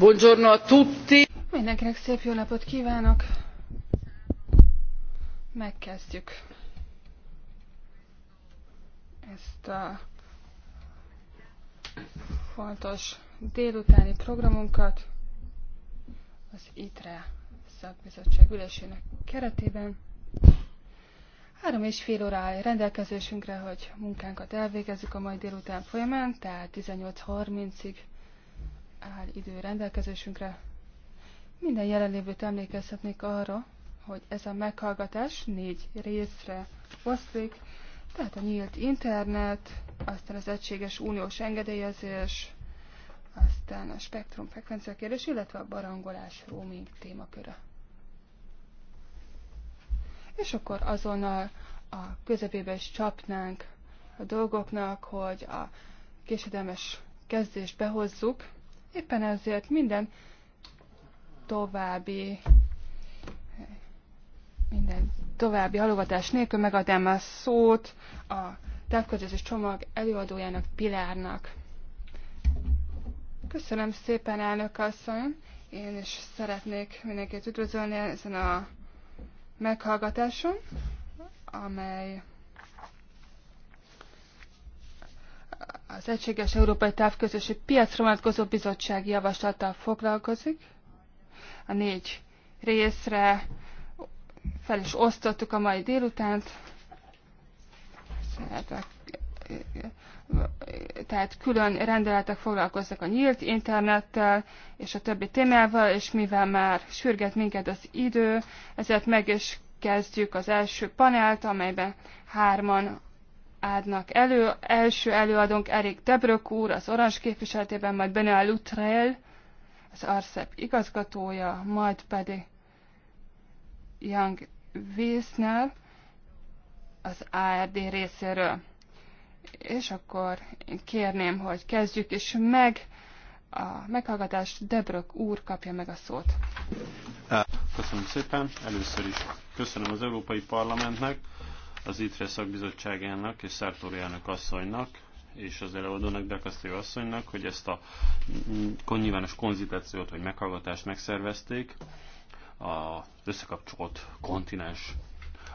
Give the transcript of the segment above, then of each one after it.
a Mindenkinek szép jó napot kívánok. Megkezdjük ezt a fontos délutáni programunkat az ITRE szakbizottság ülésének keretében. Három és fél óra áll rendelkezésünkre, hogy munkánkat elvégezzük a mai délután folyamán, tehát 18.30-ig áll idő rendelkezésünkre. Minden jelenlévőt emlékezhetnék arra, hogy ez a meghallgatás négy részre oszlik, tehát a nyílt internet, aztán az egységes uniós engedélyezés, aztán a spektrum frekvencia kérdés, illetve a barangolás roaming témaköre. És akkor azonnal a közepébe is csapnánk a dolgoknak, hogy a késedelmes kezdést behozzuk, Éppen ezért minden további minden további halogatás nélkül megadám a szót a távközléses csomag előadójának, Pilárnak. Köszönöm szépen, elnök asszony! Én is szeretnék mindenkit üdvözölni ezen a meghallgatáson, amely az Egységes Európai Távközlési Piacra vonatkozó bizottság javaslattal foglalkozik. A négy részre fel is osztottuk a mai délutánt. Tehát külön rendeletek foglalkoznak a nyílt internettel és a többi témával, és mivel már sürget minket az idő, ezért meg is kezdjük az első panelt, amelyben hárman adnak elő. Első előadónk Erik Debrök úr az Orange képviseletében, majd Benő Lutrell, az ARCEP igazgatója, majd pedig Young Wiesner az ARD részéről. És akkor én kérném, hogy kezdjük is meg a meghallgatást. Debrök úr kapja meg a szót. Köszönöm szépen. Először is köszönöm az Európai Parlamentnek, az ITRE szakbizottságának és Szártóri elnök asszonynak és az előadónak, de a asszonynak, hogy ezt a mm, nyilvános konzitációt, vagy meghallgatást megszervezték, az összekapcsolt kontinens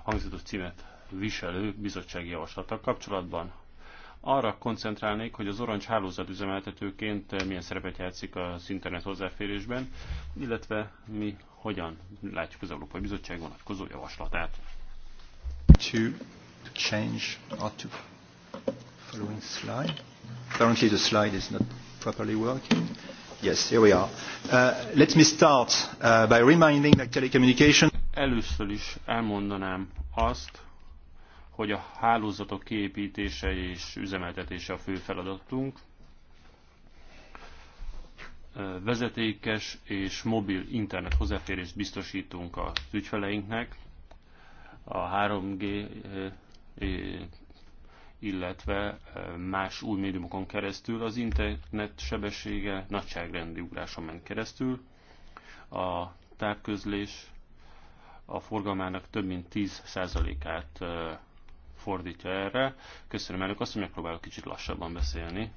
hangzatos címet viselő bizottsági javaslatok kapcsolatban. Arra koncentrálnék, hogy az Orange hálózat üzemeltetőként milyen szerepet játszik az internet hozzáférésben, illetve mi hogyan látjuk az Európai Bizottság vonatkozó javaslatát. To change or to following slide. Apparently the slide is not properly working. Yes, here we are. Uh, let me start uh, by reminding that telecommunication... Először is elmondanám azt, hogy a hálózatok kiépítése és üzemeltetése a fő feladatunk. Vezetékes és mobil internet hozzáférést biztosítunk az ügyfeleinknek a 3G, eh, eh, illetve eh, más új médiumokon keresztül az internet sebessége nagyságrendi ugráson ment keresztül. A távközlés a forgalmának több mint 10%-át fordítja erre. Köszönöm előtt, azt, hogy megpróbálok kicsit lassabban beszélni.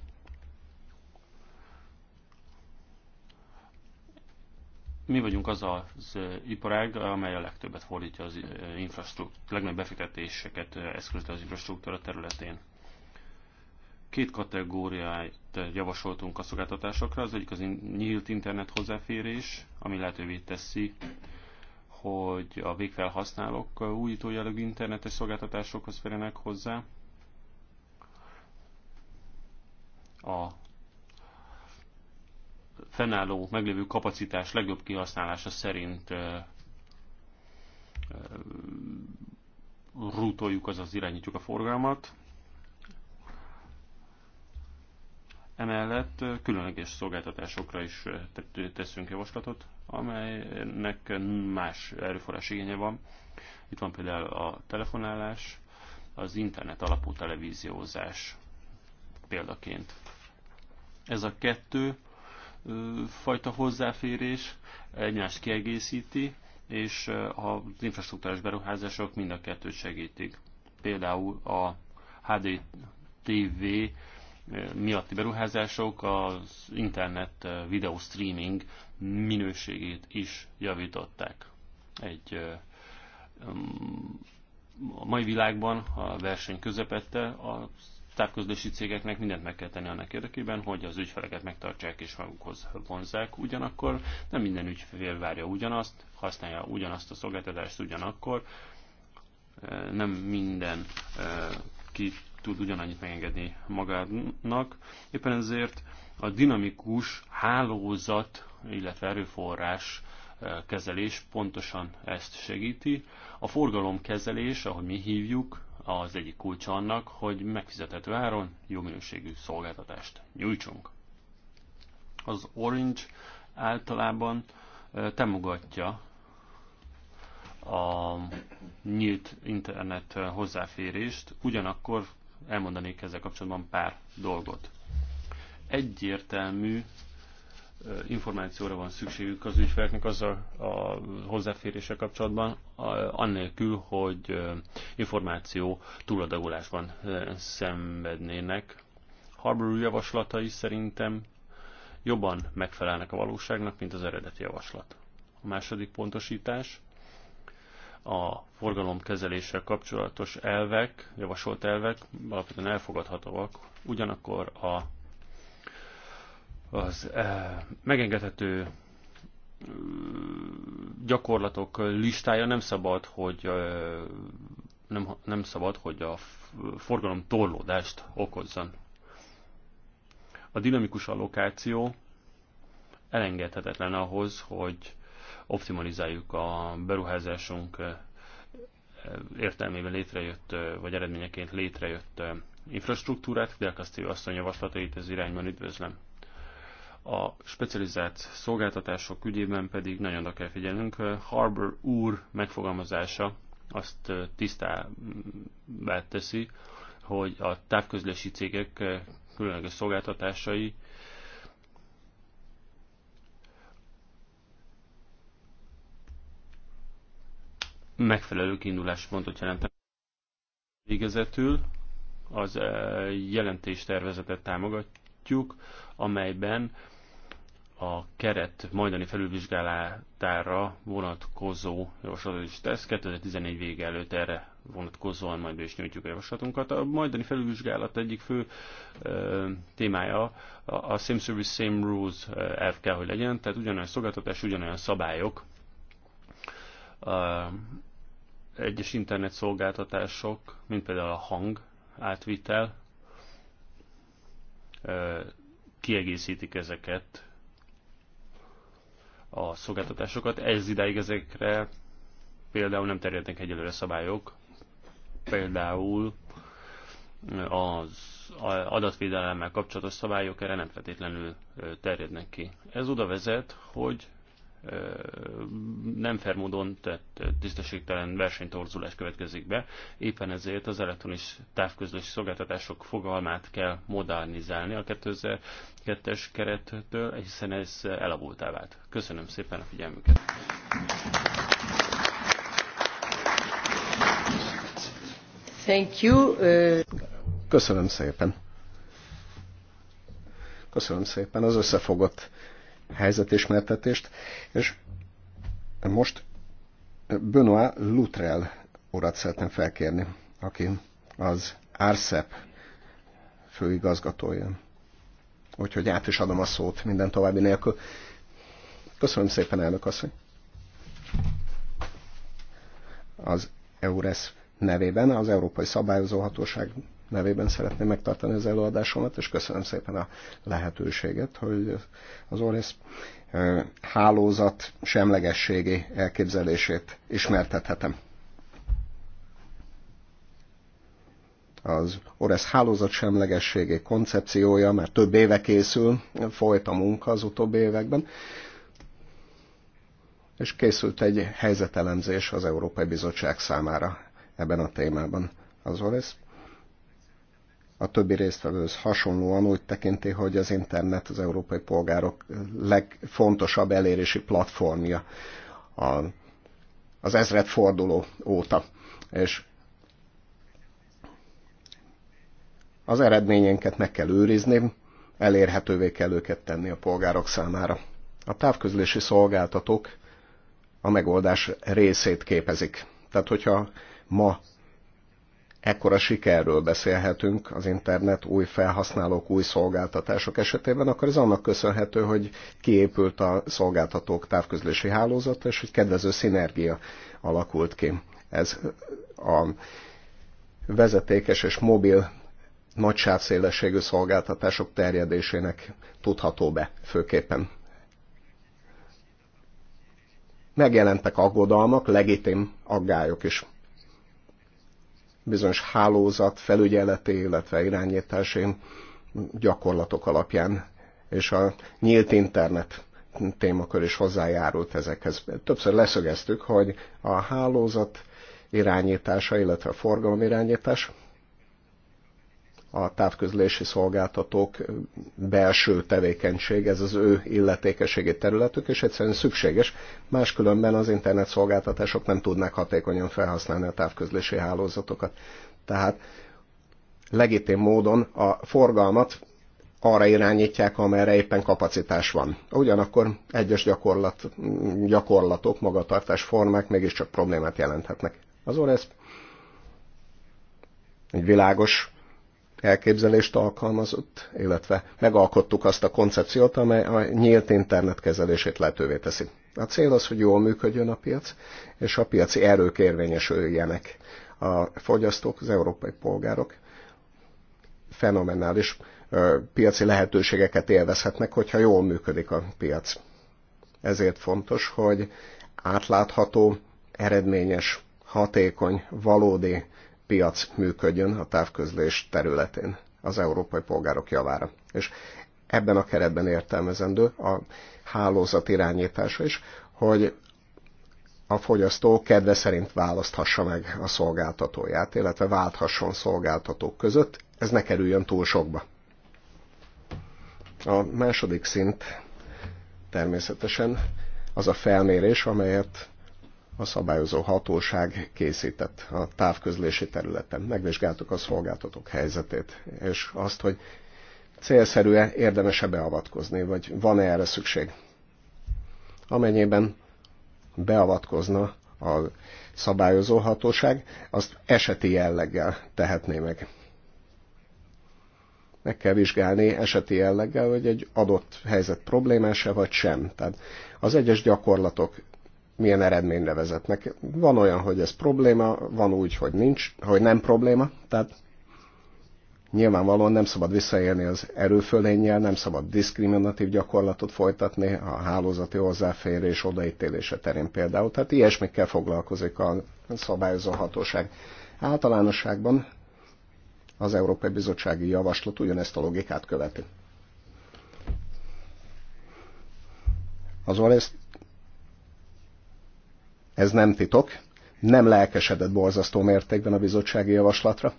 mi vagyunk az az iparág, amely a legtöbbet fordítja az infrastruktúra, legnagyobb befektetéseket eszközte az infrastruktúra területén. Két kategóriát javasoltunk a szolgáltatásokra, az egyik az nyílt internet hozzáférés, ami lehetővé teszi, hogy a végfelhasználók újító jellegű internetes szolgáltatásokhoz férjenek hozzá. A fennálló, meglévő kapacitás legjobb kihasználása szerint rútoljuk, azaz irányítjuk a forgalmat. Emellett különleges szolgáltatásokra is teszünk javaslatot, amelynek más erőforrás igénye van. Itt van például a telefonálás, az internet alapú televíziózás példaként. Ez a kettő fajta hozzáférés egymást kiegészíti, és az infrastruktúrás beruházások mind a kettőt segítik. Például a HDTV miatti beruházások az internet videó streaming minőségét is javították. Egy a mai világban a verseny közepette az távközlési cégeknek mindent meg kell tenni annak érdekében, hogy az ügyfeleket megtartsák és magukhoz vonzák. Ugyanakkor nem minden ügyfél várja ugyanazt, használja ugyanazt a szolgáltatást ugyanakkor, nem minden ki tud ugyanannyit megengedni magának. Éppen ezért a dinamikus hálózat, illetve erőforrás kezelés pontosan ezt segíti. A forgalomkezelés, ahogy mi hívjuk, az egyik kulcsa annak, hogy megfizethető áron jó minőségű szolgáltatást nyújtsunk. Az Orange általában támogatja a nyílt internet hozzáférést, ugyanakkor elmondanék ezzel kapcsolatban pár dolgot. Egyértelmű információra van szükségük az ügyfeleknek az a hozzáférése kapcsolatban, annélkül, hogy információ túladagolásban szenvednének. Harbour javaslatai szerintem jobban megfelelnek a valóságnak, mint az eredeti javaslat. A második pontosítás a forgalomkezeléssel kapcsolatos elvek, javasolt elvek alapvetően elfogadhatóak, ugyanakkor a az eh, megengedhető eh, gyakorlatok listája nem szabad, hogy eh, nem, nem szabad, hogy a forgalom torlódást okozzon. A dinamikus allokáció elengedhetetlen ahhoz, hogy optimalizáljuk a beruházásunk értelmében létrejött, vagy eredményeként létrejött infrastruktúrát. Del azt asszony javaslatait az irányban üdvözlöm a specializált szolgáltatások ügyében pedig nagyon oda kell figyelnünk. Harbour úr megfogalmazása azt tisztává teszi, hogy a távközlési cégek különleges szolgáltatásai megfelelő kiindulási pontot jelentenek. Végezetül az jelentéstervezetet támogatja látjuk, amelyben a keret majdani felülvizsgálatára vonatkozó javaslatot is tesz. 2014 vége előtt erre vonatkozóan majd be is nyújtjuk a javaslatunkat. A majdani felülvizsgálat egyik fő ö, témája a, a Same Service, Same Rules elv kell, hogy legyen, tehát ugyanolyan szolgáltatás, ugyanolyan szabályok. Ö, egyes internet szolgáltatások, mint például a hang átvitel, kiegészítik ezeket a szolgáltatásokat. Ez idáig ezekre például nem terjednek egyelőre szabályok. Például az adatvédelemmel kapcsolatos szabályok erre nem feltétlenül terjednek ki. Ez oda vezet, hogy nem fermódon, tehát tisztességtelen versenytorzulás következik be. Éppen ezért az elektronis távközlési szolgáltatások fogalmát kell modernizálni a 2002-es kerettől, hiszen ez elavultá vált. Köszönöm szépen a figyelmüket! Thank you. Köszönöm szépen. Köszönöm szépen az összefogott helyzetismertetést, és most Benoit Lutrel urat szeretném felkérni, aki az ARCEP főigazgatója. Úgyhogy át is adom a szót minden további nélkül. Köszönöm szépen, elnök asszony. Az EURES nevében az Európai Szabályozóhatóság nevében szeretném megtartani az előadásomat, és köszönöm szépen a lehetőséget, hogy az Orész hálózat semlegességi elképzelését ismertethetem. az Oresz hálózat semlegességi koncepciója, mert több éve készül, folyt a munka az utóbbi években, és készült egy helyzetelemzés az Európai Bizottság számára ebben a témában. Az Oresz a többi résztvevőhöz hasonlóan úgy tekinti, hogy az internet az európai polgárok legfontosabb elérési platformja a, az forduló óta. És az eredményénket meg kell őrizni, elérhetővé kell őket tenni a polgárok számára. A távközlési szolgáltatók a megoldás részét képezik. Tehát, hogyha ma ekkora sikerről beszélhetünk az internet új felhasználók, új szolgáltatások esetében, akkor ez annak köszönhető, hogy kiépült a szolgáltatók távközlési hálózata, és hogy kedvező szinergia alakult ki. Ez a vezetékes és mobil nagy sávszélességű szolgáltatások terjedésének tudható be főképpen. Megjelentek aggodalmak, legitim aggályok is bizonyos hálózat felügyeleti, illetve irányításén gyakorlatok alapján, és a nyílt internet témakör is hozzájárult ezekhez. Többször leszögeztük, hogy a hálózat irányítása, illetve a forgalom irányítás a távközlési szolgáltatók belső tevékenység, ez az ő illetékességi területük, és egyszerűen szükséges, máskülönben az internet szolgáltatások nem tudnák hatékonyan felhasználni a távközlési hálózatokat. Tehát legitim módon a forgalmat arra irányítják, amerre éppen kapacitás van. Ugyanakkor egyes gyakorlat, gyakorlatok, magatartás formák mégiscsak problémát jelenthetnek. Azon ez egy világos elképzelést alkalmazott, illetve megalkottuk azt a koncepciót, amely a nyílt internet kezelését lehetővé teszi. A cél az, hogy jól működjön a piac, és a piaci erők érvényesüljenek. A fogyasztók, az európai polgárok fenomenális piaci lehetőségeket élvezhetnek, hogyha jól működik a piac. Ezért fontos, hogy átlátható, eredményes, hatékony, valódi piac működjön a távközlés területén az európai polgárok javára. És ebben a keretben értelmezendő a hálózat irányítása is, hogy a fogyasztó kedve szerint választhassa meg a szolgáltatóját, illetve válthasson szolgáltatók között, ez ne kerüljön túl sokba. A második szint természetesen az a felmérés, amelyet a szabályozó hatóság készített a távközlési területen. Megvizsgáltuk a szolgáltatók helyzetét, és azt, hogy célszerű-e, érdemes-e beavatkozni, vagy van-e erre szükség. Amennyiben beavatkozna a szabályozó hatóság, azt eseti jelleggel tehetné meg. Meg kell vizsgálni eseti jelleggel, hogy egy adott helyzet problémása vagy sem. Tehát az egyes gyakorlatok milyen eredményre vezetnek. Van olyan, hogy ez probléma, van úgy, hogy nincs, hogy nem probléma, tehát nyilvánvalóan nem szabad visszaélni az erőfölénnyel, nem szabad diszkriminatív gyakorlatot folytatni a hálózati hozzáférés odaítélése terén például. Tehát ilyesmikkel foglalkozik a szabályozó hatóság. Általánosságban az Európai Bizottsági Javaslat ugyanezt a logikát követi. Az olasz ez nem titok, nem lelkesedett borzasztó mértékben a bizottsági javaslatra,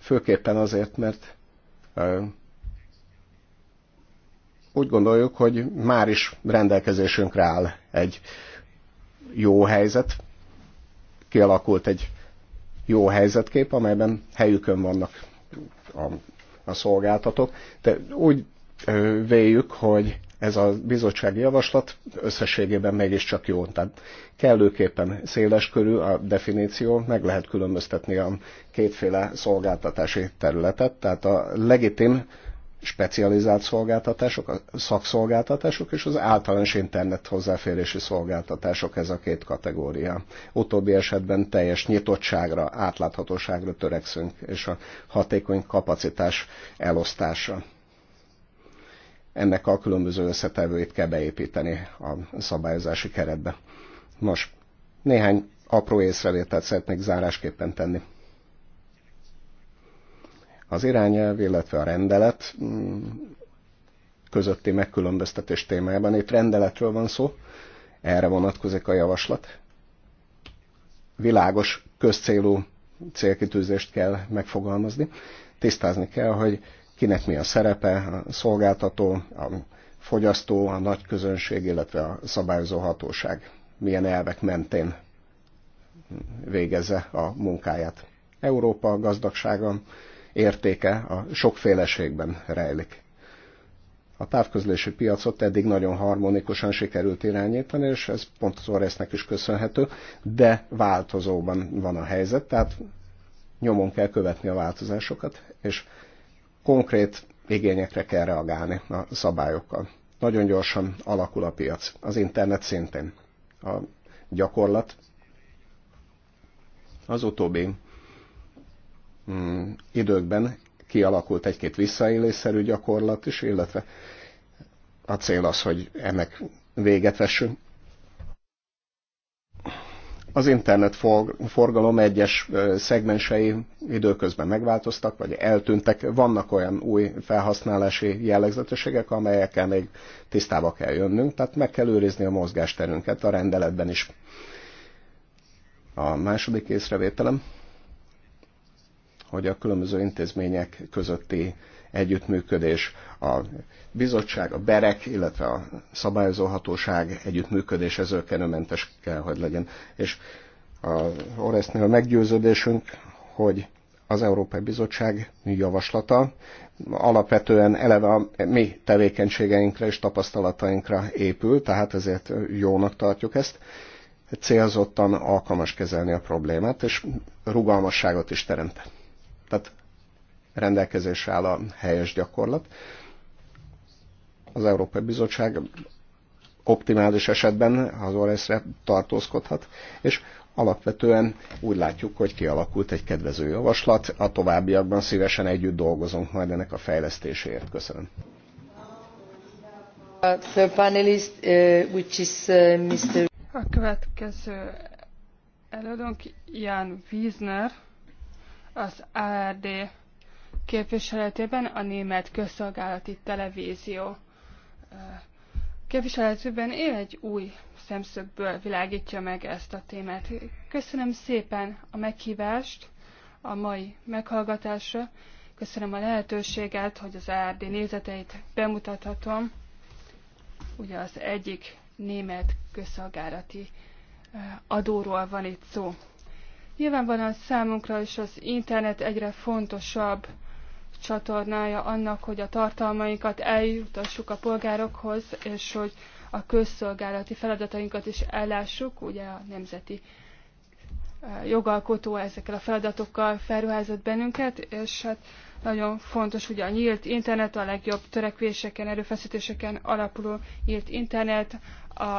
főképpen azért, mert úgy gondoljuk, hogy már is rendelkezésünkre áll egy jó helyzet, kialakult egy jó helyzetkép, amelyben helyükön vannak a, a szolgáltatók, de úgy véljük, hogy ez a bizottsági javaslat összességében mégiscsak jó. Tehát kellőképpen széles körül a definíció, meg lehet különböztetni a kétféle szolgáltatási területet, tehát a legitim specializált szolgáltatások, a szakszolgáltatások és az általános internet hozzáférési szolgáltatások, ez a két kategória. Utóbbi esetben teljes nyitottságra, átláthatóságra törekszünk, és a hatékony kapacitás elosztása ennek a különböző összetevőit kell beépíteni a szabályozási keretbe. Nos, néhány apró észrevételt szeretnék zárásképpen tenni. Az irányelv, illetve a rendelet mm, közötti megkülönböztetés témájában. Itt rendeletről van szó, erre vonatkozik a javaslat. Világos, közcélú célkitűzést kell megfogalmazni. Tisztázni kell, hogy kinek mi a szerepe, a szolgáltató, a fogyasztó, a nagy közönség, illetve a szabályozó hatóság milyen elvek mentén végezze a munkáját. Európa gazdagsága értéke a sokféleségben rejlik. A távközlési piacot eddig nagyon harmonikusan sikerült irányítani, és ez pont az Oresznek is köszönhető, de változóban van a helyzet, tehát nyomon kell követni a változásokat, és konkrét igényekre kell reagálni a szabályokkal. Nagyon gyorsan alakul a piac, az internet szintén. A gyakorlat az utóbbi mm, időkben kialakult egy-két visszaélésszerű gyakorlat is, illetve a cél az, hogy ennek véget vessünk az internet forgalom egyes szegmensei időközben megváltoztak, vagy eltűntek. Vannak olyan új felhasználási jellegzetességek, amelyekkel még tisztába kell jönnünk, tehát meg kell őrizni a mozgásterünket a rendeletben is. A második észrevételem, hogy a különböző intézmények közötti együttműködés, a bizottság, a berek, illetve a szabályozóhatóság együttműködése zöggenőmentes kell, hogy legyen. És a Oresznél meggyőződésünk, hogy az Európai Bizottság javaslata alapvetően eleve a mi tevékenységeinkre és tapasztalatainkra épül, tehát ezért jónak tartjuk ezt. Célzottan alkalmas kezelni a problémát, és rugalmasságot is teremt. Tehát rendelkezésre áll a helyes gyakorlat. Az Európai Bizottság optimális esetben az Oreszre tartózkodhat, és alapvetően úgy látjuk, hogy kialakult egy kedvező javaslat. A továbbiakban szívesen együtt dolgozunk majd ennek a fejlesztéséért. Köszönöm. A uh, panelist, uh, which is uh, Mr. A következő előadónk Jan Wiesner, az ARD képviseletében a német közszolgálati televízió képviseletében én egy új szemszögből világítja meg ezt a témát. Köszönöm szépen a meghívást a mai meghallgatásra, köszönöm a lehetőséget, hogy az ARD nézeteit bemutathatom. Ugye az egyik német közszolgálati adóról van itt szó. Nyilvánvalóan számunkra is az internet egyre fontosabb csatornája annak, hogy a tartalmainkat eljutassuk a polgárokhoz, és hogy a közszolgálati feladatainkat is ellássuk, ugye a nemzeti jogalkotó ezekkel a feladatokkal felruházott bennünket, és hát nagyon fontos ugye a nyílt internet, a legjobb törekvéseken, erőfeszítéseken alapuló nyílt internet, a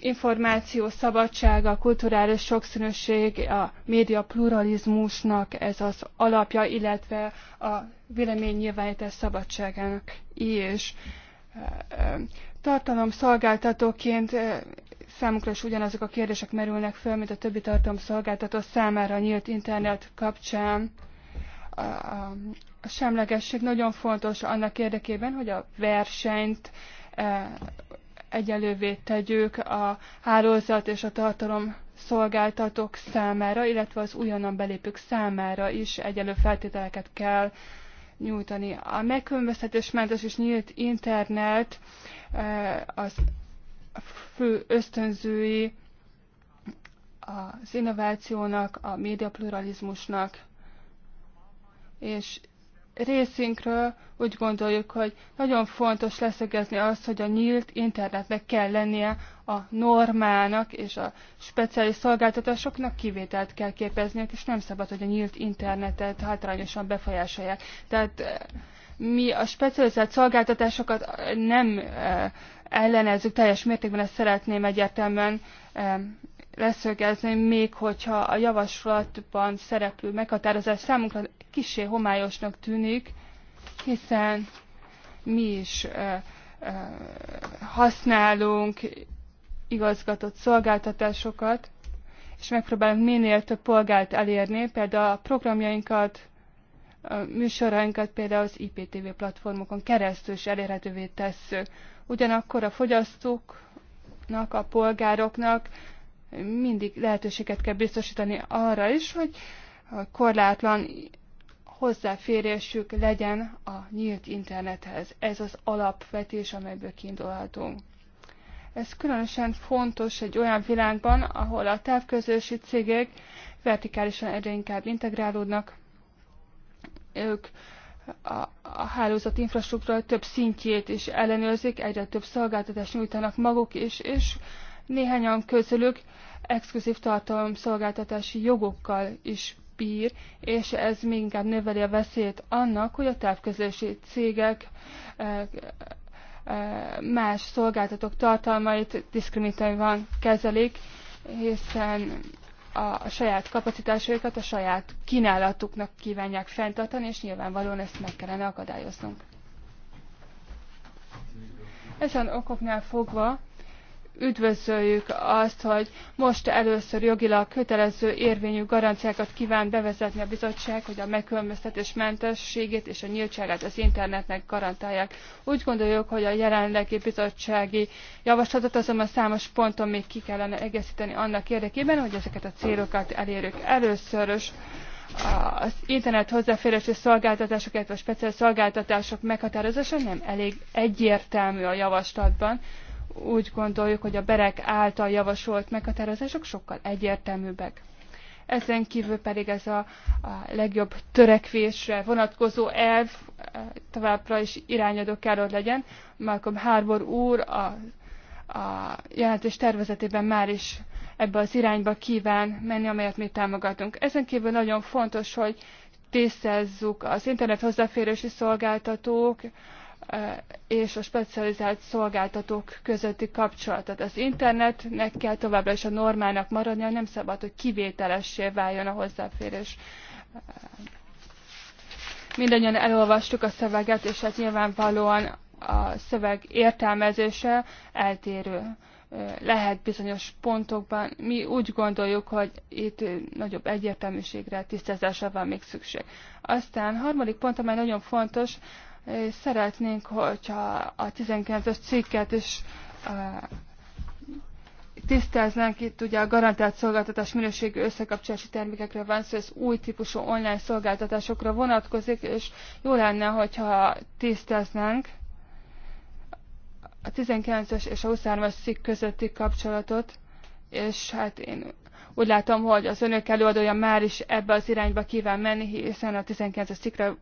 információ szabadsága, a kulturális sokszínűség, a média pluralizmusnak ez az alapja, illetve a véleménynyilvánítás szabadságának is. Tartalomszolgáltatóként eh, számukra is ugyanazok a kérdések merülnek föl, mint a többi tartalomszolgáltató számára a nyílt internet kapcsán. A, a semlegesség nagyon fontos annak érdekében, hogy a versenyt eh, egyelővé tegyük a hálózat és a tartalom szolgáltatók számára, illetve az újonnan belépők számára is egyelő feltételeket kell nyújtani. A megkülönböztetésmentes és nyílt internet eh, az fő ösztönzői az innovációnak, a médiapluralizmusnak, és részünkről úgy gondoljuk, hogy nagyon fontos leszögezni azt, hogy a nyílt internetnek kell lennie a normának, és a speciális szolgáltatásoknak kivételt kell képezniük, és nem szabad, hogy a nyílt internetet hátrányosan befolyásolják. Tehát eh, mi a specializált szolgáltatásokat eh, nem eh, ellenezzük teljes mértékben, ezt szeretném egyértelműen leszögezni, még hogyha a javaslatban szereplő meghatározás számunkra kisé homályosnak tűnik, hiszen mi is használunk igazgatott szolgáltatásokat, és megpróbálunk minél több polgárt elérni, például a programjainkat, a műsorainkat például az IPTV platformokon keresztül is elérhetővé tesszük. Ugyanakkor a fogyasztóknak, a polgároknak mindig lehetőséget kell biztosítani arra is, hogy korlátlan hozzáférésük legyen a nyílt internethez. Ez az alapvetés, amelyből kiindulhatunk. Ez különösen fontos egy olyan világban, ahol a távközlési cégek vertikálisan egyre inkább integrálódnak. Ők a, a hálózat infrastruktúra több szintjét is ellenőrzik, egyre több szolgáltatást nyújtanak maguk is, és néhányan közülük exkluzív szolgáltatási jogokkal is bír, és ez még inkább növeli a veszélyt annak, hogy a távközlési cégek eh, eh, más szolgáltatók tartalmait diszkriminatívan kezelik, hiszen a saját kapacitásaikat a saját kínálatuknak kívánják fenntartani, és nyilvánvalóan ezt meg kellene akadályoznunk. Ezen okoknál fogva üdvözöljük azt, hogy most először jogilag kötelező érvényű garanciákat kíván bevezetni a bizottság, hogy a megkülönböztetés mentességét és a nyíltságát az internetnek garantálják. Úgy gondoljuk, hogy a jelenlegi bizottsági javaslatot azonban számos ponton még ki kellene egészíteni annak érdekében, hogy ezeket a célokat elérjük. Először is az internet hozzáférési szolgáltatások, illetve a speciális szolgáltatások meghatározása nem elég egyértelmű a javaslatban úgy gondoljuk, hogy a berek által javasolt meghatározások sokkal egyértelműbbek. Ezen kívül pedig ez a, a legjobb törekvésre vonatkozó elv eh, továbbra is irányadó kell, hogy legyen. Malcolm Harbour úr a, a jelentés tervezetében már is ebbe az irányba kíván menni, amelyet mi támogatunk. Ezen kívül nagyon fontos, hogy tisztázzuk az internet hozzáférési szolgáltatók, Eh, és a specializált szolgáltatók közötti kapcsolatot. Az internetnek kell továbbra is a normának maradnia, nem szabad, hogy kivételessé váljon a hozzáférés. Eh, mindannyian elolvastuk a szöveget, és hát nyilvánvalóan a szöveg értelmezése eltérő eh, lehet bizonyos pontokban. Mi úgy gondoljuk, hogy itt nagyobb egyértelműségre, tisztázásra van még szükség. Aztán harmadik pont, amely nagyon fontos, és szeretnénk, hogyha a 19-es cikket is tisztáznánk itt ugye a garantált szolgáltatás minőségű összekapcsolási termékekre van szó, ez új típusú online szolgáltatásokra vonatkozik, és jó lenne, hogyha tisztáznánk a 19-es és a 23-as cikk közötti kapcsolatot, és hát én úgy látom, hogy az önök előadója már is ebbe az irányba kíván menni, hiszen a 19-es cikkre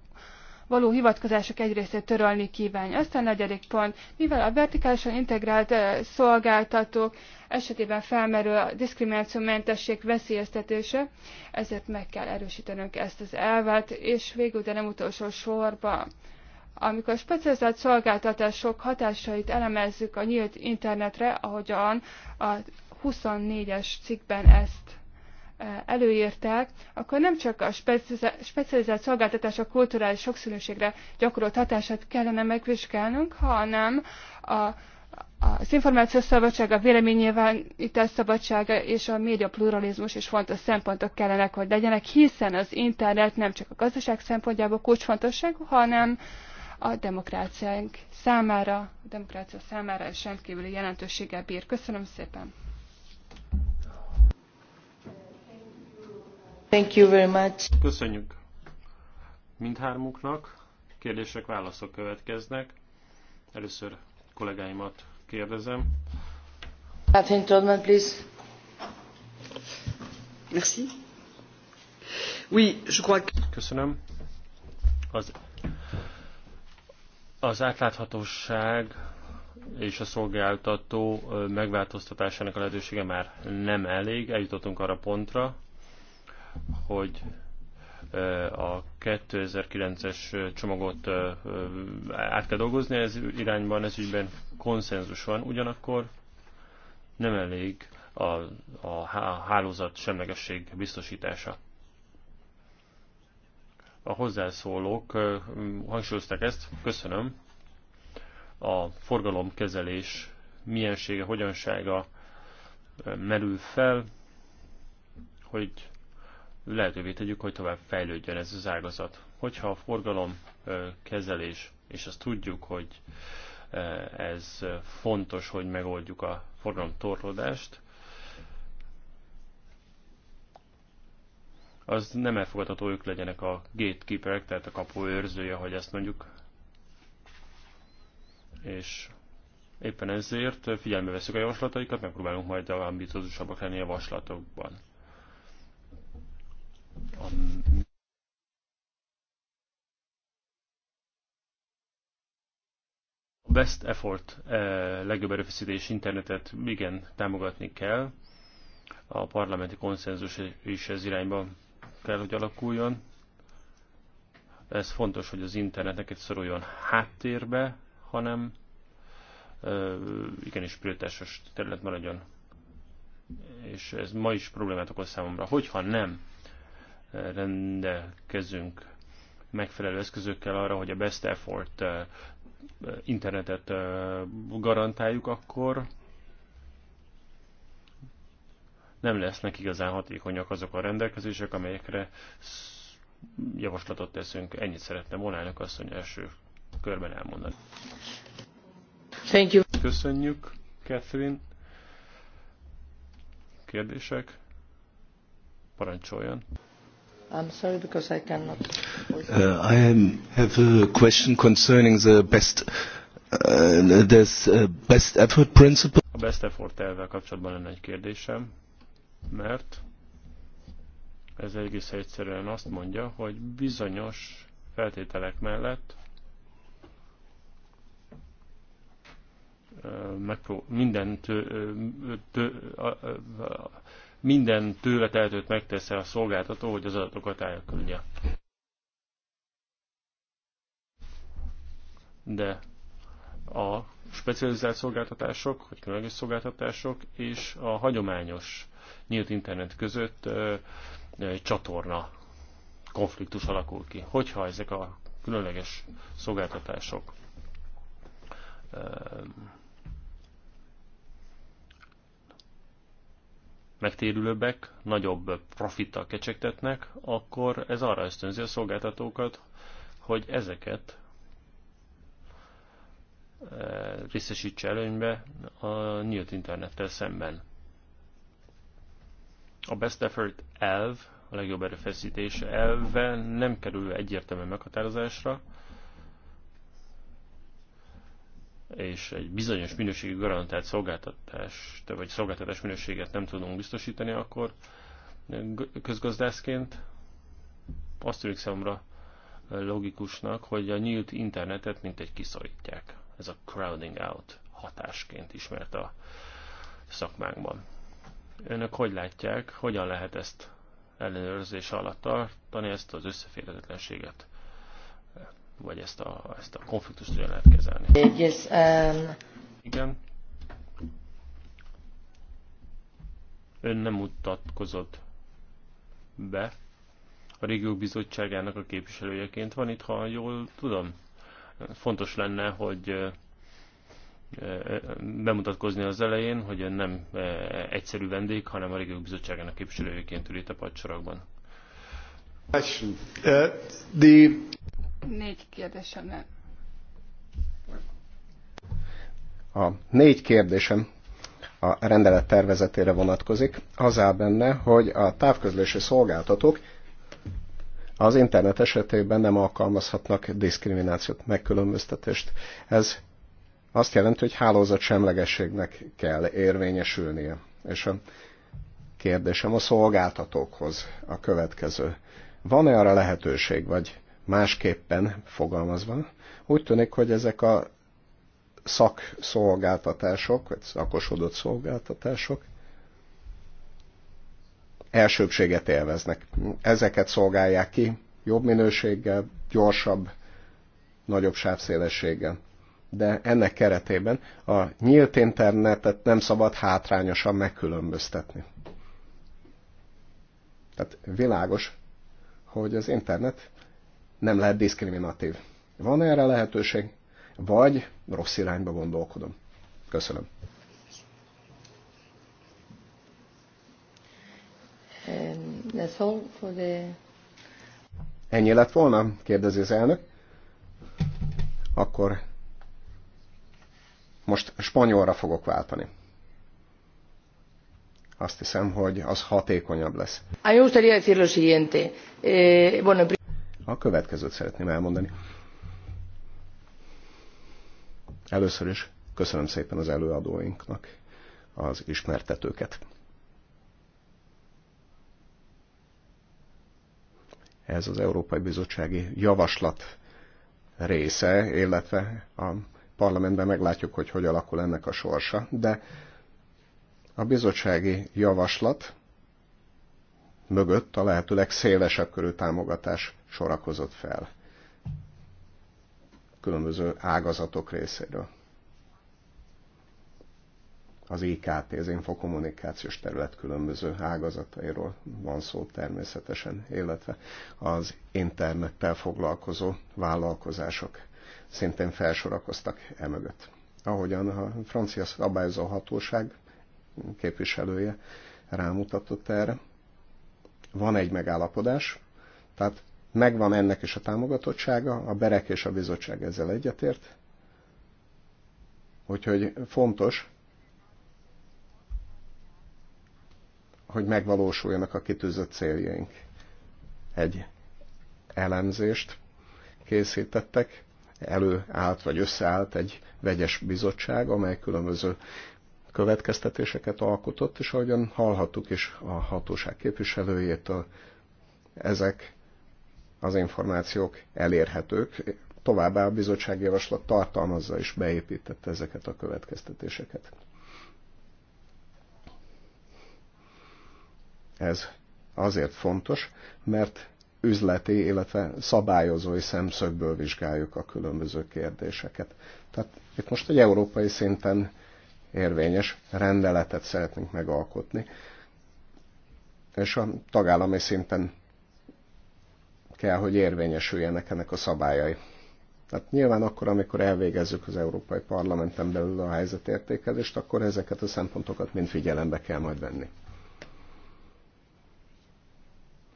való hivatkozások egy részét törölni kívánja. Aztán negyedik pont, mivel a vertikálisan integrált szolgáltatók esetében felmerül a diszkriminációmentesség veszélyeztetése, ezért meg kell erősítenünk ezt az elvet, és végül, de nem utolsó sorban, amikor specializált szolgáltatások hatásait elemezzük a nyílt internetre, ahogyan a 24-es cikkben ezt előírták, akkor nem csak a specializált szolgáltatás a kulturális sokszínűségre gyakorolt hatását kellene megvizsgálnunk, hanem a, az információs szabadság, a véleménynyilvánítás szabadsága és a média pluralizmus is fontos szempontok kellene, hogy legyenek, hiszen az internet nem csak a gazdaság szempontjából kulcsfontosságú, hanem a demokráciánk számára, a demokrácia számára is rendkívüli jelentőséggel bír. Köszönöm szépen! Thank you very much. Köszönjük mindhármuknak. Kérdések, válaszok következnek. Először kollégáimat kérdezem. Catherine Todman, please. Merci. Oui, je crois que... Köszönöm. Az, az átláthatóság és a szolgáltató megváltoztatásának a lehetősége már nem elég. Eljutottunk arra pontra, hogy a 2009-es csomagot át kell dolgozni, ez irányban, ez ügyben konszenzus van, ugyanakkor nem elég a, a hálózat semlegesség biztosítása. A hozzászólók hangsúlyozták ezt, köszönöm. A forgalomkezelés miensége, hogyansága merül fel, hogy lehetővé tegyük, hogy tovább fejlődjön ez az ágazat. Hogyha a forgalom kezelés, és azt tudjuk, hogy ez fontos, hogy megoldjuk a forgalom torlódást, az nem elfogadható, ők legyenek a gatekeeperek, tehát a kapu őrzője, hogy ezt mondjuk. És éppen ezért figyelme veszük a javaslataikat, megpróbálunk majd ambiciózusabbak lenni a javaslatokban a best effort eh, legjobb erőfeszítés internetet igen támogatni kell. A parlamenti konszenzus is ez irányba kell, hogy alakuljon. Ez fontos, hogy az internet neked szoruljon háttérbe, hanem eh, igenis prioritásos terület maradjon. És ez ma is problémát okoz számomra. Hogyha nem rendelkezünk megfelelő eszközökkel arra, hogy a best effort eh, eh, internetet eh, garantáljuk, akkor nem lesznek igazán hatékonyak azok a rendelkezések, amelyekre javaslatot teszünk. Ennyit szerettem volna elnök asszony első körben elmondani. Thank you. Köszönjük, Catherine. Kérdések? Parancsoljon. I'm sorry because I cannot. Uh, I am, have a question concerning the best, uh, this, uh, best effort principle. A best effort elvvel kapcsolatban lenne egy kérdésem, mert ez egész egyszerűen azt mondja, hogy bizonyos feltételek mellett uh, megpró- minden tő, uh, uh, tő, uh, uh, minden tőle tehetőt megtesz a szolgáltató, hogy az adatokat elküldje. De a specializált szolgáltatások, vagy különleges szolgáltatások és a hagyományos nyílt internet között ö, ö, csatorna konfliktus alakul ki. Hogyha ezek a különleges szolgáltatások megtérülőbbek, nagyobb profittal kecsegtetnek, akkor ez arra ösztönzi a szolgáltatókat, hogy ezeket eh, részesítse előnybe a nyílt internettel szemben. A best effort elv, a legjobb erőfeszítés elve nem kerül egyértelmű meghatározásra, és egy bizonyos minőségű garantált szolgáltatást, vagy szolgáltatás minőséget nem tudunk biztosítani, akkor közgazdászként azt tűnik számomra logikusnak, hogy a nyílt internetet mint egy kiszorítják. Ez a crowding out hatásként ismert a szakmánkban. Önök hogy látják, hogyan lehet ezt ellenőrzés alatt tartani, ezt az összeférhetetlenséget? vagy ezt a, ezt a konfliktust hogyan lehet kezelni. Yes, um... Igen. Ön nem mutatkozott be a régiók bizottságának a képviselőjeként van itt, ha jól tudom. Fontos lenne, hogy eh, eh, bemutatkozni az elején, hogy ön nem eh, egyszerű vendég, hanem a régiók bizottságának képviselőjeként ül itt a padsorokban. Négy kérdésem nem. A négy kérdésem a rendelet tervezetére vonatkozik. Az áll benne, hogy a távközlési szolgáltatók az internet esetében nem alkalmazhatnak diszkriminációt, megkülönböztetést. Ez azt jelenti, hogy hálózat semlegességnek kell érvényesülnie. És a kérdésem a szolgáltatókhoz a következő. Van-e arra lehetőség, vagy Másképpen fogalmazva, úgy tűnik, hogy ezek a szakszolgáltatások, vagy szakosodott szolgáltatások elsőbséget élveznek. Ezeket szolgálják ki jobb minőséggel, gyorsabb, nagyobb sávszélességgel. De ennek keretében a nyílt internetet nem szabad hátrányosan megkülönböztetni. Tehát világos, hogy az internet nem lehet diszkriminatív. Van -e erre lehetőség? Vagy rossz irányba gondolkodom? Köszönöm. Ennyi lett volna? kérdezi az elnök. Akkor most spanyolra fogok váltani. Azt hiszem, hogy az hatékonyabb lesz. A mi gustaría decir lo siguiente. Eh, bueno, a következőt szeretném elmondani. Először is köszönöm szépen az előadóinknak az ismertetőket. Ez az Európai Bizottsági Javaslat része, illetve a parlamentben meglátjuk, hogy hogy alakul ennek a sorsa, de a bizottsági javaslat mögött a lehető legszélesebb körű támogatás sorakozott fel különböző ágazatok részéről. Az IKT, az infokommunikációs terület különböző ágazatairól van szó természetesen, illetve az internettel foglalkozó vállalkozások szintén felsorakoztak emögött. Ahogyan a francia szabályozó hatóság képviselője rámutatott erre, van egy megállapodás, tehát Megvan ennek is a támogatottsága, a berek és a bizottság ezzel egyetért. Úgyhogy fontos, hogy megvalósuljanak a kitűzött céljaink. Egy elemzést készítettek, előállt vagy összeállt egy vegyes bizottság, amely különböző következtetéseket alkotott, és ahogyan hallhattuk is a hatóság képviselőjétől, ezek az információk elérhetők. Továbbá a bizottsági javaslat tartalmazza és beépítette ezeket a következtetéseket. Ez azért fontos, mert üzleti, illetve szabályozói szemszögből vizsgáljuk a különböző kérdéseket. Tehát itt most egy európai szinten érvényes rendeletet szeretnénk megalkotni, és a tagállami szinten kell, hogy érvényesüljenek ennek a szabályai. Tehát nyilván akkor, amikor elvégezzük az Európai Parlamenten belül a helyzetértékelést, akkor ezeket a szempontokat mind figyelembe kell majd venni.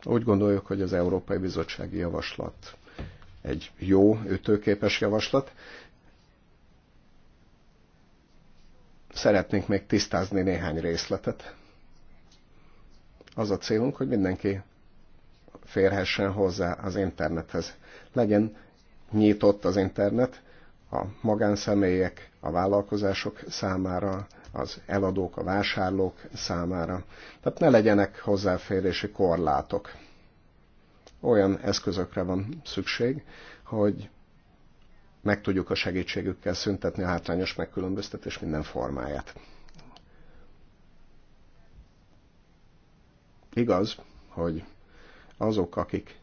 Úgy gondoljuk, hogy az Európai Bizottsági Javaslat egy jó, ütőképes javaslat. Szeretnénk még tisztázni néhány részletet. Az a célunk, hogy mindenki férhessen hozzá az internethez. Legyen nyitott az internet a magánszemélyek, a vállalkozások számára, az eladók, a vásárlók számára. Tehát ne legyenek hozzáférési korlátok. Olyan eszközökre van szükség, hogy meg tudjuk a segítségükkel szüntetni a hátrányos megkülönböztetés minden formáját. Igaz, hogy azok, akik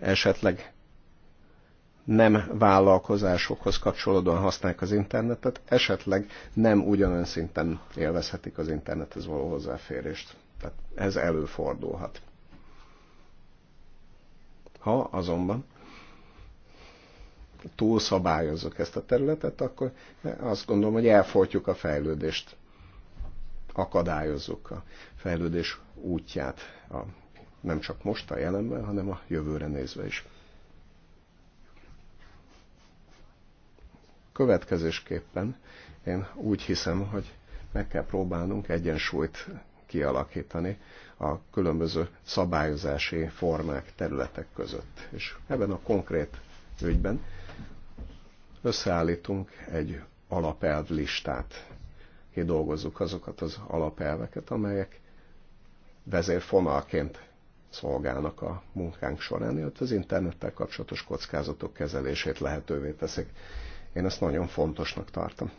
esetleg nem vállalkozásokhoz kapcsolódóan használják az internetet, esetleg nem ugyanön szinten élvezhetik az internethez való hozzáférést. Tehát ez előfordulhat. Ha azonban túlszabályozzuk ezt a területet, akkor azt gondolom, hogy elfolytjuk a fejlődést, akadályozzuk a fejlődés útját, a, nem csak most a jelenben, hanem a jövőre nézve is. Következésképpen én úgy hiszem, hogy meg kell próbálnunk egyensúlyt kialakítani a különböző szabályozási formák, területek között. És ebben a konkrét ügyben összeállítunk egy alapelv listát, kidolgozzuk azokat az alapelveket, amelyek vezérfonalként szolgálnak a munkánk során, illetve az internettel kapcsolatos kockázatok kezelését lehetővé teszik. Én ezt nagyon fontosnak tartom.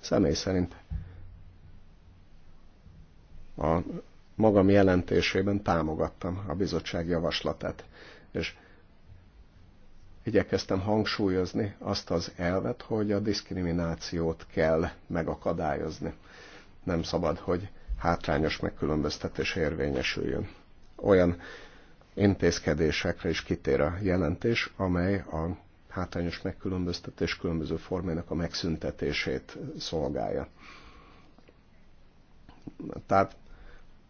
Személy szerint a magam jelentésében támogattam a bizottság javaslatát, és igyekeztem hangsúlyozni azt az elvet, hogy a diszkriminációt kell megakadályozni. Nem szabad, hogy hátrányos megkülönböztetés érvényesüljön. Olyan intézkedésekre is kitér a jelentés, amely a hátrányos megkülönböztetés különböző formának a megszüntetését szolgálja. Tehát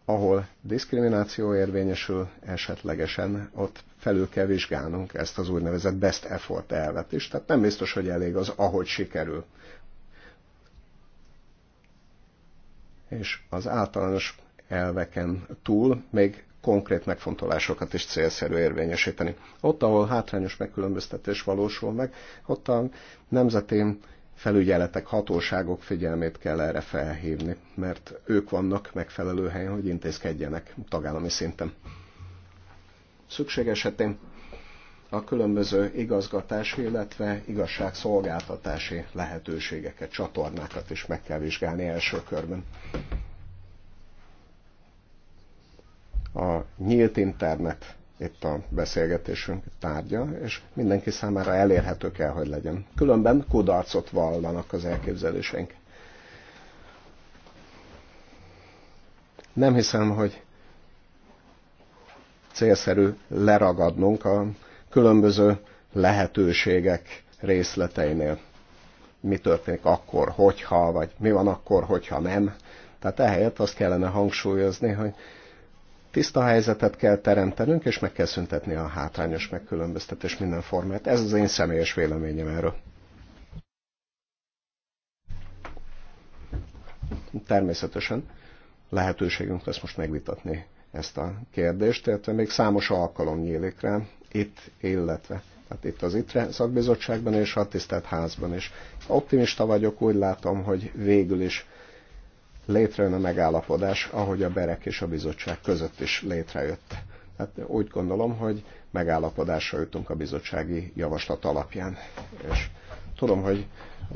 ahol diszkrimináció érvényesül esetlegesen, ott felül kell vizsgálnunk ezt az úgynevezett best effort elvet is. Tehát nem biztos, hogy elég az, ahogy sikerül, és az általános elveken túl még konkrét megfontolásokat is célszerű érvényesíteni. Ott, ahol hátrányos megkülönböztetés valósul meg, ott a nemzeti felügyeletek, hatóságok figyelmét kell erre felhívni, mert ők vannak megfelelő helyen, hogy intézkedjenek tagállami szinten. Szükség esetén a különböző igazgatási, illetve igazságszolgáltatási lehetőségeket, csatornákat is meg kell vizsgálni első körben. A nyílt internet itt a beszélgetésünk tárgya, és mindenki számára elérhető kell, hogy legyen. Különben kudarcot vallanak az elképzelésünk. Nem hiszem, hogy célszerű leragadnunk a különböző lehetőségek részleteinél. Mi történik akkor, hogyha, vagy mi van akkor, hogyha nem. Tehát ehelyett azt kellene hangsúlyozni, hogy tiszta helyzetet kell teremtenünk, és meg kell szüntetni a hátrányos megkülönböztetés minden formáját. Ez az én személyes véleményem erről. Természetesen lehetőségünk lesz most megvitatni ezt a kérdést, illetve még számos alkalom nyílik rá itt, illetve hát itt az ITRE szakbizottságban és a tisztelt házban is. Optimista vagyok, úgy látom, hogy végül is létrejön a megállapodás, ahogy a Berek és a bizottság között is létrejött. Hát, úgy gondolom, hogy megállapodásra jutunk a bizottsági javaslat alapján. És tudom, hogy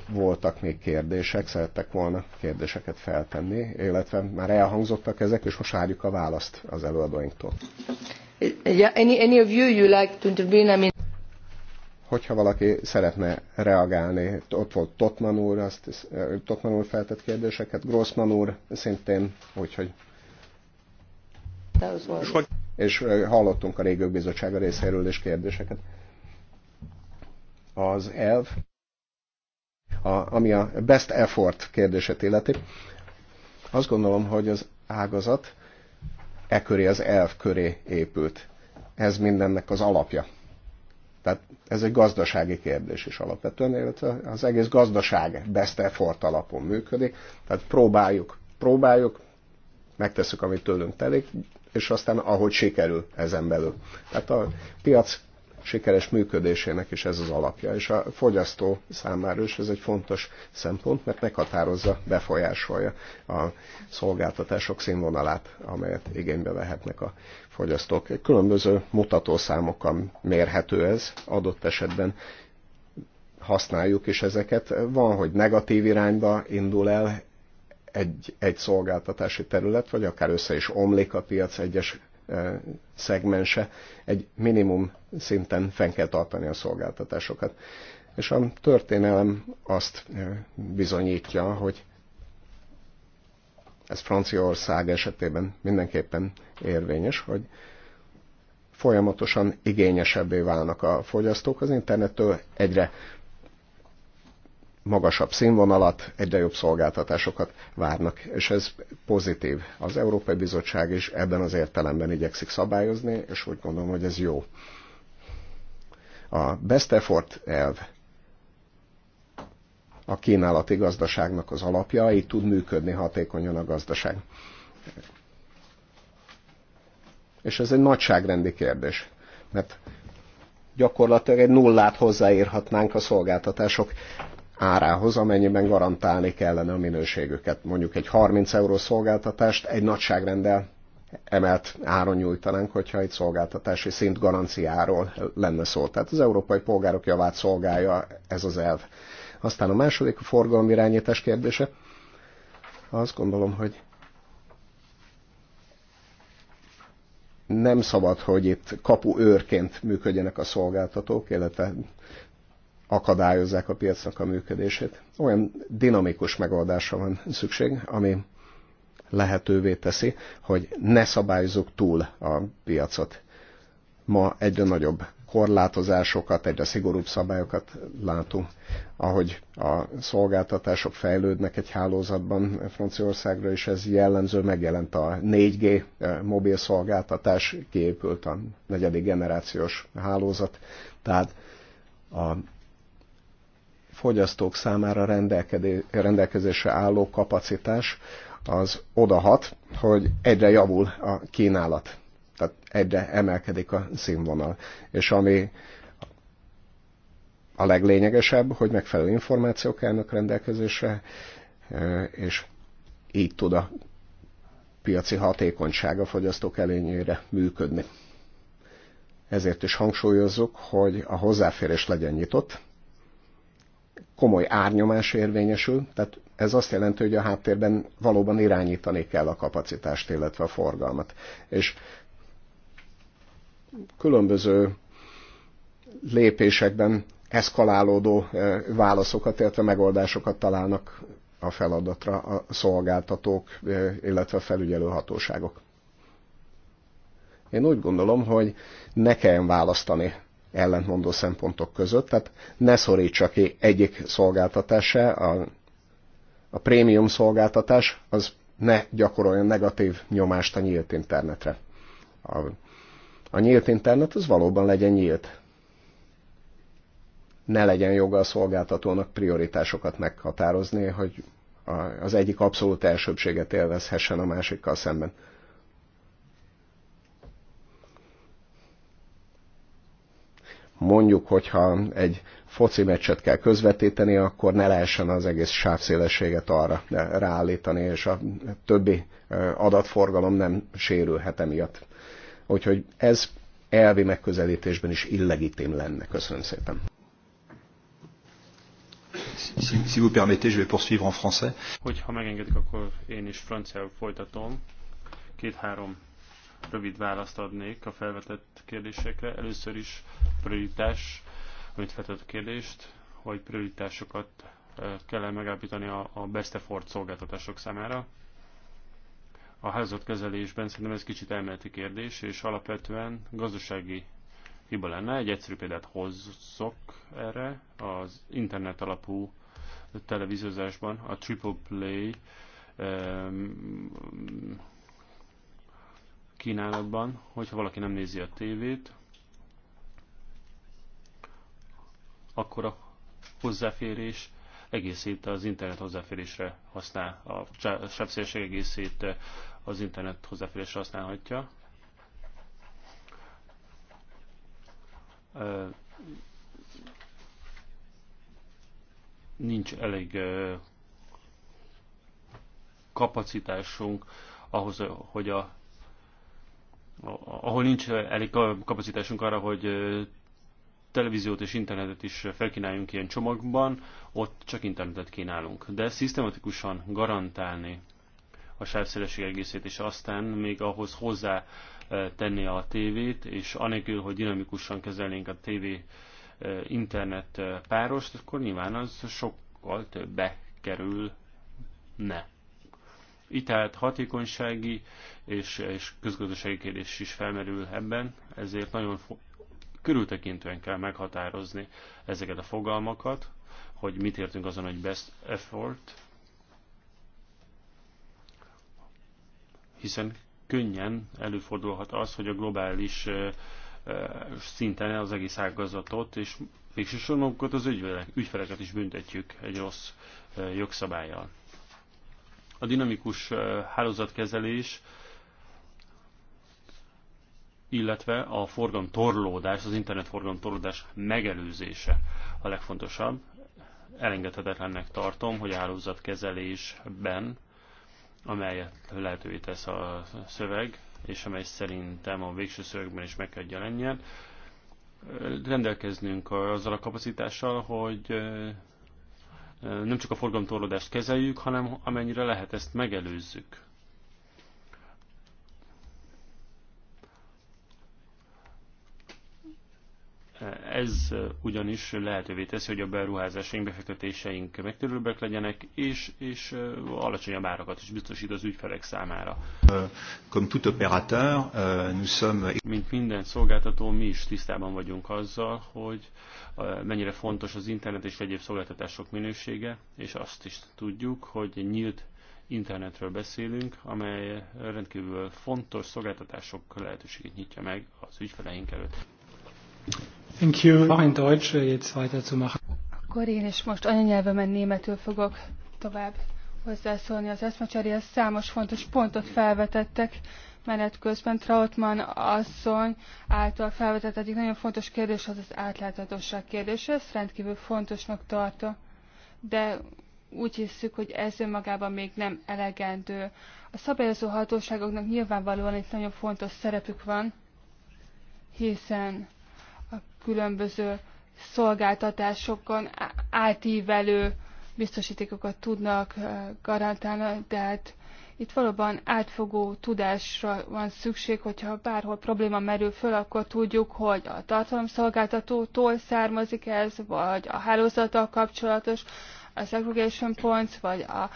voltak még kérdések, szerettek volna kérdéseket feltenni, illetve már elhangzottak ezek, és most várjuk a választ az előadóinktól. Hogyha valaki szeretne reagálni, ott volt Totman úr, azt, Totman úr feltett kérdéseket, Grossman úr szintén, úgyhogy... És hallottunk a Régők Bizottsága részéről is kérdéseket. Az elv, a, ami a best effort kérdését illeti, azt gondolom, hogy az ágazat e köré, az elv köré épült. Ez mindennek az alapja. Tehát ez egy gazdasági kérdés is alapvetően, illetve az egész gazdaság best effort alapon működik, tehát próbáljuk, próbáljuk, megtesszük, amit tőlünk telik, és aztán ahogy sikerül ezen belül. Tehát a piac sikeres működésének is ez az alapja, és a fogyasztó számára is ez egy fontos szempont, mert meghatározza, befolyásolja a szolgáltatások színvonalát, amelyet igénybe vehetnek a fogyasztók. Különböző mutatószámokkal mérhető ez adott esetben, használjuk is ezeket. Van, hogy negatív irányba indul el egy, egy szolgáltatási terület, vagy akár össze is omlik a piac egyes szegmense egy minimum szinten fenn kell tartani a szolgáltatásokat. És a történelem azt bizonyítja, hogy ez Franciaország esetében mindenképpen érvényes, hogy folyamatosan igényesebbé válnak a fogyasztók az internettől, egyre magasabb színvonalat, egyre jobb szolgáltatásokat várnak, és ez pozitív. Az Európai Bizottság is ebben az értelemben igyekszik szabályozni, és úgy gondolom, hogy ez jó. A best effort elv a kínálati gazdaságnak az alapja, így tud működni hatékonyan a gazdaság. És ez egy nagyságrendi kérdés, mert gyakorlatilag egy nullát hozzáírhatnánk a szolgáltatások árához, amennyiben garantálni kellene a minőségüket. Mondjuk egy 30 euró szolgáltatást egy nagyságrendel emelt áron nyújtanánk, hogyha egy szolgáltatási szint garanciáról lenne szó. Tehát az európai polgárok javát szolgálja ez az elv. Aztán a második a forgalmi irányítás kérdése. Azt gondolom, hogy nem szabad, hogy itt kapu őrként működjenek a szolgáltatók, illetve akadályozzák a piacnak a működését. Olyan dinamikus megoldásra van szükség, ami lehetővé teszi, hogy ne szabályozzuk túl a piacot. Ma egyre nagyobb korlátozásokat, egyre szigorúbb szabályokat látunk. Ahogy a szolgáltatások fejlődnek egy hálózatban Franciaországra, és ez jellemző, megjelent a 4G eh, mobil szolgáltatás, kiépült a negyedik generációs hálózat, tehát a fogyasztók számára rendelkezésre álló kapacitás az odahat, hogy egyre javul a kínálat, tehát egyre emelkedik a színvonal. És ami a leglényegesebb, hogy megfelelő információk állnak rendelkezésre, és így tud a piaci hatékonyság a fogyasztók előnyére működni. Ezért is hangsúlyozzuk, hogy a hozzáférés legyen nyitott, komoly árnyomás érvényesül, tehát ez azt jelenti, hogy a háttérben valóban irányítani kell a kapacitást, illetve a forgalmat. És különböző lépésekben eszkalálódó eh, válaszokat, illetve megoldásokat találnak a feladatra a szolgáltatók, eh, illetve a felügyelő hatóságok. Én úgy gondolom, hogy ne kelljen választani ellentmondó szempontok között, tehát ne szorítsa ki egyik szolgáltatása, a, a prémium szolgáltatás, az ne gyakoroljon negatív nyomást a nyílt internetre. A, a nyílt internet az valóban legyen nyílt. Ne legyen joga a szolgáltatónak prioritásokat meghatározni, hogy az egyik abszolút elsőbséget élvezhessen a másikkal szemben. mondjuk, hogyha egy foci meccset kell közvetíteni, akkor ne lehessen az egész sávszélességet arra ráállítani, és a többi adatforgalom nem sérülhet emiatt. Úgyhogy ez elvi megközelítésben is illegitim lenne. Köszönöm szépen. Si, si vous permettez, je vais poursuivre en français. Hogyha megengedik, akkor én is franciául folytatom. Két-három rövid választ adnék a felvetett kérdésekre. Először is prioritás, amit feltett kérdést, hogy prioritásokat kell megállapítani a, a best effort szolgáltatások számára. A házatkezelésben szerintem ez kicsit elméleti kérdés, és alapvetően gazdasági hiba lenne. Egy egyszerű példát hozzok erre. Az internet alapú televíziózásban a Triple Play um, kínálatban, hogyha valaki nem nézi a tévét, akkor a hozzáférés egészét az internet hozzáférésre használ, a sávszélség egészét eh, az internet hozzáférésre használhatja. Eh, nincs elég eh, kapacitásunk ahhoz, hogy a ahol nincs eh, elég kapacitásunk arra, hogy eh, televíziót és internetet is felkínáljunk ilyen csomagban, ott csak internetet kínálunk. De szisztematikusan garantálni a sávszélesség egészét, és aztán még ahhoz hozzá eh, tenni a tévét, és anélkül, hogy dinamikusan kezelnénk a tévé internet párost, akkor nyilván az sokkal többe kerül ne. Itt hatékonysági és, és közgazdasági kérdés is felmerül ebben, ezért nagyon körültekintően kell meghatározni ezeket a fogalmakat, hogy mit értünk azon, hogy best effort, hiszen könnyen előfordulhat az, hogy a globális szinten az egész ágazatot, és végsősorban magukat az ügyfeleket is büntetjük egy rossz jogszabályjal. A dinamikus hálózatkezelés, illetve a forgalom torlódás, az internet forgalom torlódás megelőzése a legfontosabb. Elengedhetetlennek tartom, hogy a hálózatkezelésben, amelyet lehetővé tesz a szöveg, és amely szerintem a végső szövegben is meg kell jelenjen, rendelkeznünk azzal a kapacitással, hogy nem csak a forgalomtorlódást kezeljük, hanem amennyire lehet ezt megelőzzük. Ez ugyanis lehetővé teszi, hogy a beruházásaink, befektetéseink megtérülőbbek legyenek, és, és alacsonyabb árakat is biztosít az ügyfelek számára. Comme tout opérateur, nous sommes... Mint minden szolgáltató, mi is tisztában vagyunk azzal, hogy mennyire fontos az internet és egyéb szolgáltatások minősége, és azt is tudjuk, hogy nyílt internetről beszélünk, amely rendkívül fontos szolgáltatások lehetőségét nyitja meg az ügyfeleink előtt. Thank you. Auch in Deutsch äh, jetzt weiterzumachen. Akkor én is most anyanyelvemen németül fogok tovább hozzászólni az eszmecseréhez. Számos fontos pontot felvetettek menet közben. Trautmann asszony által felvetett egyik nagyon fontos kérdés az az átláthatóság kérdése. Ezt rendkívül fontosnak tartó, de úgy hiszük, hogy ez önmagában még nem elegendő. A szabályozó hatóságoknak nyilvánvalóan itt nagyon fontos szerepük van, hiszen különböző szolgáltatásokon átívelő biztosítékokat tudnak garantálni, tehát itt valóban átfogó tudásra van szükség, hogyha bárhol probléma merül föl, akkor tudjuk, hogy a tartalomszolgáltatótól származik ez, vagy a hálózattal kapcsolatos, a segregation points, vagy a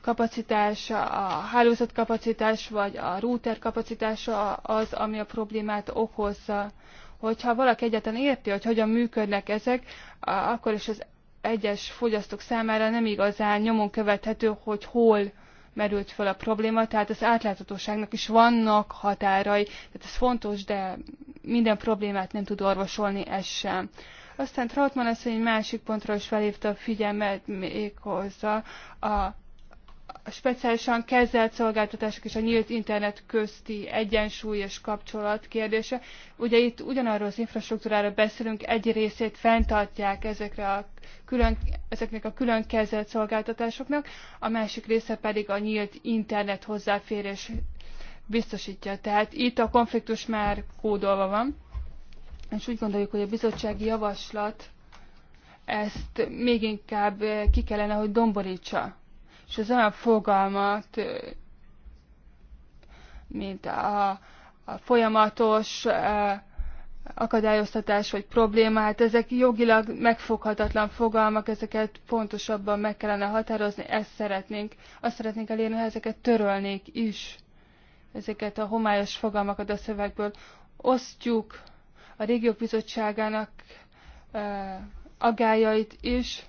kapacitás, a hálózatkapacitás, vagy a router kapacitása az, ami a problémát okozza hogyha valaki egyetlen érti, hogy hogyan működnek ezek, akkor is az egyes fogyasztók számára nem igazán nyomon követhető, hogy hol merült fel a probléma, tehát az átláthatóságnak is vannak határai, tehát ez fontos, de minden problémát nem tud orvosolni ez sem. Aztán Trautmann azt egy másik pontról is felhívta a figyelmet méghozzá a speciálisan kezelt szolgáltatások és a nyílt internet közti egyensúly és kapcsolat kérdése. Ugye itt ugyanarról az infrastruktúrára beszélünk, egy részét fenntartják ezekre a külön, ezeknek a külön kezelt szolgáltatásoknak, a másik része pedig a nyílt internet hozzáférés biztosítja. Tehát itt a konfliktus már kódolva van, és úgy gondoljuk, hogy a bizottsági javaslat ezt még inkább ki kellene, hogy domborítsa és az olyan fogalmat, mint a, a folyamatos akadályoztatás vagy probléma, hát ezek jogilag megfoghatatlan fogalmak, ezeket pontosabban meg kellene határozni, ezt szeretnénk, azt szeretnénk elérni, ha ezeket törölnék is, ezeket a homályos fogalmakat a szövegből. Osztjuk a régiók bizottságának e, agájait is,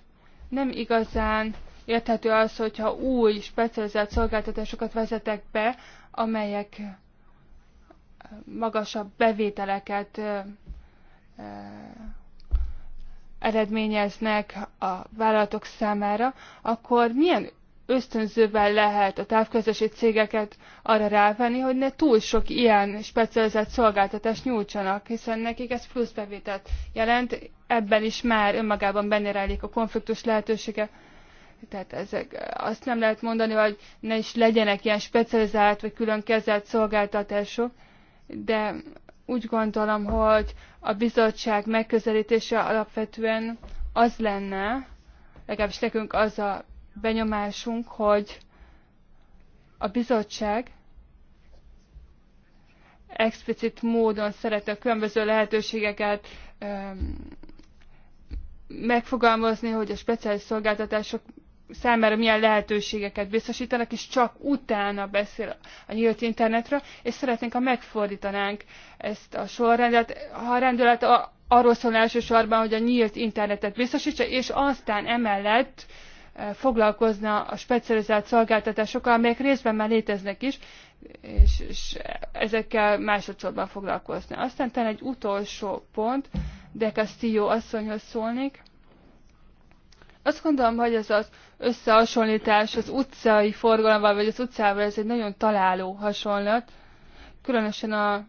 nem igazán érthető az, hogyha új specializált szolgáltatásokat vezetek be, amelyek magasabb bevételeket eredményeznek a vállalatok számára, akkor milyen ösztönzővel lehet a távközlési cégeket arra rávenni, hogy ne túl sok ilyen specializált szolgáltatást nyújtsanak, hiszen nekik ez plusz bevételt jelent, ebben is már önmagában benne rejlik a konfliktus lehetősége. Tehát ezek, azt nem lehet mondani, hogy ne is legyenek ilyen specializált vagy külön kezelt szolgáltatások, de úgy gondolom, hogy a bizottság megközelítése alapvetően az lenne, legalábbis nekünk az a benyomásunk, hogy a bizottság explicit módon szeretne a különböző lehetőségeket megfogalmazni, hogy a speciális szolgáltatások számára milyen lehetőségeket biztosítanak, és csak utána beszél a nyílt internetről, és szeretnénk, ha megfordítanánk ezt a sorrendet. Ha a rendelet a, arról szól elsősorban, hogy a nyílt internetet biztosítsa, és aztán emellett e, foglalkozna a specializált szolgáltatásokkal, amelyek részben már léteznek is, és, és ezekkel másodszorban foglalkozni. Aztán talán egy utolsó pont, de Castillo asszonyhoz szólnék. Azt gondolom, hogy ez az összehasonlítás az utcai forgalommal, vagy az utcával, ez egy nagyon találó hasonlat. Különösen a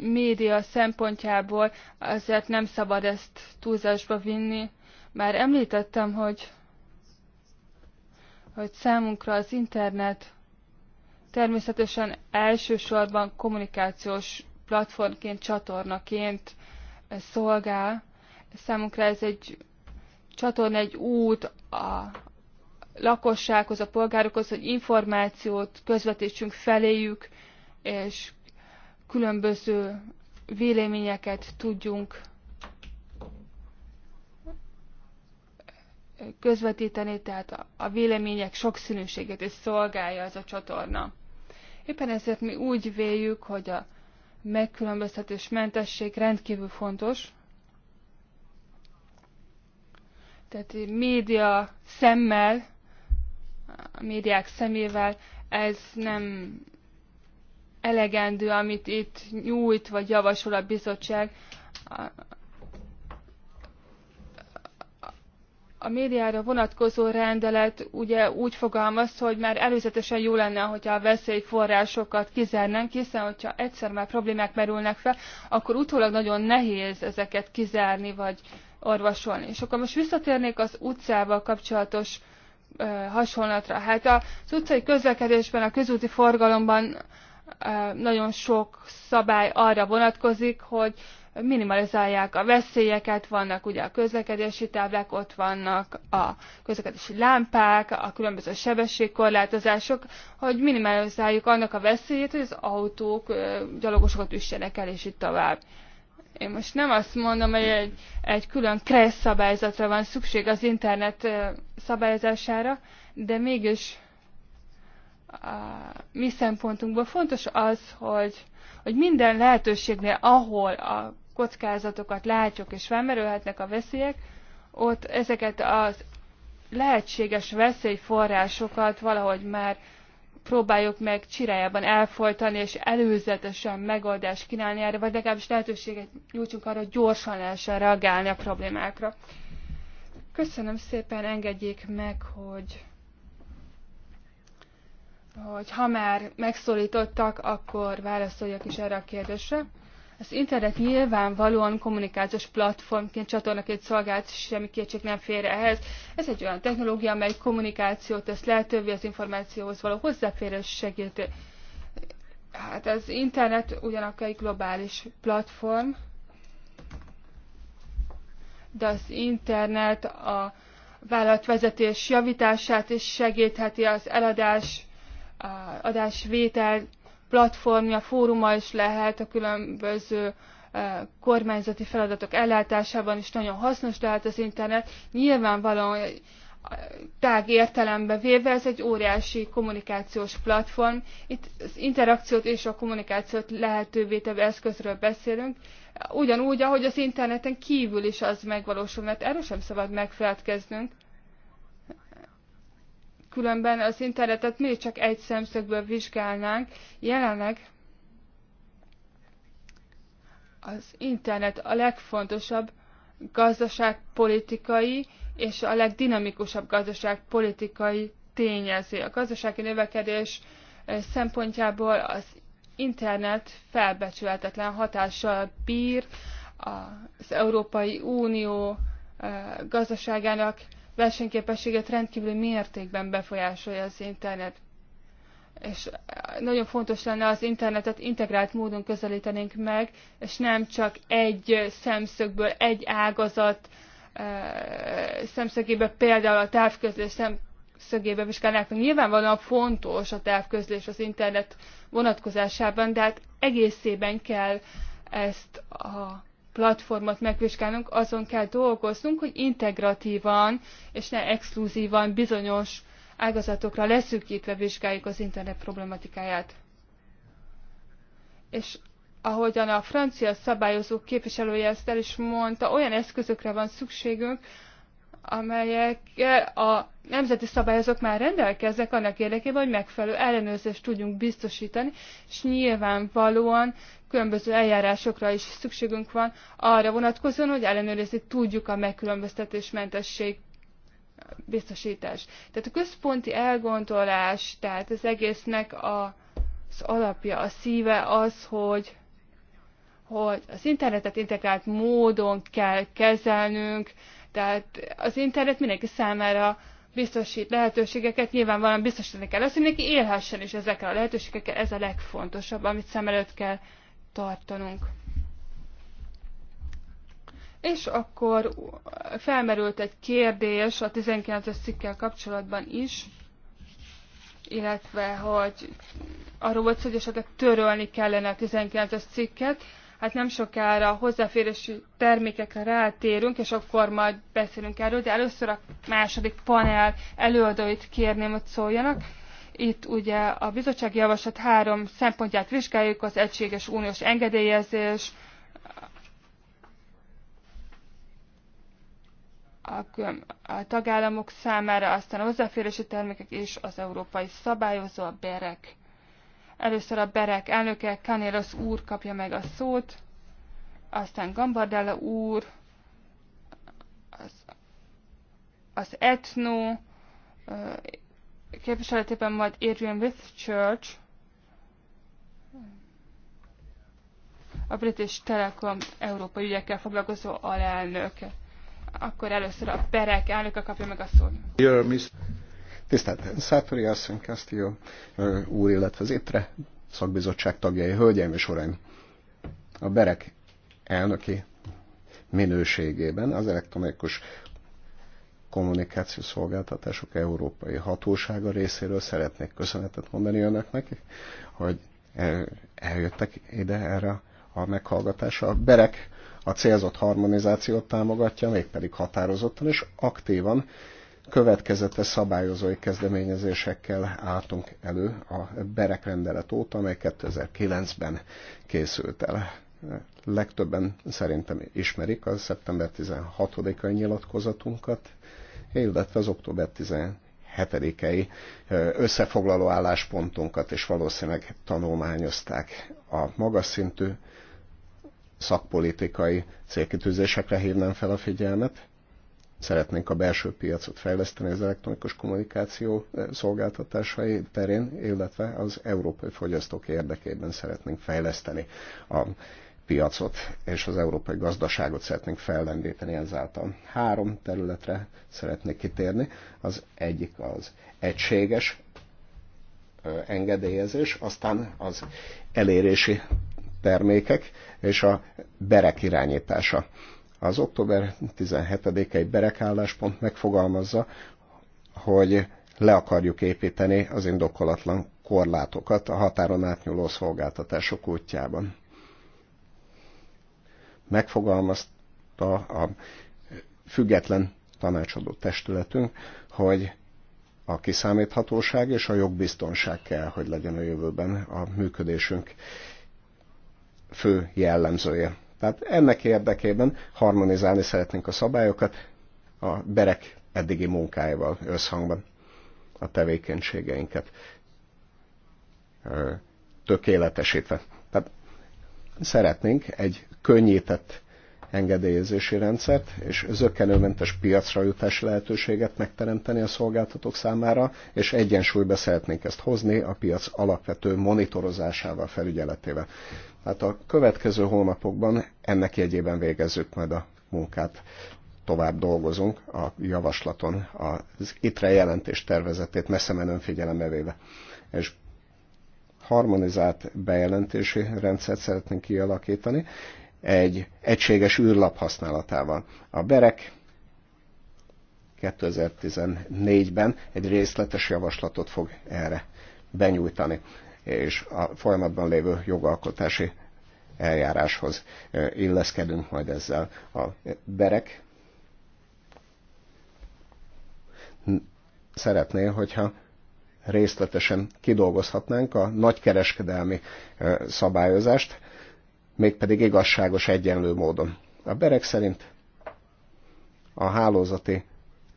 média szempontjából azért nem szabad ezt túlzásba vinni. Már említettem, hogy, hogy számunkra az internet természetesen elsősorban kommunikációs platformként, csatornaként szolgál. Számunkra ez egy csatorna, egy út a lakossághoz, a polgárokhoz, hogy információt közvetítsünk feléjük, és különböző véleményeket tudjunk közvetíteni, tehát a vélemények sokszínűségét is szolgálja ez a csatorna. Éppen ezért mi úgy véljük, hogy a megkülönböztetés mentesség rendkívül fontos, tehát média szemmel, a médiák szemével ez nem elegendő, amit itt nyújt vagy javasol a bizottság. A, a médiára vonatkozó rendelet ugye úgy fogalmaz, hogy már előzetesen jó lenne, hogyha a veszélyforrásokat kizárnánk, hiszen hogyha egyszer már problémák merülnek fel, akkor utólag nagyon nehéz ezeket kizárni vagy orvosolni. És akkor most visszatérnék az utcával kapcsolatos ö, hasonlatra. Hát az utcai közlekedésben, a közúti forgalomban ö, nagyon sok szabály arra vonatkozik, hogy minimalizálják a veszélyeket, vannak ugye a közlekedési táblák, ott vannak a közlekedési lámpák, a különböző sebességkorlátozások, hogy minimalizáljuk annak a veszélyét, hogy az autók gyalogosokat üssenek el, és itt tovább. Én most nem azt mondom, hogy egy, egy külön kressz szabályzatra van szükség az internet szabályozására, de mégis a mi szempontunkból fontos az, hogy, hogy minden lehetőségnél, ahol a kockázatokat látjuk és felmerülhetnek a veszélyek, ott ezeket az lehetséges veszélyforrásokat valahogy már próbáljuk meg csirájában elfolytani és előzetesen megoldást kínálni erre, vagy legalábbis lehetőséget nyújtsunk arra, hogy gyorsan lehessen reagálni a problémákra. Köszönöm szépen, engedjék meg, hogy hogy ha már megszólítottak, akkor válaszoljak is erre a kérdésre. Az internet nyilvánvalóan kommunikációs platformként, csatornaként szolgált, semmi kétség nem fér ehhez. Ez egy olyan technológia, amely kommunikációt tesz lehetővé, az információhoz való hozzáférés segítő. Hát az internet ugyanakkor egy globális platform, de az internet a vállalatvezetés javítását is segítheti az eladás, adásvétel platformja, fóruma is lehet a különböző eh, kormányzati feladatok ellátásában is nagyon hasznos lehet az internet. Nyilvánvalóan eh, tág értelembe véve ez egy óriási kommunikációs platform. Itt az interakciót és a kommunikációt lehetővé tevő eszközről beszélünk, ugyanúgy, ahogy az interneten kívül is az megvalósul, mert erről sem szabad megfeledkeznünk különben az internetet még csak egy szemszögből vizsgálnánk. Jelenleg az internet a legfontosabb gazdaságpolitikai és a legdinamikusabb gazdaságpolitikai tényező. A gazdasági növekedés eh, szempontjából az internet felbecsülhetetlen hatással bír az Európai Unió eh, gazdaságának versenyképességet rendkívül mértékben befolyásolja az internet. És eh, nagyon fontos lenne az internetet integrált módon közelítenénk meg, és nem csak egy szemszögből, egy ágazat eh, szemszögébe, például a távközlés szem, vizsgálnák meg. Nyilvánvalóan fontos a távközlés az internet vonatkozásában, de hát egészében kell ezt a platformot megvizsgálunk, azon kell dolgoznunk, hogy integratívan és ne exkluzívan bizonyos ágazatokra leszűkítve vizsgáljuk az internet problematikáját. És ahogyan a francia szabályozók képviselője ezt el is mondta, olyan eszközökre van szükségünk, amelyek a nemzeti szabályozók már rendelkeznek annak érdekében, hogy megfelelő ellenőrzést tudjunk biztosítani, és nyilvánvalóan különböző eljárásokra is szükségünk van arra vonatkozóan, hogy ellenőrizni tudjuk a megkülönböztetésmentesség biztosítás. Tehát a központi elgondolás, tehát az egésznek a, az alapja, a szíve az, hogy, hogy az internetet integrált módon kell kezelnünk, tehát az internet mindenki számára biztosít lehetőségeket, nyilván valami biztosítani kell azt, hogy mindenki élhessen is ezekkel a lehetőségekkel, ez a legfontosabb, amit szem előtt kell tartanunk. És akkor felmerült egy kérdés a 19-es cikkel kapcsolatban is, illetve hogy arról volt, hogy esetleg törölni kellene a 19-es cikket. Hát nem sokára hozzáférési termékekre rátérünk, és akkor majd beszélünk erről, de először a második panel előadóit kérném, hogy szóljanak. Itt ugye a bizottsági javaslat három szempontját vizsgáljuk, az egységes uniós engedélyezés, a, tagállamok számára, aztán a hozzáférési termékek és az európai szabályozó, a BEREK. Először a BEREK elnöke, Kanélos úr kapja meg a szót, aztán Gambardella úr, az, az etno képviseletében majd Adrian With Church, a British Telekom Európai ügyekkel foglalkozó alelnök. Akkor először a perek elnöke kapja meg a szót. Tisztelt Szátori Asszony Castillo úr, illetve az étre szakbizottság tagjai, hölgyeim és uraim. A Berek elnöki minőségében az elektronikus kommunikációs szolgáltatások európai hatósága részéről szeretnék köszönetet mondani önöknek, hogy eljöttek ide erre a meghallgatásra. A berek a célzott harmonizációt támogatja, mégpedig határozottan és aktívan következete szabályozói kezdeményezésekkel álltunk elő a berek rendelet óta, amely 2009-ben készült el legtöbben szerintem ismerik a szeptember 16-ai nyilatkozatunkat, illetve az október 17-i összefoglaló álláspontunkat és valószínűleg tanulmányozták. A magas szintű szakpolitikai célkitűzésekre hívnám fel a figyelmet. Szeretnénk a belső piacot fejleszteni az elektronikus kommunikáció szolgáltatásai terén, illetve az európai fogyasztók érdekében szeretnénk fejleszteni a piacot és az európai gazdaságot szeretnénk fellendíteni ezáltal. Három területre szeretnék kitérni. Az egyik az egységes engedélyezés, aztán az elérési termékek és a berek irányítása. Az október 17-i berekállláspont megfogalmazza, hogy le akarjuk építeni az indokolatlan korlátokat a határon átnyúló szolgáltatások útjában megfogalmazta a független tanácsadó testületünk, hogy a kiszámíthatóság és a jogbiztonság kell, hogy legyen a jövőben a működésünk fő jellemzője. Tehát ennek érdekében harmonizálni szeretnénk a szabályokat a berek eddigi munkáival összhangban a tevékenységeinket tökéletesítve. Tehát szeretnénk egy könnyített engedélyezési rendszert és zöggenőmentes piacra jutás lehetőséget megteremteni a szolgáltatók számára, és egyensúlyba szeretnénk ezt hozni a piac alapvető monitorozásával, felügyeletével. Tehát a következő hónapokban ennek jegyében végezzük majd a munkát. Tovább dolgozunk a javaslaton, az ITRE jelentés tervezetét messze menően figyelembe véve. És harmonizált bejelentési rendszert szeretnénk kialakítani, egy egységes űrlap használatával. A BEREK 2014-ben egy részletes javaslatot fog erre benyújtani, és a folyamatban lévő jogalkotási eljáráshoz illeszkedünk majd ezzel. A berek szeretné, hogyha részletesen kidolgozhatnánk a nagykereskedelmi szabályozást, mégpedig igazságos, egyenlő módon. A berek szerint a hálózati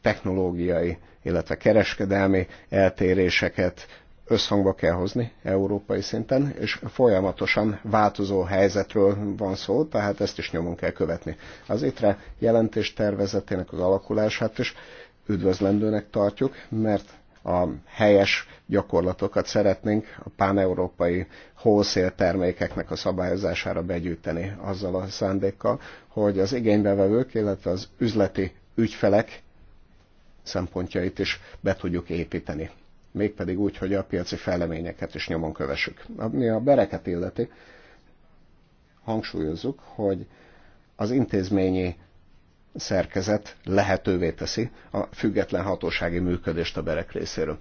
technológiai, illetve kereskedelmi eltéréseket összhangba kell hozni európai szinten, és folyamatosan változó helyzetről van szó, tehát ezt is nyomon kell követni. Az ITRE jelentés tervezetének az alakulását is üdvözlendőnek tartjuk, mert a helyes gyakorlatokat szeretnénk a páneurópai wholesale termékeknek a szabályozására begyűjteni azzal a szándékkal, hogy az igénybevevők, illetve az üzleti ügyfelek szempontjait is be tudjuk építeni. Mégpedig úgy, hogy a piaci fejleményeket is nyomon kövessük. Ami a bereket illeti, hangsúlyozzuk, hogy az intézményi szerkezet lehetővé teszi a független hatósági működést a berek részéről.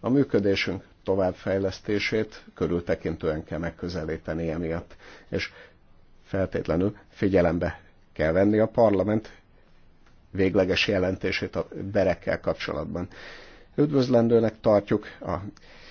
A működésünk továbbfejlesztését körültekintően kell megközelíteni emiatt, és feltétlenül figyelembe kell venni a parlament végleges jelentését a berekkel kapcsolatban. Üdvözlendőnek tartjuk a,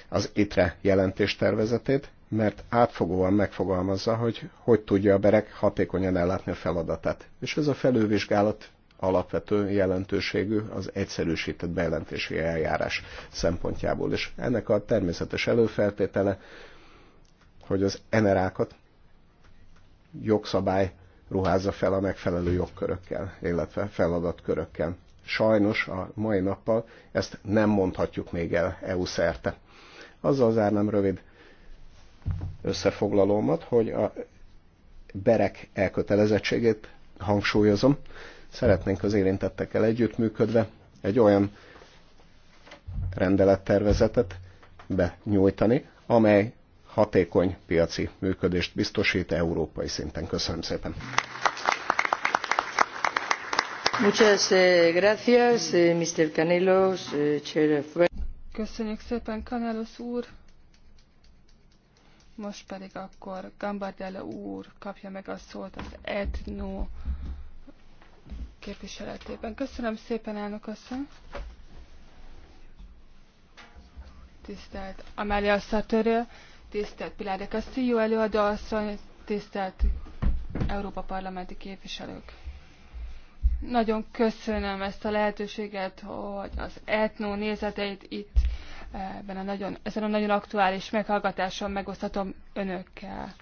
az ITRE jelentéstervezetét, mert átfogóan megfogalmazza, hogy hogy tudja a berek hatékonyan ellátni a feladatát. És ez a felővizsgálat alapvető jelentőségű az egyszerűsített bejelentési eljárás szempontjából. És ennek a természetes előfeltétele, hogy az enerákat jogszabály ruházza fel a megfelelő jogkörökkel, illetve feladatkörökkel. Sajnos a mai nappal ezt nem mondhatjuk még el EU szerte. Azzal zárnám rövid összefoglalómat, hogy a berek elkötelezettségét hangsúlyozom. Szeretnénk az érintettekkel együttműködve egy olyan rendelettervezetet benyújtani, amely hatékony piaci működést biztosít európai szinten. Köszönöm szépen! Muchas eh, gracias, eh, Mr. Canelos, eh, Köszönjük szépen, Canelos úr! Most pedig akkor Gambardella úr kapja meg a szót az etno képviseletében. Köszönöm szépen, elnök asszony! Tisztelt Amália Szatörő, tisztelt Pilar de Castillo előadó asszony, tisztelt Európa Parlamenti képviselők! Nagyon köszönöm ezt a lehetőséget, hogy az etnó nézeteit itt ebben a nagyon, ezen a nagyon aktuális meghallgatáson megosztatom önökkel.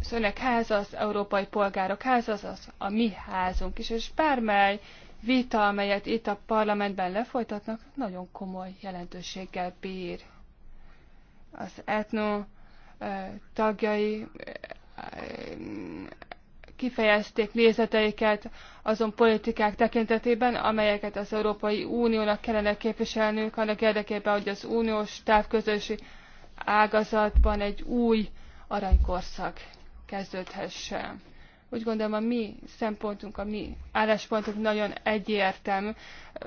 Az önök ház az Európai Polgárok ház az, az a mi házunk is, és bármely vita, amelyet itt a parlamentben lefolytatnak, nagyon komoly jelentőséggel bír. Az etno tagjai kifejezték nézeteiket azon politikák tekintetében, amelyeket az Európai Uniónak kellene képviselnünk annak érdekében, hogy az uniós távközösi ágazatban egy új aranykorszak kezdődhessen. Úgy gondolom a mi szempontunk, a mi álláspontunk nagyon egyértelmű.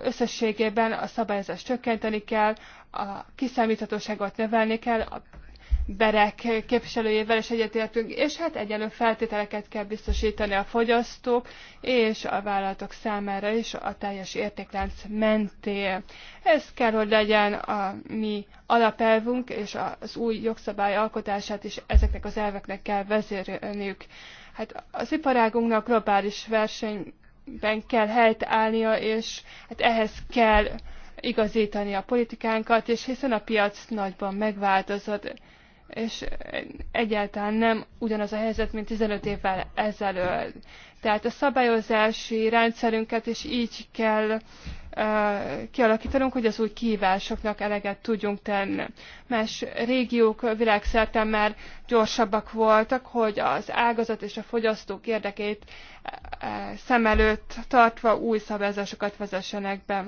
Összességében a szabályozást csökkenteni kell, a kiszámíthatóságot növelni kell, a berek képviselőjével is egyetértünk, és hát egyenlő feltételeket kell biztosítani a fogyasztók és a vállalatok számára is a teljes értéklánc mentén. Ez kell, hogy legyen a mi alapelvünk, és az új jogszabály alkotását is ezeknek az elveknek kell vezérelniük. Hát az iparágunknak globális versenyben kell helyt állnia, és hát ehhez kell igazítani a politikánkat, és hiszen a piac nagyban megváltozott és egyáltalán nem ugyanaz a helyzet, mint 15 évvel ezelőtt. Tehát a szabályozási rendszerünket is így kell kialakítanunk, hogy az új kihívásoknak eleget tudjunk tenni. Más régiók világszerte már gyorsabbak voltak, hogy az ágazat és a fogyasztók érdekét szem előtt tartva új szabályozásokat vezessenek be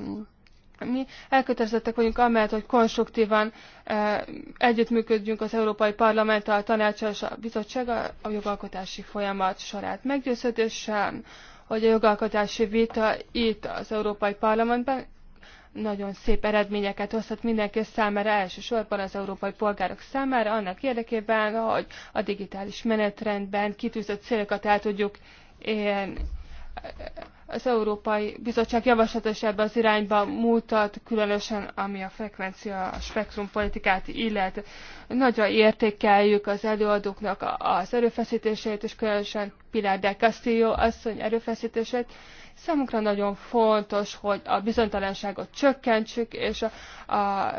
mi elkötelezettek vagyunk amellett, hogy konstruktívan eh, együttműködjünk az Európai Parlamenttel, a tanácssal és a bizottsággal a jogalkotási folyamat sorát. Meggyőződésem, hogy a jogalkotási vita itt az Európai Parlamentben nagyon szép eredményeket hozhat mindenki számára, elsősorban az európai polgárok számára, annak érdekében, hogy a digitális menetrendben kitűzött célokat el tudjuk érni az Európai Bizottság javaslata is ebbe az irányba mutat, különösen ami a frekvencia, a spektrum politikát illet. Nagyra értékeljük az előadóknak az erőfeszítéseit, és különösen Pilar de Castillo asszony erőfeszítését. Számunkra nagyon fontos, hogy a bizonytalanságot csökkentsük, és a, a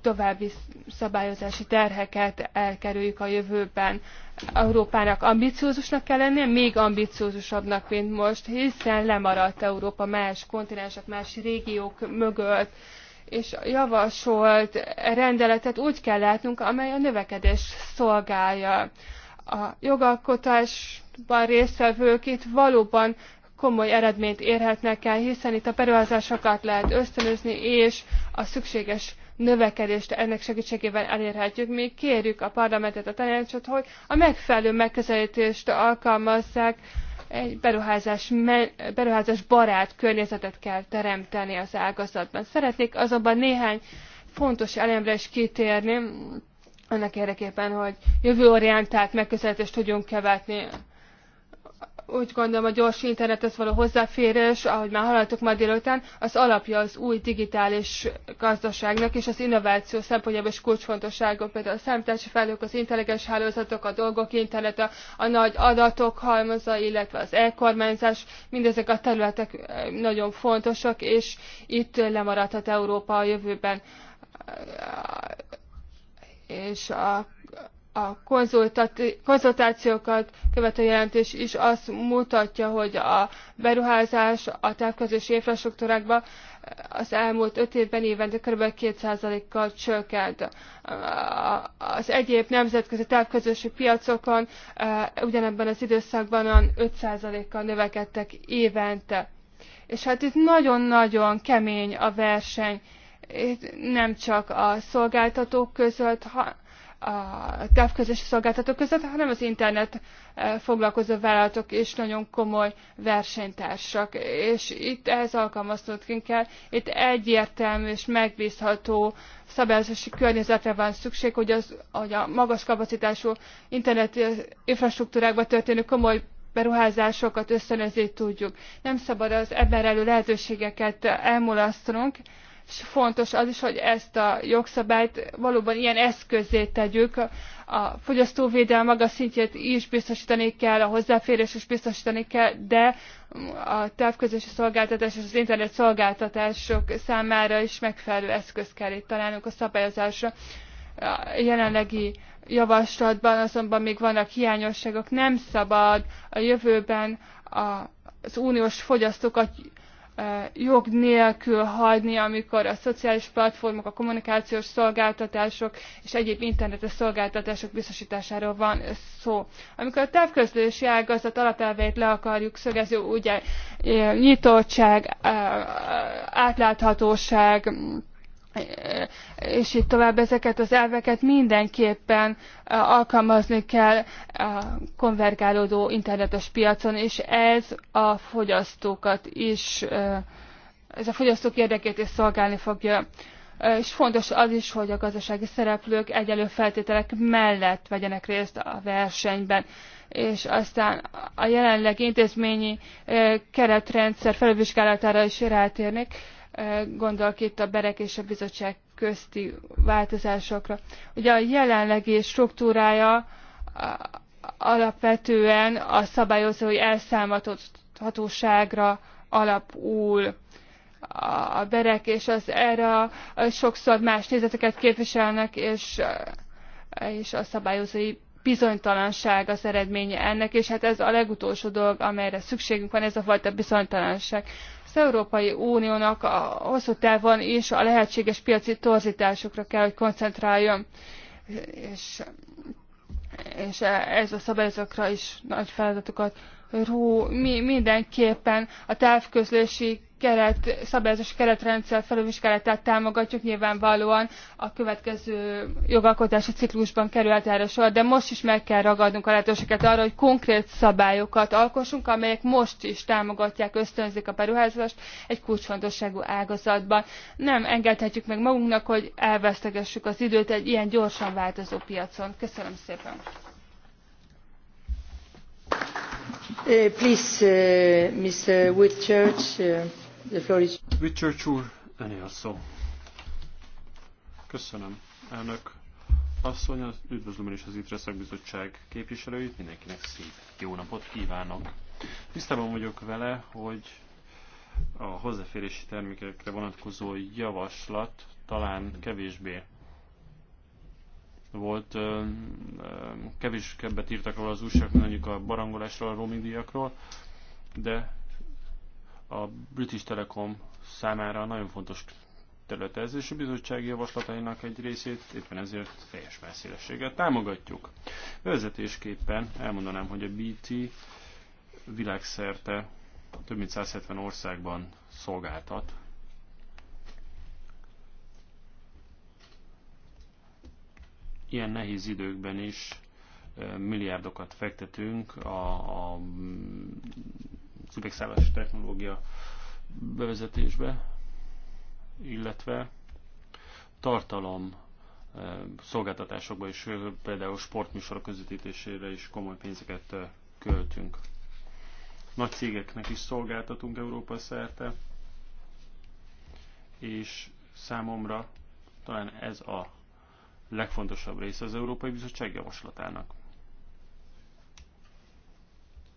további szabályozási terheket elkerüljük a jövőben Európának ambiciózusnak kell lennie, még ambiciózusabbnak, mint most, hiszen lemaradt Európa más kontinensek, más régiók mögött, és javasolt rendeletet úgy kell látnunk, amely a növekedés szolgálja. A jogalkotásban résztvevők itt valóban komoly eredményt érhetnek el, hiszen itt a beruházásokat lehet ösztönözni, és a szükséges növekedést ennek segítségével elérhetjük. Mi kérjük a parlamentet, a tanácsot, hogy a megfelelő megközelítést alkalmazzák, egy beruházás, beruházás barát környezetet kell teremteni az ágazatban. Szeretnék azonban néhány fontos elemre is kitérni, annak érdekében, hogy jövőorientált megközelítést tudjunk követni úgy gondolom a gyors internethez való hozzáférés, ahogy már hallottuk ma délután, az alapja az új digitális gazdaságnak, és az innováció szempontjából is kulcsfontosságú, például a számítási felhők, az intelligens hálózatok, a dolgok internete, a nagy adatok halmaza, illetve az elkormányzás, mindezek a területek nagyon fontosak, és itt lemaradhat Európa a jövőben és a a konzultációkat követő jelentés is azt mutatja, hogy a beruházás a távközlési infrastruktúrákba az elmúlt öt évben évente kb. 2%-kal csökkent. Az egyéb nemzetközi távközlési piacokon eh, ugyanebben az időszakban 5%-kal növekedtek évente. És hát itt nagyon-nagyon kemény a verseny, nem csak a szolgáltatók között, a távközlési szolgáltatók között, hanem az internet eh, foglalkozó vállalatok is nagyon komoly versenytársak. És itt ehhez alkalmazkodnunk kell. Itt egyértelmű és megbízható szabályozási környezetre van szükség, hogy, az, hogy a magas kapacitású internet eh, infrastruktúrákban történő komoly beruházásokat ösztönözni tudjuk. Nem szabad az ebben elő lehetőségeket eh, elmulasztanunk, és fontos az is, hogy ezt a jogszabályt valóban ilyen eszközé tegyük. A fogyasztóvédelem magas szintjét is biztosítani kell, a hozzáférés is biztosítani kell, de a távközlési szolgáltatás és az internet szolgáltatások számára is megfelelő eszköz kell itt találnunk a szabályozásra. A jelenlegi javaslatban azonban még vannak hiányosságok, nem szabad a jövőben a az uniós fogyasztókat jog nélkül hagyni, amikor a szociális platformok, a kommunikációs szolgáltatások és egyéb internetes szolgáltatások biztosításáról van szó. Amikor a távközlési ágazat alapelveit le akarjuk szögezni, ugye nyitottság, átláthatóság, és így tovább ezeket az elveket mindenképpen alkalmazni kell a konvergálódó internetes piacon, és ez a fogyasztókat is, ez a fogyasztók érdekét is szolgálni fogja. És fontos az is, hogy a gazdasági szereplők egyelő feltételek mellett vegyenek részt a versenyben és aztán a jelenleg intézményi keretrendszer felvizsgálatára is rátérnék gondolok itt a berek és a bizottság közti változásokra. Ugye a jelenlegi struktúrája alapvetően a szabályozói elszámolhatóságra alapul a berek, és az erre sokszor más nézeteket képviselnek, és, és a szabályozói bizonytalanság az eredménye ennek, és hát ez a legutolsó dolog, amelyre szükségünk van, ez a fajta bizonytalanság. Európai Uniónak a hosszú távon is a lehetséges piaci torzításokra kell, hogy koncentráljon. És, és ez a szabályozókra is nagy feladatokat ró. Mi mindenképpen a távközlési keret, szabályozási keretrendszer felülvizsgálatát támogatjuk, nyilvánvalóan a következő jogalkotási ciklusban kerülhet erre sor, de most is meg kell ragadnunk a lehetőséget arra, hogy konkrét szabályokat alkossunk, amelyek most is támogatják, ösztönzik a beruházást egy kulcsfontosságú ágazatban. Nem engedhetjük meg magunknak, hogy elvesztegessük az időt egy ilyen gyorsan változó piacon. Köszönöm szépen! Uh, please, uh, eh, Mr. Woodchurch, uh... Eh, The floor is... Richard úr, a szó. Köszönöm, elnök asszony, üdvözlöm is az Itreszek Bizottság képviselőit, mindenkinek szép jó napot kívánok. Tisztában vagyok vele, hogy a hozzáférési termékekre vonatkozó javaslat talán kevésbé volt, kevésebbet írtak róla az újság, mondjuk a barangolásról, a roaming díjakról, de a British Telecom számára nagyon fontos terület ez, és a bizottsági javaslatainak egy részét éppen ezért teljes messzélességgel támogatjuk. Vezetésképpen elmondanám, hogy a BT világszerte több mint 170 országban szolgáltat. Ilyen nehéz időkben is eh, milliárdokat fektetünk a, a az üvegszálas technológia bevezetésbe, illetve tartalom eh, szolgáltatásokba és eh, például sportműsorok közvetítésére is komoly pénzeket eh, költünk. Nagy cégeknek is szolgáltatunk Európa szerte, és számomra talán ez a legfontosabb része az Európai Bizottság javaslatának.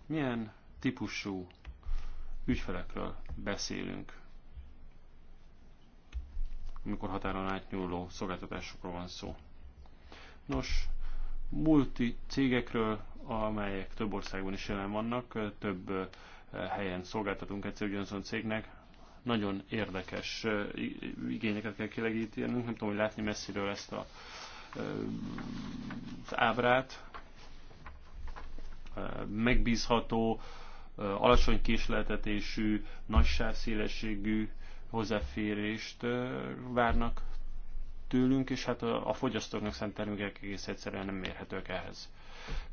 Milyen típusú ügyfelekről beszélünk, amikor határon átnyúló szolgáltatásokról van szó. Nos, multi cégekről, amelyek több országban is jelen vannak, több eh, helyen szolgáltatunk egyszerű ugyanazon cégnek, nagyon érdekes eh, igényeket kell kielégítenünk, nem tudom, hogy látni messziről ezt a, eh, az ábrát, megbízható, alacsony késleltetésű, nagy sávszélességű hozzáférést várnak tőlünk, és hát a, a fogyasztóknak szent termékek egész egyszerűen nem mérhetők ehhez.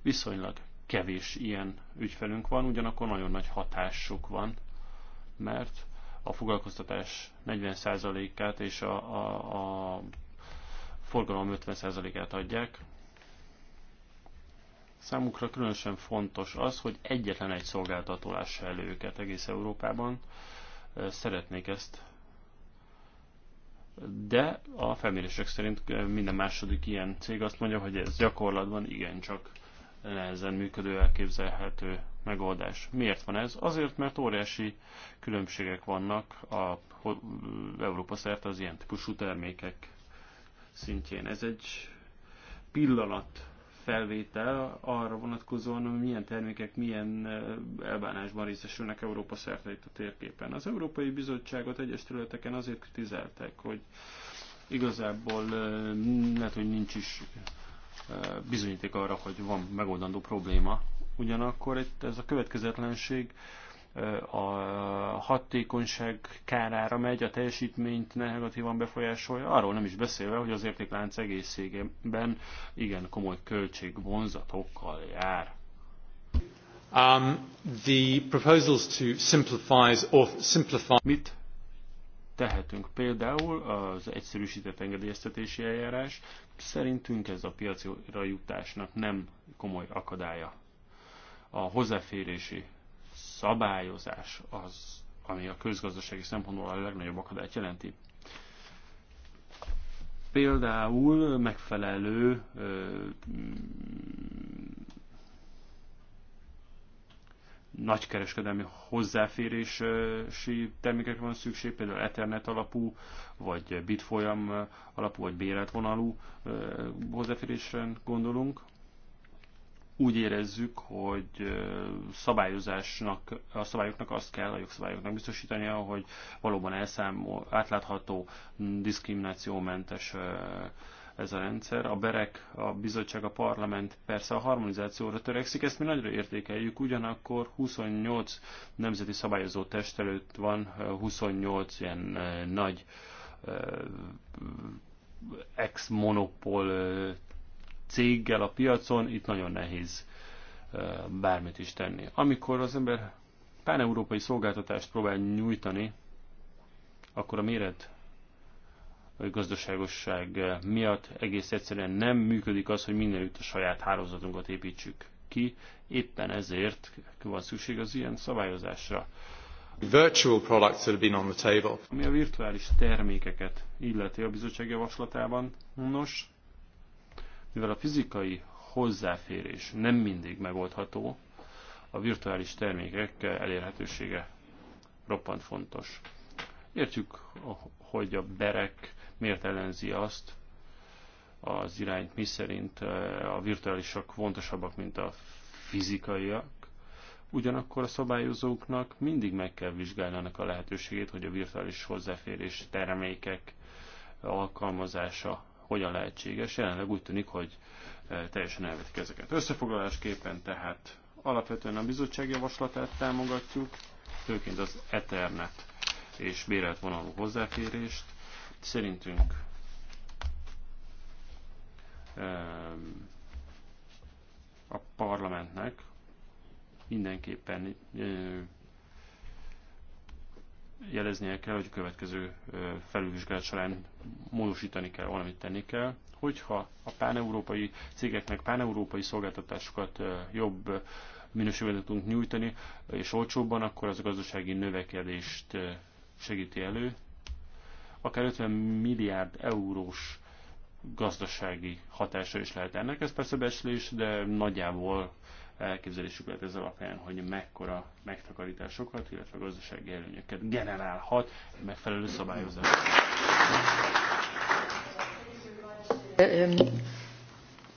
Viszonylag kevés ilyen ügyfelünk van, ugyanakkor nagyon nagy hatásuk van, mert a foglalkoztatás 40%-át és a, a, a forgalom 50%-át adják, Számukra különösen fontos az, hogy egyetlen egy szolgáltató lássa elő őket egész Európában. Szeretnék ezt. De a felmérések szerint minden második ilyen cég azt mondja, hogy ez gyakorlatban igencsak nehezen működő, elképzelhető megoldás. Miért van ez? Azért, mert óriási különbségek vannak a Európa szerte az ilyen típusú termékek szintjén. Ez egy pillanat felvétel arra vonatkozóan, hogy milyen termékek milyen elbánásban részesülnek Európa szerte itt a térképen. Az Európai Bizottságot egyes területeken azért kritizálták, hogy igazából lehet, hogy nincs is bizonyíték arra, hogy van megoldandó probléma. Ugyanakkor itt ez a következetlenség a hatékonyság kárára megy, a teljesítményt negatívan befolyásolja, arról nem is beszélve, hogy az értéklánc egészségében igen komoly költség vonzatokkal jár. Um, the proposals to simplify or simplify... Mit tehetünk például az egyszerűsített engedélyeztetési eljárás, szerintünk ez a piacra jutásnak nem komoly akadálya. A hozzáférési szabályozás az, ami a közgazdasági szempontból a legnagyobb akadályt jelenti. Például megfelelő mm, nagykereskedelmi hozzáférési termékekre van szükség, például Ethernet alapú, vagy bitfolyam alapú, vagy bérelt vonalú hozzáférésre gondolunk úgy érezzük, hogy szabályozásnak, a szabályoknak azt kell, a jogszabályoknak biztosítania, hogy valóban elszámol, átlátható, diszkriminációmentes ez a rendszer. A BEREK, a bizottság, a parlament persze a harmonizációra törekszik, ezt mi nagyra értékeljük, ugyanakkor 28 nemzeti szabályozó test előtt van, 28 ilyen nagy ex-monopol céggel a piacon, itt nagyon nehéz bármit is tenni. Amikor az ember pán-európai szolgáltatást próbál nyújtani, akkor a méret a gazdaságosság miatt egész egyszerűen nem működik az, hogy mindenütt a saját hálózatunkat építsük ki. Éppen ezért van szükség az ilyen szabályozásra. Virtual products that have been on the table. Ami a virtuális termékeket illeti a bizottság javaslatában, nos, mivel a fizikai hozzáférés nem mindig megoldható, a virtuális termékek elérhetősége roppant fontos. Értjük, hogy a berek miért ellenzi azt az irányt, mi szerint eh, a virtuálisak fontosabbak, mint a fizikaiak. Ugyanakkor a szabályozóknak mindig meg kell vizsgálni annak a lehetőségét, hogy a virtuális hozzáférés termékek alkalmazása hogyan lehetséges. Jelenleg úgy tűnik, hogy e, teljesen elvetik ezeket. Összefoglalásképpen tehát alapvetően a bizottság javaslatát támogatjuk, főként az Ethernet és bérelt vonalú hozzáférést. Szerintünk e, a parlamentnek mindenképpen e, jeleznie kell, hogy a következő felülvizsgálat során módosítani kell, valamit tenni kell. Hogyha a páneurópai cégeknek páneurópai szolgáltatásokat jobb minőségben tudunk nyújtani, és olcsóbban, akkor az a gazdasági növekedést segíti elő. Akár 50 milliárd eurós gazdasági hatása is lehet ennek. Ez persze beszélés, de nagyjából elképzelésüket ez alapján, hogy mekkora megtakarításokat, illetve gazdasági előnyöket generálhat megfelelő szabályozás.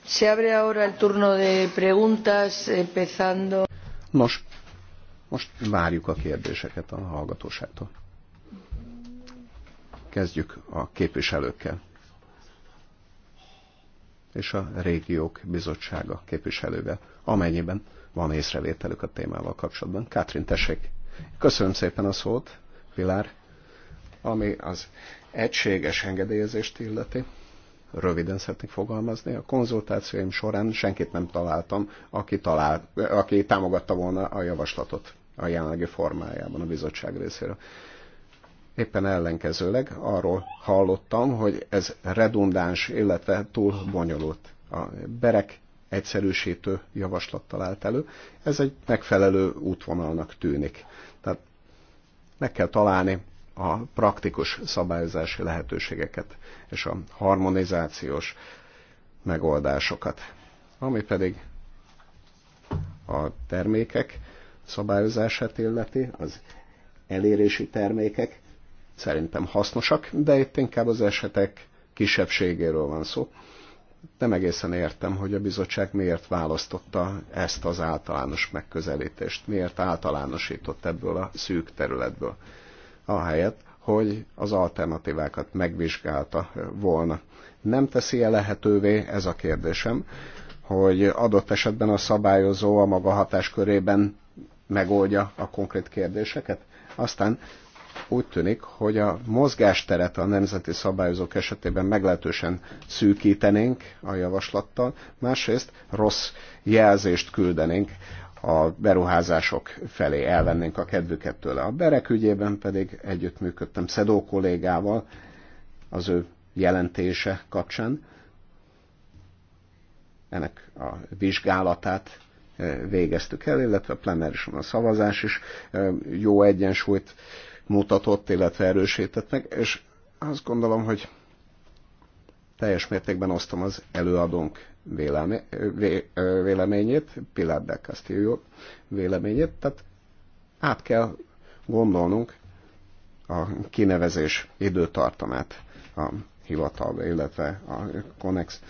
Se abre ahora el turno de preguntas, empezando. Nos, most várjuk a kérdéseket a hallgatóságtól. Kezdjük a képviselőkkel és a régiók bizottsága képviselővel amennyiben van észrevételük a témával kapcsolatban. Katrin, tessék! Köszönöm szépen a szót, Vilár, ami az egységes engedélyezést illeti. Röviden szeretnék fogalmazni. A konzultációim során senkit nem találtam, aki, talál, aki támogatta volna a javaslatot a jelenlegi formájában a bizottság részéről. Éppen ellenkezőleg arról hallottam, hogy ez redundáns, illetve túl bonyolult. A berek egyszerűsítő javaslat talált elő. Ez egy megfelelő útvonalnak tűnik. Tehát meg kell találni a praktikus szabályozási lehetőségeket és a harmonizációs megoldásokat. Ami pedig a termékek szabályozását illeti, az elérési termékek szerintem hasznosak, de itt inkább az esetek kisebbségéről van szó nem egészen értem, hogy a bizottság miért választotta ezt az általános megközelítést, miért általánosított ebből a szűk területből. Ahelyett, hogy az alternatívákat megvizsgálta volna. Nem teszi-e lehetővé, ez a kérdésem, hogy adott esetben a szabályozó a maga hatáskörében megoldja a konkrét kérdéseket? Aztán úgy tűnik, hogy a mozgásteret a nemzeti szabályozók esetében meglehetősen szűkítenénk a javaslattal, másrészt rossz jelzést küldenénk a beruházások felé, elvennénk a kedvüket tőle. A Berek ügyében pedig együttműködtem Szedó kollégával az ő jelentése kapcsán. Ennek a vizsgálatát eh, végeztük el, illetve a plenárison a szavazás is eh, jó egyensúlyt mutatott, illetve erősített meg, és azt gondolom, hogy teljes mértékben osztom az előadónk véleme, vé, véleményét, Pilar de Castillo véleményét, tehát át kell gondolnunk a kinevezés időtartamát a hivatalba, illetve a CONEX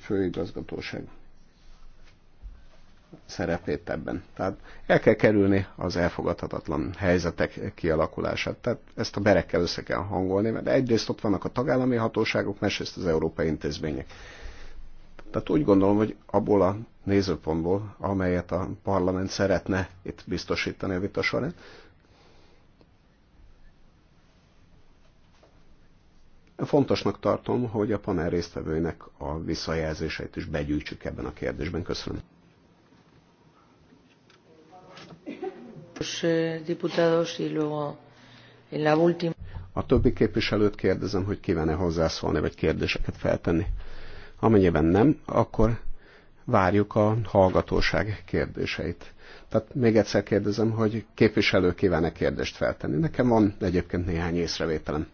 főigazgatóság szerepét ebben. Tehát el kell kerülni az elfogadhatatlan helyzetek kialakulását. Tehát ezt a berekkel össze kell hangolni, mert egyrészt ott vannak a tagállami hatóságok, másrészt az európai intézmények. Tehát úgy gondolom, hogy abból a nézőpontból, amelyet a parlament szeretne itt biztosítani a vita során, Fontosnak tartom, hogy a panel résztvevőinek a visszajelzéseit is begyűjtsük ebben a kérdésben. Köszönöm. Eh, a többi képviselőt kérdezem, hogy kívánne hozzászólni, vagy kérdéseket feltenni. Amennyiben nem, akkor várjuk a hallgatóság kérdéseit. Tehát még egyszer kérdezem, hogy képviselő kívánne kérdést feltenni. Nekem van egyébként néhány észrevételem.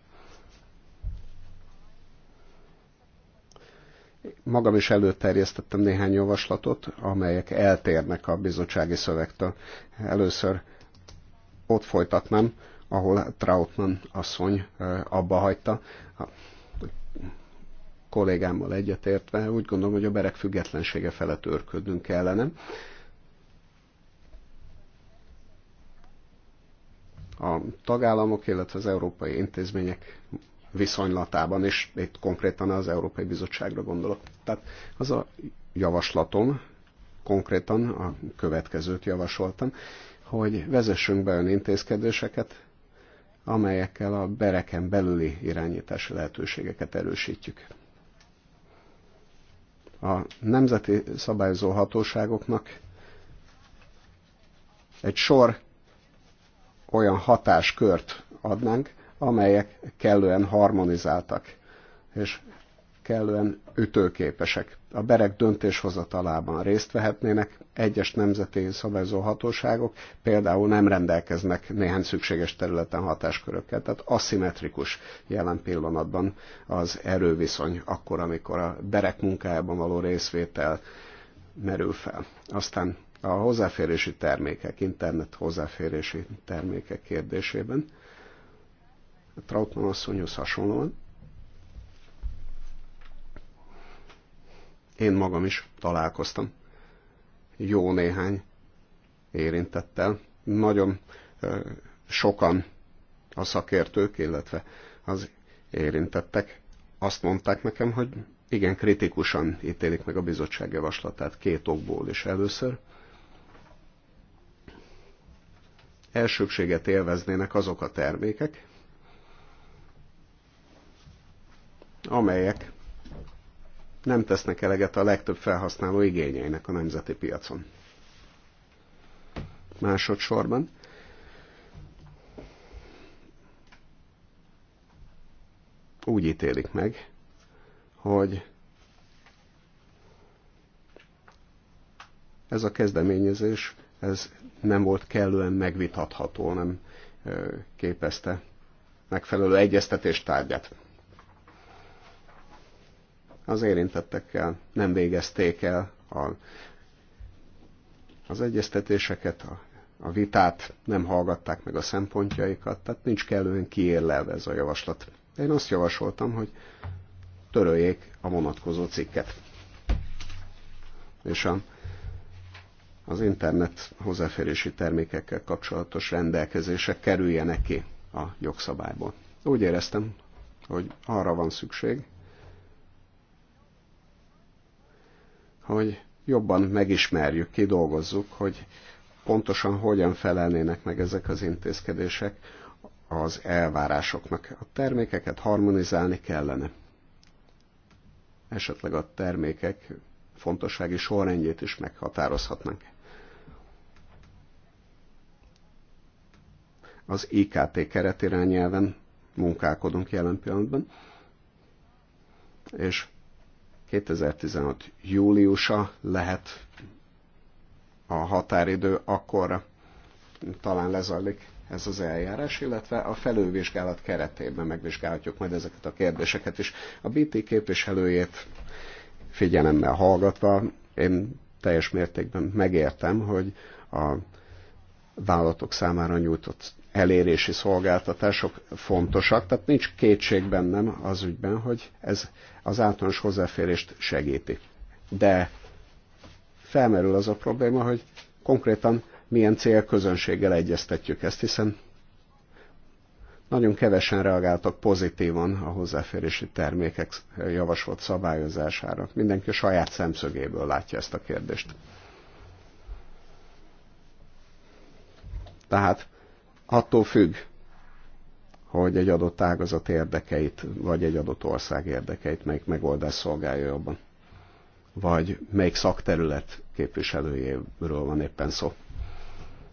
magam is előterjesztettem néhány javaslatot, amelyek eltérnek a bizottsági szövegtől. Először ott folytatnám, ahol Trautmann asszony abba hagyta. A kollégámmal egyetértve úgy gondolom, hogy a berek függetlensége felett őrködnünk kellene. A tagállamok, illetve az európai intézmények viszonylatában, és itt konkrétan az Európai Bizottságra gondolok. Tehát az a javaslatom, konkrétan a következőt javasoltam hogy vezessünk be olyan intézkedéseket, amelyekkel a bereken belüli irányítási lehetőségeket erősítjük. A nemzeti szabályozó hatóságoknak egy sor olyan hatáskört adnánk, amelyek kellően harmonizáltak, és kellően ütőképesek. A berek döntéshozatalában részt vehetnének, egyes nemzeti szabályozó hatóságok például nem rendelkeznek néhány szükséges területen hatáskörökkel, tehát aszimmetrikus jelen pillanatban az erőviszony akkor, amikor a berek munkájában való részvétel merül fel. Aztán a hozzáférési termékek, internet hozzáférési termékek kérdésében. A Trautmann asszonyhoz hasonlóan Én magam is találkoztam jó néhány érintettel. Nagyon sokan a szakértők, illetve az érintettek azt mondták nekem, hogy igen kritikusan ítélik meg a bizottság javaslatát két okból is először. Elsőbséget élveznének azok a termékek, amelyek nem tesznek eleget a legtöbb felhasználó igényeinek a nemzeti piacon. Másodszorban úgy ítélik meg, hogy ez a kezdeményezés ez nem volt kellően megvitatható, nem képezte megfelelő egyeztetés tárgyát az érintettekkel nem végezték el a, az egyeztetéseket, a, a vitát, nem hallgatták meg a szempontjaikat, tehát nincs kellően kiérlelve ez a javaslat. Én azt javasoltam, hogy töröljék a vonatkozó cikket. És a, az internet hozzáférési termékekkel kapcsolatos rendelkezések kerüljenek ki a jogszabályból. Úgy éreztem, hogy arra van szükség, hogy jobban megismerjük, kidolgozzuk, hogy pontosan hogyan felelnének meg ezek az intézkedések az elvárásoknak. A termékeket harmonizálni kellene. Esetleg a termékek fontossági sorrendjét is meghatározhatnánk. Az IKT keretirányelven munkálkodunk jelen pillanatban, és 2016 júliusa lehet a határidő, akkor talán lezajlik ez az eljárás, illetve a felővizsgálat keretében megvizsgálhatjuk majd ezeket a kérdéseket is. A BT képviselőjét figyelemmel hallgatva én teljes mértékben megértem, hogy a vállalatok számára nyújtott elérési szolgáltatások fontosak, tehát nincs kétség bennem az ügyben, hogy ez az általános hozzáférést segíti. De felmerül az a probléma, hogy konkrétan milyen célközönséggel egyeztetjük ezt, hiszen nagyon kevesen reagáltak pozitívan a hozzáférési termékek javasolt szabályozására. Mindenki a saját szemszögéből látja ezt a kérdést. Tehát attól függ, hogy egy adott ágazat érdekeit, vagy egy adott ország érdekeit melyik megoldás szolgálja jobban. Vagy melyik szakterület képviselőjéről van éppen szó.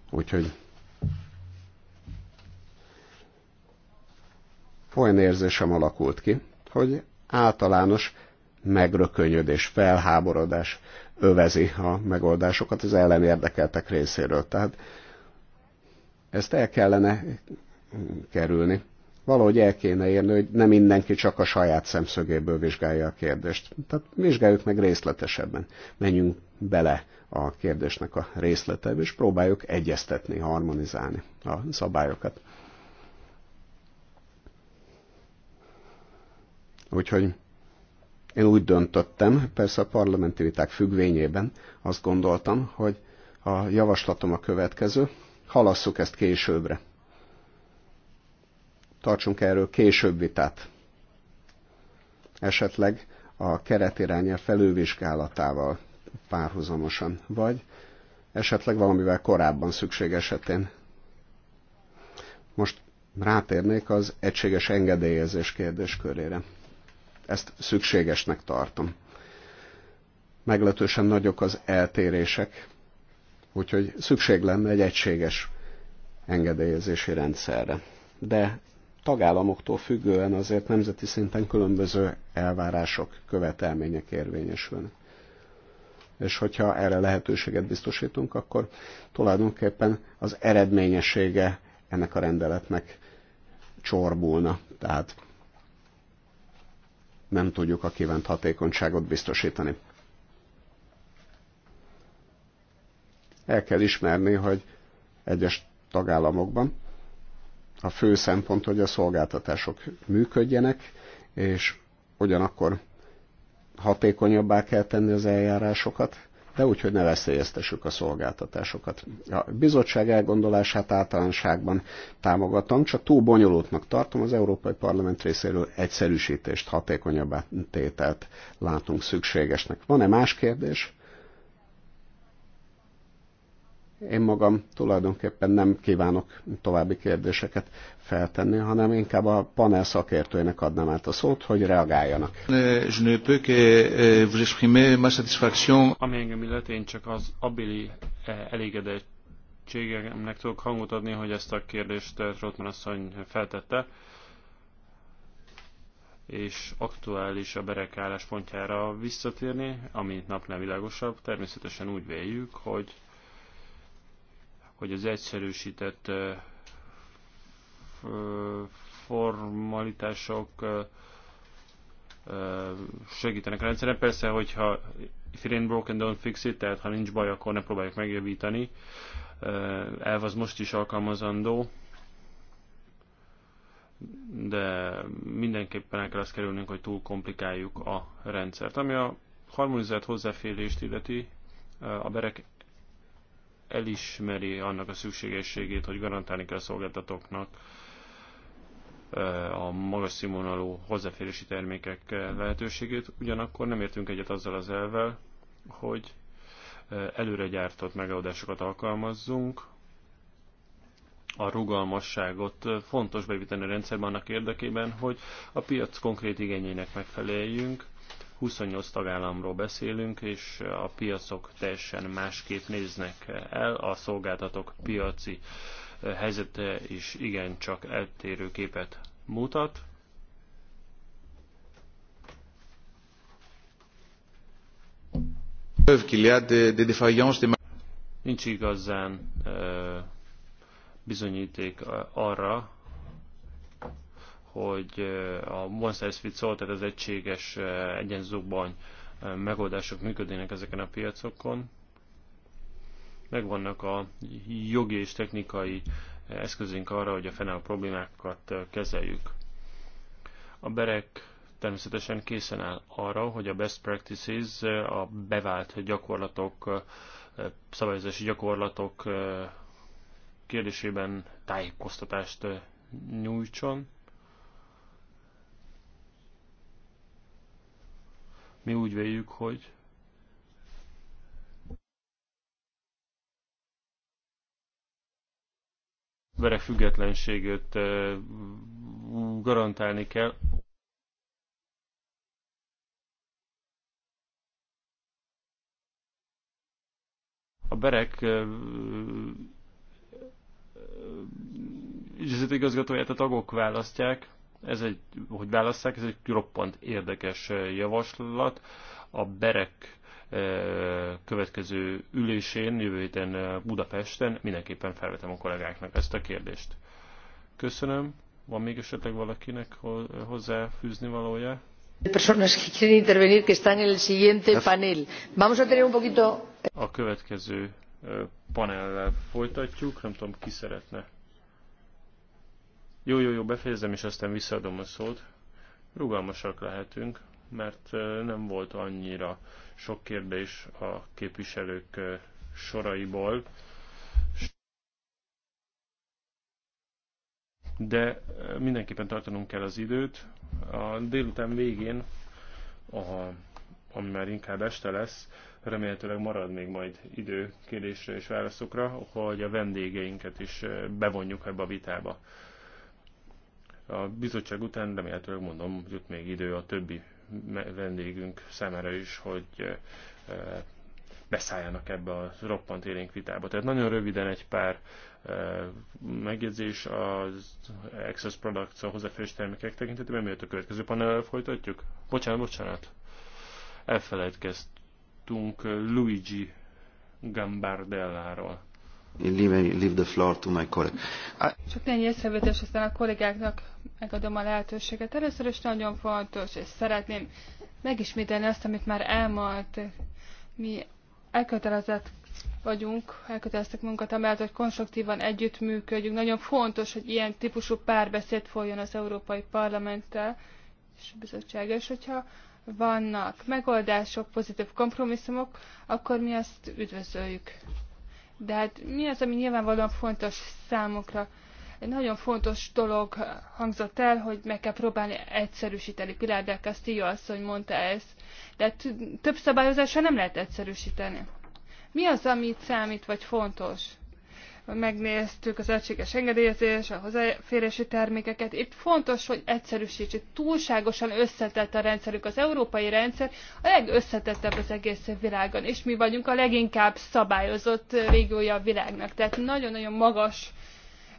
Úgyhogy olyan érzésem alakult ki, hogy általános megrökönyödés, felháborodás övezi a megoldásokat az ellenérdekeltek részéről. Tehát ezt el kellene mm, kerülni. Valahogy el kéne érni, hogy nem mindenki csak a saját szemszögéből vizsgálja a kérdést. Tehát vizsgáljuk meg részletesebben. Menjünk bele a kérdésnek a részleteibe, és próbáljuk egyeztetni, harmonizálni a szabályokat. Úgyhogy én úgy döntöttem, persze a parlamenti viták függvényében azt gondoltam, hogy a javaslatom a következő, halasszuk ezt későbbre. Tartsunk erről később vitát. Esetleg a keretirányel felülvizsgálatával párhuzamosan, vagy esetleg valamivel korábban szükség esetén. Most rátérnék az egységes engedélyezés kérdéskörére. Ezt szükségesnek tartom. Meglehetősen nagyok az eltérések Úgyhogy szükség lenne egy egységes engedélyezési rendszerre. De tagállamoktól függően azért nemzeti szinten különböző elvárások, követelmények érvényesülnek. És hogyha erre lehetőséget biztosítunk, akkor tulajdonképpen az eredményessége ennek a rendeletnek csorbulna. Tehát nem tudjuk a kívánt hatékonyságot biztosítani. El kell ismerni, hogy egyes tagállamokban a fő szempont, hogy a szolgáltatások működjenek, és ugyanakkor hatékonyabbá kell tenni az eljárásokat, de úgy, hogy ne veszélyeztessük a szolgáltatásokat. A bizottság elgondolását általánosságban támogatom, csak túl bonyolultnak tartom, az Európai Parlament részéről egyszerűsítést, hatékonyabbá tételt látunk szükségesnek. Van-e más kérdés? Én magam tulajdonképpen nem kívánok további kérdéseket feltenni, hanem inkább a panel szakértőjének adnám át a szót, hogy reagáljanak. Ami engem illet, én csak az abili eh, elégedettségemnek tudok hangot adni, hogy ezt a kérdést eh, Rotman asszony feltette és aktuális a berek álláspontjára visszatérni, ami napnál világosabb. Természetesen úgy véljük, hogy hogy az egyszerűsített formalitások segítenek a rendszeren. Persze, hogyha if it ain't broken, don't fix it, tehát ha nincs baj, akkor ne próbáljuk megjavítani. Elv az most is alkalmazandó, de mindenképpen el kell azt kerülnünk, hogy túl komplikáljuk a rendszert. Ami a harmonizált hozzáférést illeti, a berek elismeri annak a szükségességét, hogy garantálni kell a szolgáltatóknak eh, a magas színvonalú hozzáférési termékek eh, lehetőségét, ugyanakkor nem értünk egyet azzal az elvel, hogy eh, előre gyártott megoldásokat alkalmazzunk, a rugalmasságot fontos bevíteni a rendszerben annak érdekében, hogy a piac konkrét igényének megfeleljünk, 28 tagállamról beszélünk, és a piacok teljesen másképp néznek el, a szolgáltatók piaci helyzete is igencsak eltérő képet mutat. Nincs igazán bizonyíték arra, hogy a one size fits all, tehát az egységes egyenzóban megoldások működnének ezeken a piacokon. Megvannak a jogi és technikai eszközünk arra, hogy a fennálló problémákat kezeljük. A berek természetesen készen áll arra, hogy a best practices, a bevált gyakorlatok, szabályozási gyakorlatok kérdésében tájékoztatást nyújtson. Mi úgy véljük, hogy verek függetlenségét garantálni kell. A berek ügyvezető igazgatóját a tagok választják, ez egy, hogy válasszák, ez egy roppant érdekes eh, javaslat. A berek eh, következő ülésén, jövő héten eh, Budapesten mindenképpen felvetem a kollégáknak ezt a kérdést. Köszönöm. Van még esetleg valakinek hozzáfűzni valója? personas que quieren intervenir que están en el siguiente panel. Vamos a tener un poquito... A következő panellel folytatjuk, nem tudom ki szeretne jó, jó, jó, befejezem, és aztán visszaadom a szót. Rugalmasak lehetünk, mert nem volt annyira sok kérdés a képviselők soraiból. De mindenképpen tartanunk kell az időt. A délután végén, aha, ami már inkább este lesz, remélhetőleg marad még majd idő kérdésre és válaszokra, hogy a vendégeinket is bevonjuk ebbe a vitába. A bizottság után remélhetőleg mondom, jut még idő a többi vendégünk számára is, hogy eh, beszálljanak ebbe a roppant élénk vitába. Tehát nagyon röviden egy pár eh, megjegyzés az Access Products, a hozzáférés termékek tekintetében, miért a következő panellel folytatjuk? Bocsánat, bocsánat. Elfelejtkeztünk Luigi Gambardelláról leave, leave the floor to my colleague. I... Csak néhány és aztán a kollégáknak megadom a lehetőséget. Először is nagyon fontos, és szeretném megismételni azt, amit már elmondt. Mi elkötelezett vagyunk, elköteleztek munkat amellett, hogy konstruktívan együttműködjünk. Nagyon fontos, hogy ilyen típusú párbeszéd folyjon az Európai Parlamenttel és a bizottság, és hogyha vannak megoldások, pozitív kompromisszumok, akkor mi ezt üdvözöljük de hát mi az, ami nyilvánvalóan fontos számokra? Egy nagyon fontos dolog hangzott el, hogy meg kell próbálni egyszerűsíteni. Pilar del Castillo hogy mondta ezt, de hát több szabályozásra nem lehet egyszerűsíteni. Mi az, amit számít, vagy fontos? megnéztük az egységes engedélyezés, a hozzáférési termékeket. Itt fontos, hogy egyszerűsítsük. Túlságosan összetett a rendszerük. Az európai rendszer a legösszetettebb az egész világon, és mi vagyunk a leginkább szabályozott régiója a világnak. Tehát nagyon-nagyon magas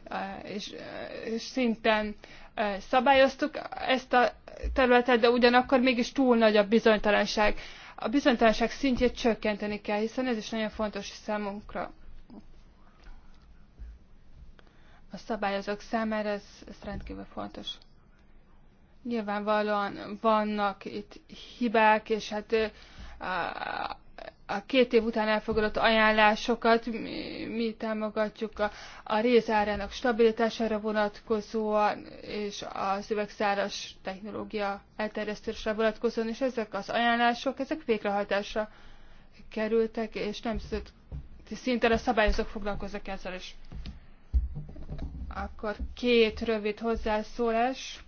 eh, és, eh, és szinten eh, szabályoztuk ezt a területet, de ugyanakkor mégis túl nagy a bizonytalanság. A bizonytalanság szintjét csökkenteni kell, hiszen ez is nagyon fontos számunkra a szabályozók számára, ez, ez rendkívül fontos. Nyilvánvalóan vannak itt hibák, és hát a, a két év után elfogadott ajánlásokat mi, mi támogatjuk a, a rézárának stabilitására vonatkozóan, és a üvegszáras technológia elterjesztésre vonatkozóan, és ezek az ajánlások, ezek végrehajtásra kerültek, és nem szinten a szabályozók foglalkoznak ezzel is. Akkor két rövid hozzászólás.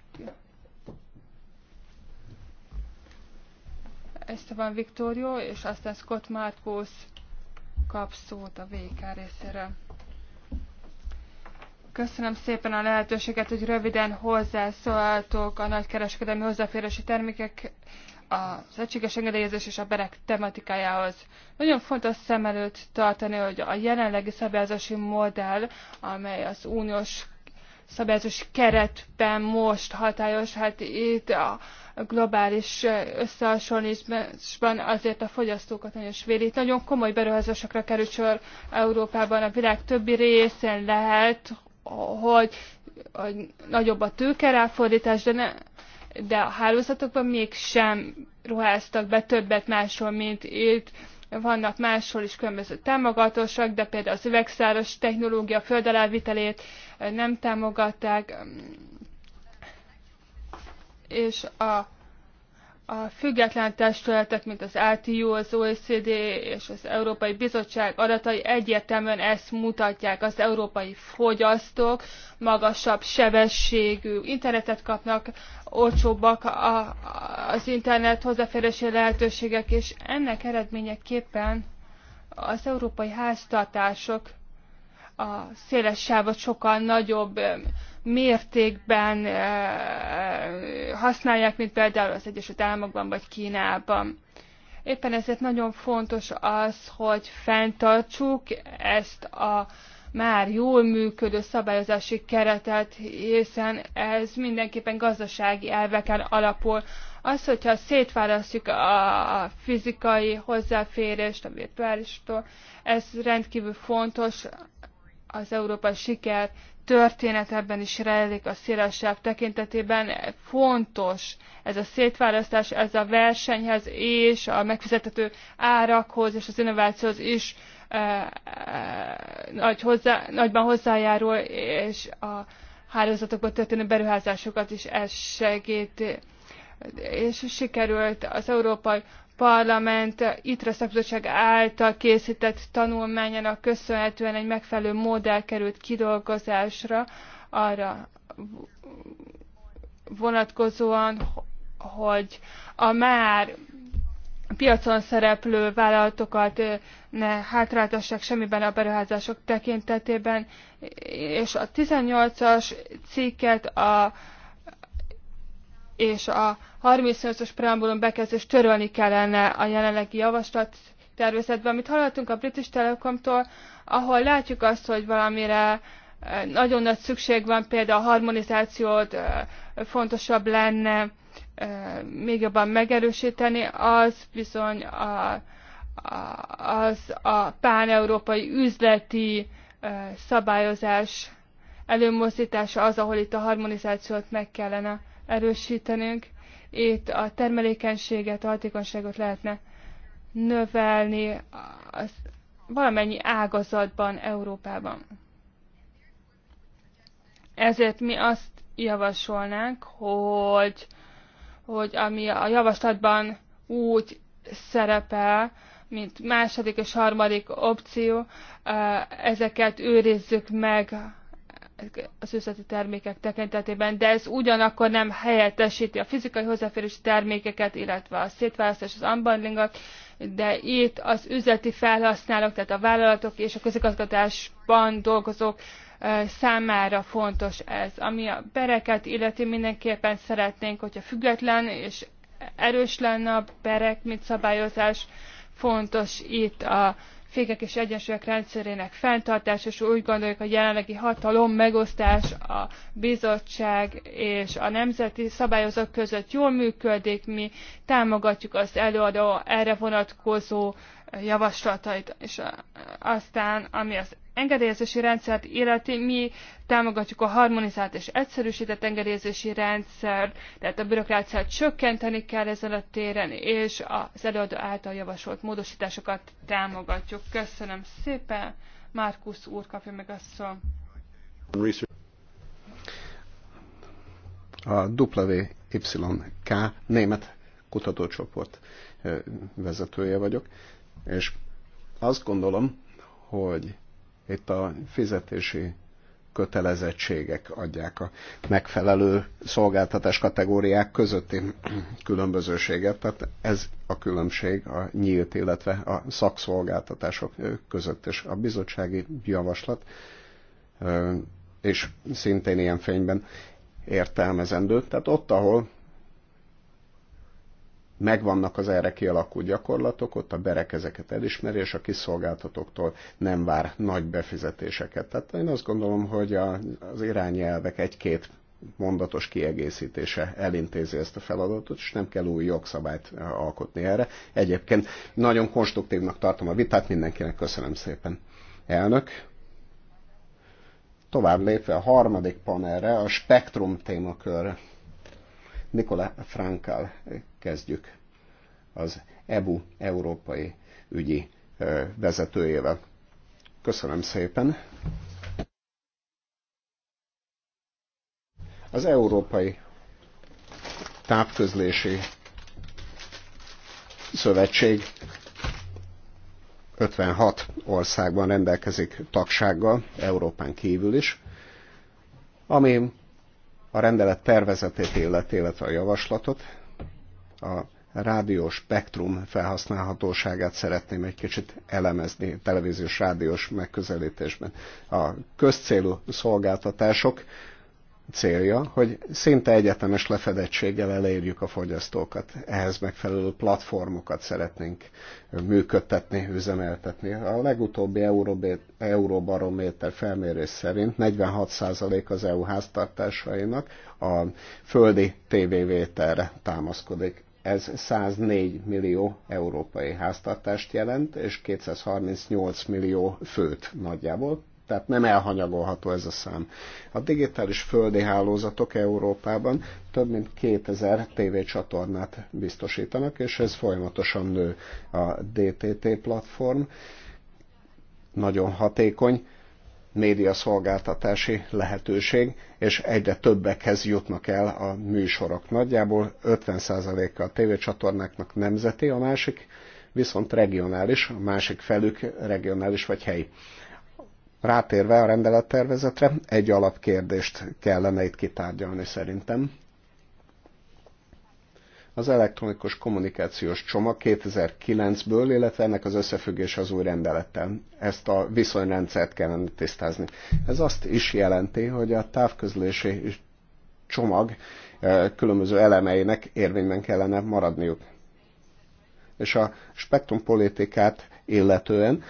Esteban Victorio, és aztán Scott Marcos kap szót a VK részére. Köszönöm szépen a lehetőséget, hogy röviden hozzászóltok a nagykereskedelmi hozzáférési termékek az egységes engedélyezés és a berek tematikájához. Nagyon fontos szem előtt tartani, hogy a jelenlegi szabályozási modell, amely az uniós szabályozási keretben most hatályos, hát itt a globális összehasonlításban azért a fogyasztókat nagyon svérít. Nagyon komoly beruházásokra kerül sor Európában, a világ többi részén lehet, hogy, hogy nagyobb a tőkeráfordítás, de ne, de a hálózatokban mégsem ruháztak be többet máshol, mint itt. Vannak máshol is különböző támogatósak, de például az üvegszáros technológia föld alávitelét eh, nem támogatták, és a a független testületek, mint az ITU, az OECD és az Európai Bizottság adatai egyértelműen ezt mutatják. Az európai fogyasztók magasabb sebességű internetet kapnak, olcsóbbak a, az internet hozzáférési lehetőségek, és ennek eredményeképpen az európai háztartások a széles sávot sokkal nagyobb mértékben használják, mint például az Egyesült Államokban vagy Kínában. Éppen ezért nagyon fontos az, hogy fenntartsuk ezt a már jól működő szabályozási keretet, hiszen ez mindenképpen gazdasági elveken alapul. Az, hogyha szétválasztjuk a fizikai hozzáférést a virtuálistól, ez rendkívül fontos az európai siker történet ebben is rejlik a szélesebb tekintetében. Fontos ez a szétválasztás, ez a versenyhez és a megfizethető árakhoz és az innovációhoz is e, e, nagy hozzá, nagyban hozzájárul, és a hálózatokban történő beruházásokat is ez segíti és sikerült az Európai Parlament ITRA szakbizottság által készített tanulmányának köszönhetően egy megfelelő modell került kidolgozásra arra vonatkozóan, hogy a már piacon szereplő vállalatokat ne hátráltassák semmiben a beruházások tekintetében, és a 18-as cikket a és a 38 os preambulum bekezdést törölni kellene a jelenlegi javaslat tervezetben, amit hallottunk a British Telekomtól, ahol látjuk azt, hogy valamire nagyon nagy szükség van, például a harmonizációt fontosabb lenne még jobban megerősíteni, az bizony a, a, az a pán-európai üzleti szabályozás előmozdítása az, ahol itt a harmonizációt meg kellene erősítenünk. Itt a termelékenységet, a hatékonyságot lehetne növelni az valamennyi ágazatban Európában. Ezért mi azt javasolnánk, hogy, hogy ami a javaslatban úgy szerepel, mint második és harmadik opció, eh, ezeket őrizzük meg az üzleti termékek tekintetében, de ez ugyanakkor nem helyettesíti a fizikai hozzáférési termékeket, illetve a szétválasztás, az unbundlingot, de itt az üzleti felhasználók, tehát a vállalatok és a közigazgatásban dolgozók számára fontos ez. Ami a bereket illeti, mindenképpen szeretnénk, hogyha független és erős lenne a berek, mint szabályozás, fontos itt a fékek és egyensúlyok rendszerének fenntartás, és úgy gondoljuk, hogy jelenlegi hatalom megosztás a bizottság és a nemzeti szabályozók között jól működik, mi támogatjuk az előadó erre vonatkozó javaslatait, és aztán ami az engedélyezési rendszert illeti, mi támogatjuk a harmonizált és egyszerűsített engedélyezési rendszer, tehát a bürokráciát csökkenteni kell ezen a téren, és az előadó által javasolt módosításokat támogatjuk. Köszönöm szépen. Márkusz úr kapja meg a szó. A WYK német kutatócsoport vezetője vagyok, és azt gondolom, hogy itt a fizetési kötelezettségek adják a megfelelő szolgáltatás kategóriák közötti különbözőséget. Tehát ez a különbség a nyílt, illetve a szakszolgáltatások között. És a bizottsági javaslat és szintén ilyen fényben értelmezendő. Tehát ott, ahol megvannak az erre kialakult gyakorlatok, ott a berek ezeket elismeri, és a kiszolgáltatóktól nem vár nagy befizetéseket. Tehát én azt gondolom, hogy a, az irányelvek egy-két mondatos kiegészítése elintézi ezt a feladatot, és nem kell új jogszabályt alkotni erre. Egyébként nagyon konstruktívnak tartom a vitát, mindenkinek köszönöm szépen. Elnök, tovább lépve a harmadik panelre, a spektrum témakör. Nikola Frankal kezdjük az EBU európai ügyi vezetőjével. Köszönöm szépen! Az Európai Távközlési Szövetség 56 országban rendelkezik tagsággal, Európán kívül is, ami a rendelet tervezetét illeti, illetve a javaslatot, a rádiós spektrum felhasználhatóságát szeretném egy kicsit elemezni televíziós rádiós megközelítésben. A közcélú szolgáltatások célja, hogy szinte egyetemes lefedettséggel elérjük a fogyasztókat. Ehhez megfelelő platformokat szeretnénk működtetni, üzemeltetni. A legutóbbi Euróbarométer felmérés szerint 46% az EU háztartásainak a földi tévévételre támaszkodik ez 104 millió európai háztartást jelent, és 238 millió főt nagyjából, tehát nem elhanyagolható ez a szám. A digitális földi hálózatok Európában több mint 2000 TV csatornát biztosítanak, és ez folyamatosan nő a DTT platform. Nagyon hatékony médiaszolgáltatási lehetőség, és egyre többekhez jutnak el a műsorok. Nagyjából 50%-a a tévécsatornáknak nemzeti, a másik viszont regionális, a másik felük regionális vagy helyi. Rátérve a rendelettervezetre, egy alapkérdést kellene itt kitárgyalni szerintem az elektronikus kommunikációs csomag 2009-ből, illetve ennek az összefüggés az új rendelettel. Ezt a viszonyrendszert kellene tisztázni. Ez azt is jelenti, hogy a távközlési csomag e, különböző elemeinek érvényben kellene maradniuk. És a spektrumpolitikát illetően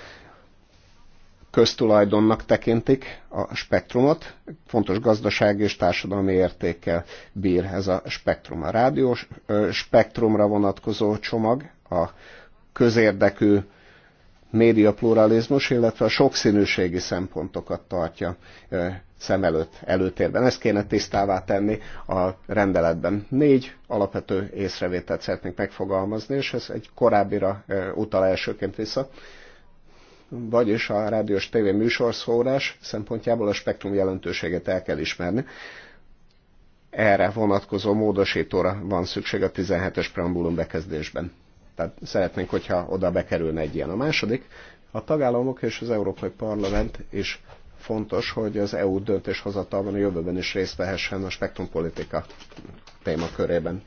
köztulajdonnak tekintik a spektrumot, fontos gazdasági és társadalmi értékkel bír ez a spektrum. A rádiós spektrumra vonatkozó csomag, a közérdekű médiapluralizmus, illetve a sokszínűségi szempontokat tartja szem előtt, előtérben. Ezt kéne tisztává tenni a rendeletben. Négy alapvető észrevételt szeretnék megfogalmazni, és ez egy korábbira utal elsőként vissza vagyis a rádiós tévé műsorszórás szempontjából a spektrum jelentőséget el kell ismerni. Erre vonatkozó módosítóra van szükség a 17-es preambulum bekezdésben. Tehát szeretnénk, hogyha oda bekerülne egy ilyen. A második, a tagállamok és az Európai Parlament is fontos, hogy az EU döntéshozatalban a jövőben is részt vehessen a spektrumpolitika témakörében.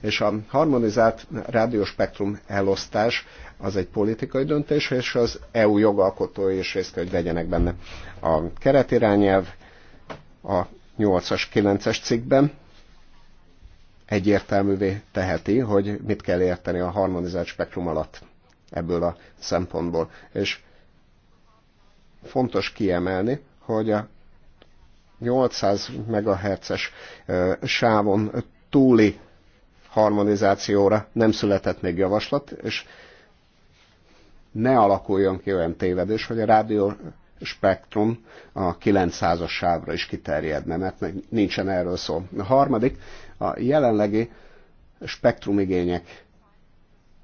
És a harmonizált rádióspektrum elosztás az egy politikai döntés, és az EU jogalkotói és részt kell, hogy vegyenek benne. A keretirányelv a 8-as, 9-es cikkben egyértelművé teheti, hogy mit kell érteni a harmonizált spektrum alatt ebből a szempontból. És fontos kiemelni, hogy a 800 MHz-es sávon túli harmonizációra nem született még javaslat, és ne alakuljon ki olyan tévedés, hogy a rádió spektrum a 900-as sávra is kiterjedne, mert nincsen erről szó. A harmadik, a jelenlegi spektrumigények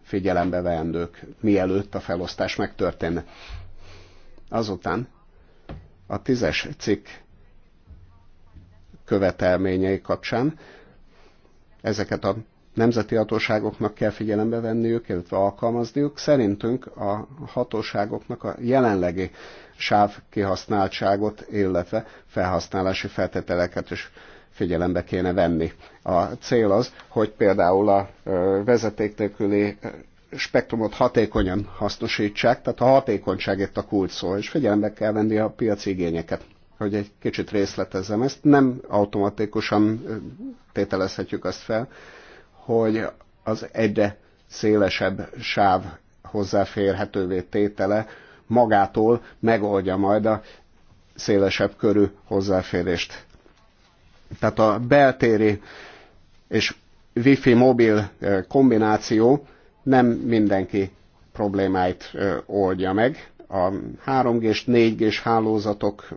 figyelembe veendők, mielőtt a felosztás megtörténne. Azután a tízes cikk követelményei kapcsán ezeket a nemzeti hatóságoknak kell figyelembe venniük, illetve alkalmazniuk. Szerintünk a hatóságoknak a jelenlegi sáv kihasználtságot, illetve felhasználási feltételeket is figyelembe kéne venni. A cél az, hogy például a vezetéknélküli spektrumot hatékonyan hasznosítsák, tehát a hatékonyság itt a kult szó, és figyelembe kell venni a piaci igényeket. Hogy egy kicsit részletezzem ezt, nem automatikusan tételezhetjük azt fel, hogy az egyre szélesebb sáv hozzáférhetővé tétele magától megoldja majd a szélesebb körű hozzáférést. Tehát a beltéri és wifi mobil kombináció nem mindenki problémáit oldja meg. A 3G-s, 4G-s hálózatok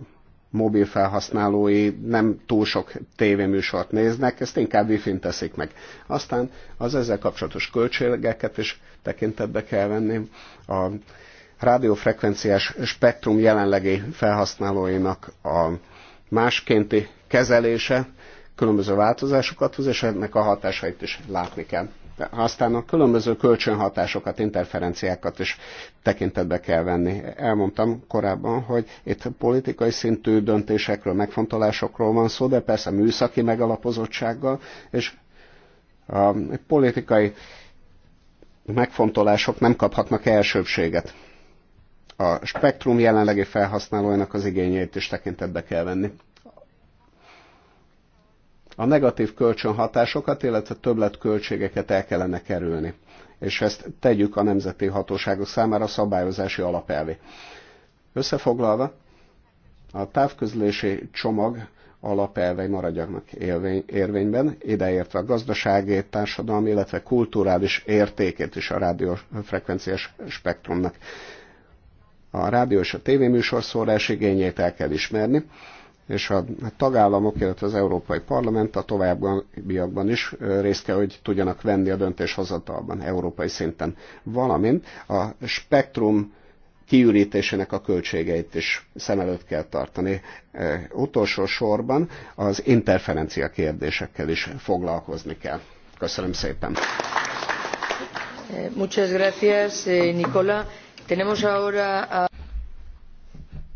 mobil felhasználói nem túl sok tévéműsort néznek, ezt inkább wifi teszik meg. Aztán az ezzel kapcsolatos költségeket is tekintetbe kell venni. A rádiófrekvenciás spektrum jelenlegi felhasználóinak a máskénti kezelése különböző változásokat hoz, és ennek a hatásait is látni kell. Aztán a különböző kölcsönhatásokat, interferenciákat is tekintetbe kell venni. Elmondtam korábban, hogy itt politikai szintű döntésekről, megfontolásokról van szó, de persze műszaki megalapozottsággal, és a politikai megfontolások nem kaphatnak elsőbséget. A spektrum jelenlegi felhasználóinak az igényeit is tekintetbe kell venni. A negatív kölcsönhatásokat, illetve többletköltségeket el kellene kerülni, és ezt tegyük a nemzeti hatóságok számára a szabályozási alapelvé. Összefoglalva, a távközlési csomag alapelvei maradjanak érvényben, ideértve a gazdasági, társadalmi, illetve kulturális értékét is a rádiófrekvenciás spektrumnak. A rádió és a tévéműsor szórás igényét el kell ismerni, és a tagállamok, illetve az Európai Parlament a továbbiakban is részt kell, hogy tudjanak venni a döntéshozatalban európai szinten, valamint a spektrum kiürítésének a költségeit is szem előtt kell tartani. Utolsó sorban az interferencia kérdésekkel is foglalkozni kell. Köszönöm szépen. Eh, muchas gracias, eh, Nicola. Tenemos ahora a...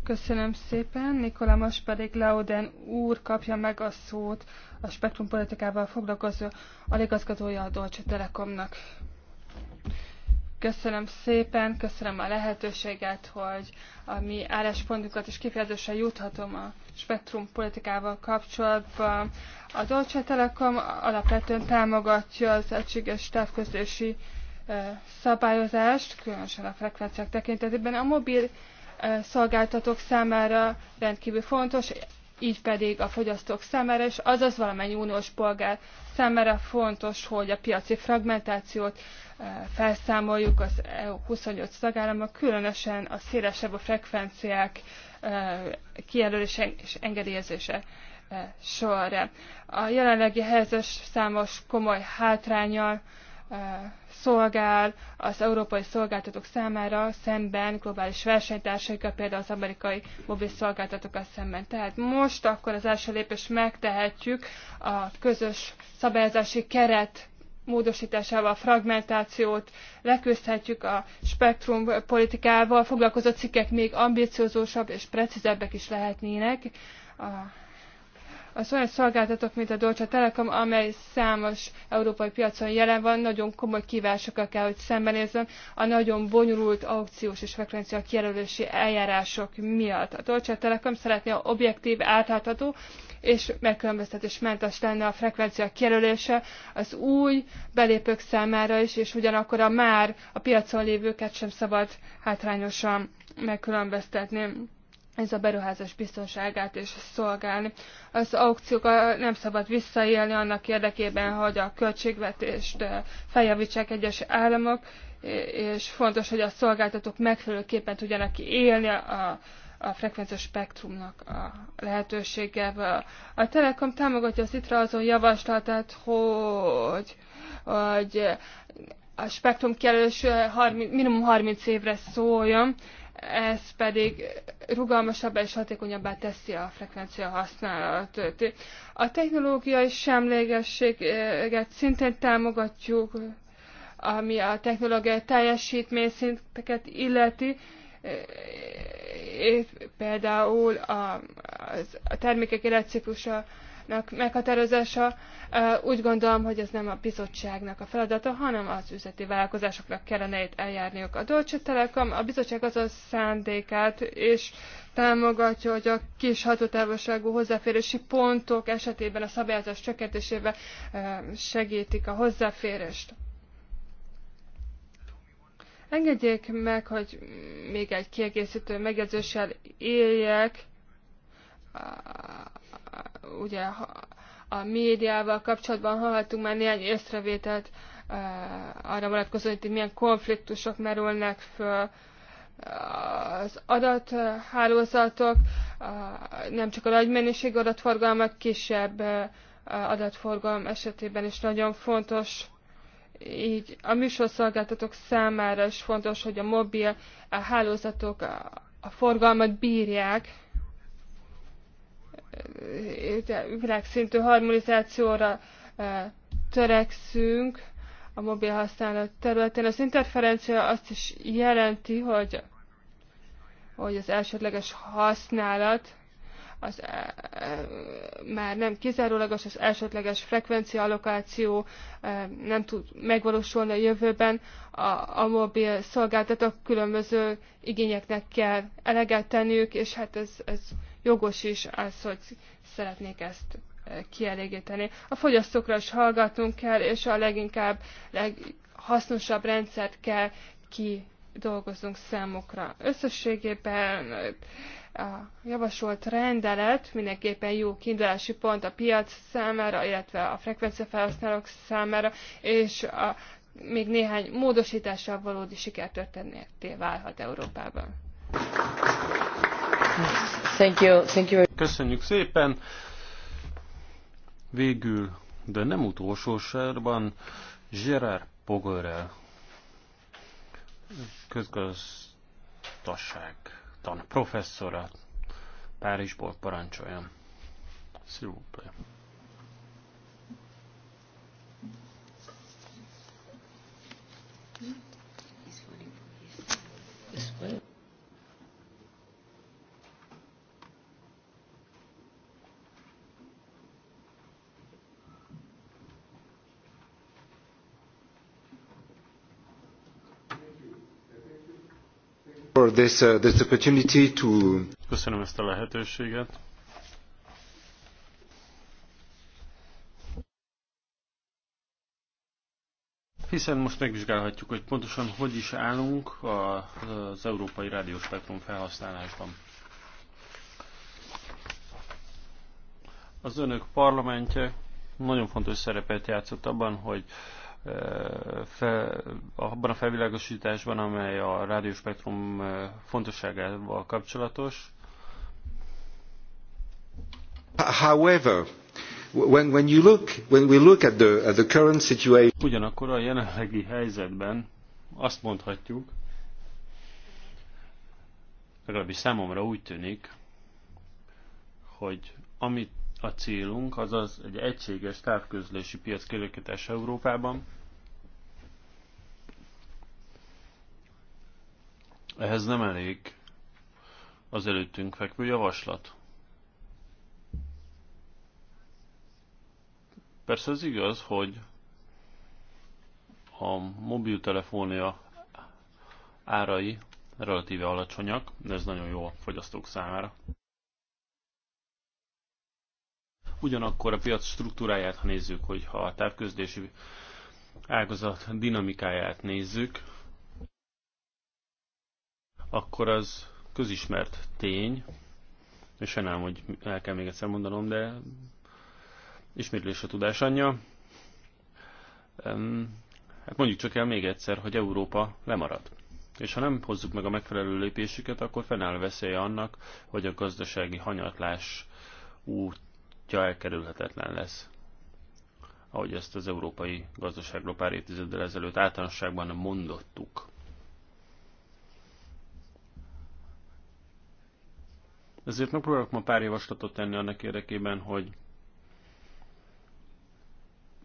Köszönöm szépen. Nikola, most pedig Lauden úr kapja meg a szót a Spektrum politikával foglalkozó aligazgatója a Dolce Telekomnak. Köszönöm szépen, köszönöm a lehetőséget, hogy a mi álláspontunkat is kifejezősen juthatom a spektrum politikával kapcsolatban. A Dolce Telekom alapvetően támogatja az egységes távközlési eh, szabályozást, különösen a frekvenciák tekintetében. A mobil szolgáltatók számára rendkívül fontos, így pedig a fogyasztók számára, és azaz valamennyi uniós polgár számára fontos, hogy a piaci fragmentációt felszámoljuk az EU 28 tagállamok, különösen a szélesebb a frekvenciák kijelölése és engedélyezése során. A jelenlegi helyzet számos komoly hátrányal szolgál az európai szolgáltatók számára szemben globális versenytársaikkal, például az amerikai mobil szolgáltatókkal szemben. Tehát most akkor az első lépés megtehetjük a közös szabályozási keret módosításával fragmentációt leküzdhetjük a spektrum politikával, foglalkozó cikkek még ambiciózósabb és precízebbek is lehetnének a az olyan szolgáltatók, mint a Dolce Telekom, amely számos európai piacon jelen van, nagyon komoly kívásokkal kell, hogy szembenézzen a nagyon bonyolult aukciós és frekvencia kijelölési eljárások miatt. A Dolce Telekom szeretné a objektív, átlátható és megkülönböztetésmentes lenne a frekvencia kijelölése az új belépők számára is, és ugyanakkor a már a piacon lévőket sem szabad hátrányosan megkülönböztetni ez a beruházás biztonságát is szolgálni. Az aukciók nem szabad visszaélni annak érdekében, hogy a költségvetést feljavítsák egyes államok, és fontos, hogy a szolgáltatók megfelelőképpen tudjanak élni a, a frekvenciás spektrumnak a lehetőségevel. A Telekom támogatja az ITRA azon javaslatát, hogy, hogy a spektrum kijelölés minimum 30 évre szóljon, ez pedig rugalmasabbá és hatékonyabbá teszi a frekvencia használatot. A technológiai semlegességet szintén támogatjuk, ami a technológiai teljesítményszinteket illeti, és például a, a termékek életciklusa meghatározása. Úgy gondolom, hogy ez nem a bizottságnak a feladata, hanem az üzleti vállalkozásoknak kellene itt eljárniuk. A Deutsche Telekom a bizottság az a szándékát és támogatja, hogy a kis hatótávolságú hozzáférési pontok esetében a szabályozás csökkentésével segítik a hozzáférést. Engedjék meg, hogy még egy kiegészítő megjegyzéssel éljek ugye a médiával kapcsolatban hallhattunk már néhány észrevételt arra vonatkozóan, hogy milyen konfliktusok merülnek föl, az adathálózatok, nem csak a nagy mennyiségű adatforgalmak, kisebb adatforgalom esetében is nagyon fontos. Így a műsorszolgáltatók számára is fontos, hogy a mobil a hálózatok a forgalmat bírják, világszintű harmonizációra eh, törekszünk a mobil használat területén. Az interferencia azt is jelenti, hogy, hogy az elsődleges használat az eh, eh, már nem kizárólagos, az elsődleges frekvencia allokáció nem tud megvalósulni a jövőben. A, a mobil szolgáltatók különböző igényeknek kell eleget tenniük, és hát ez, ez jogos is az, hogy szeretnék ezt eh, kielégíteni. A fogyasztókra is hallgatunk kell, és a leginkább leghasznosabb rendszert kell dolgozunk számukra. Összességében eh, a javasolt rendelet mindenképpen jó kiindulási pont a piac számára, illetve a frekvenciafelhasználók számára, és a, még néhány módosítással valódi sikertörténetté válhat Európában. Köszönjük szépen. Végül, de nem utolsó sorban, Gerard Pogorel közgazdaság tan professzora, Párizsból parancsolja. Szilvúplé. Thank you. Uh, Köszönöm ezt a lehetőséget. Hiszen most megvizsgálhatjuk, hogy pontosan hogy is állunk az európai rádióspektrum felhasználásban. Az önök parlamentje nagyon fontos szerepet játszott abban, hogy fe, abban a felvilágosításban, amely a rádióspektrum fontosságával kapcsolatos. However, when, when, you look, when we look at the, at the current situation... Ugyanakkor a jelenlegi helyzetben azt mondhatjuk, legalábbis számomra úgy tűnik, hogy amit a célunk, azaz egy egységes távközlési piac kialakítása Európában. Ehhez nem elég az előttünk fekvő javaslat. Persze az igaz, hogy a mobiltelefonia árai relatíve alacsonyak, de ez nagyon jó a fogyasztók számára. Ugyanakkor a piac struktúráját, ha nézzük, hogyha a távközlési ágazat dinamikáját nézzük, akkor az közismert tény, és sajnálom, hogy el kell még egyszer mondanom, de ismétlés a tudás anyja. Hát mondjuk csak el még egyszer, hogy Európa lemarad. És ha nem hozzuk meg a megfelelő lépésüket, akkor fennáll veszélye annak, hogy a gazdasági hanyatlás út elkerülhetetlen lesz. Ahogy ezt az európai gazdaságról pár évtizeddel ezelőtt általánosságban mondottuk. Ezért megpróbálok ma pár javaslatot tenni annak érdekében, hogy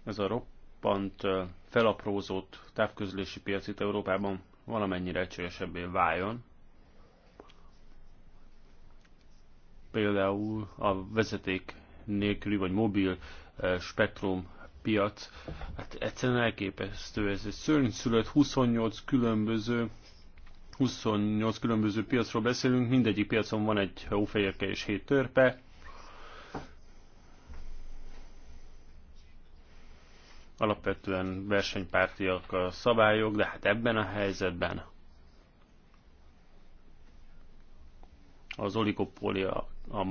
ez a roppant felaprózott távközlési piac itt Európában valamennyire egységesebbé váljon. Például a vezeték nélküli vagy mobil eh, spektrum piac, hát egyszerűen elképesztő. Ez egy szület 28 különböző 28 különböző piacról beszélünk, mindegyik piacon van egy hófehérke és hét törpe. Alapvetően versenypártiak a szabályok, de hát ebben a helyzetben az oligopólia a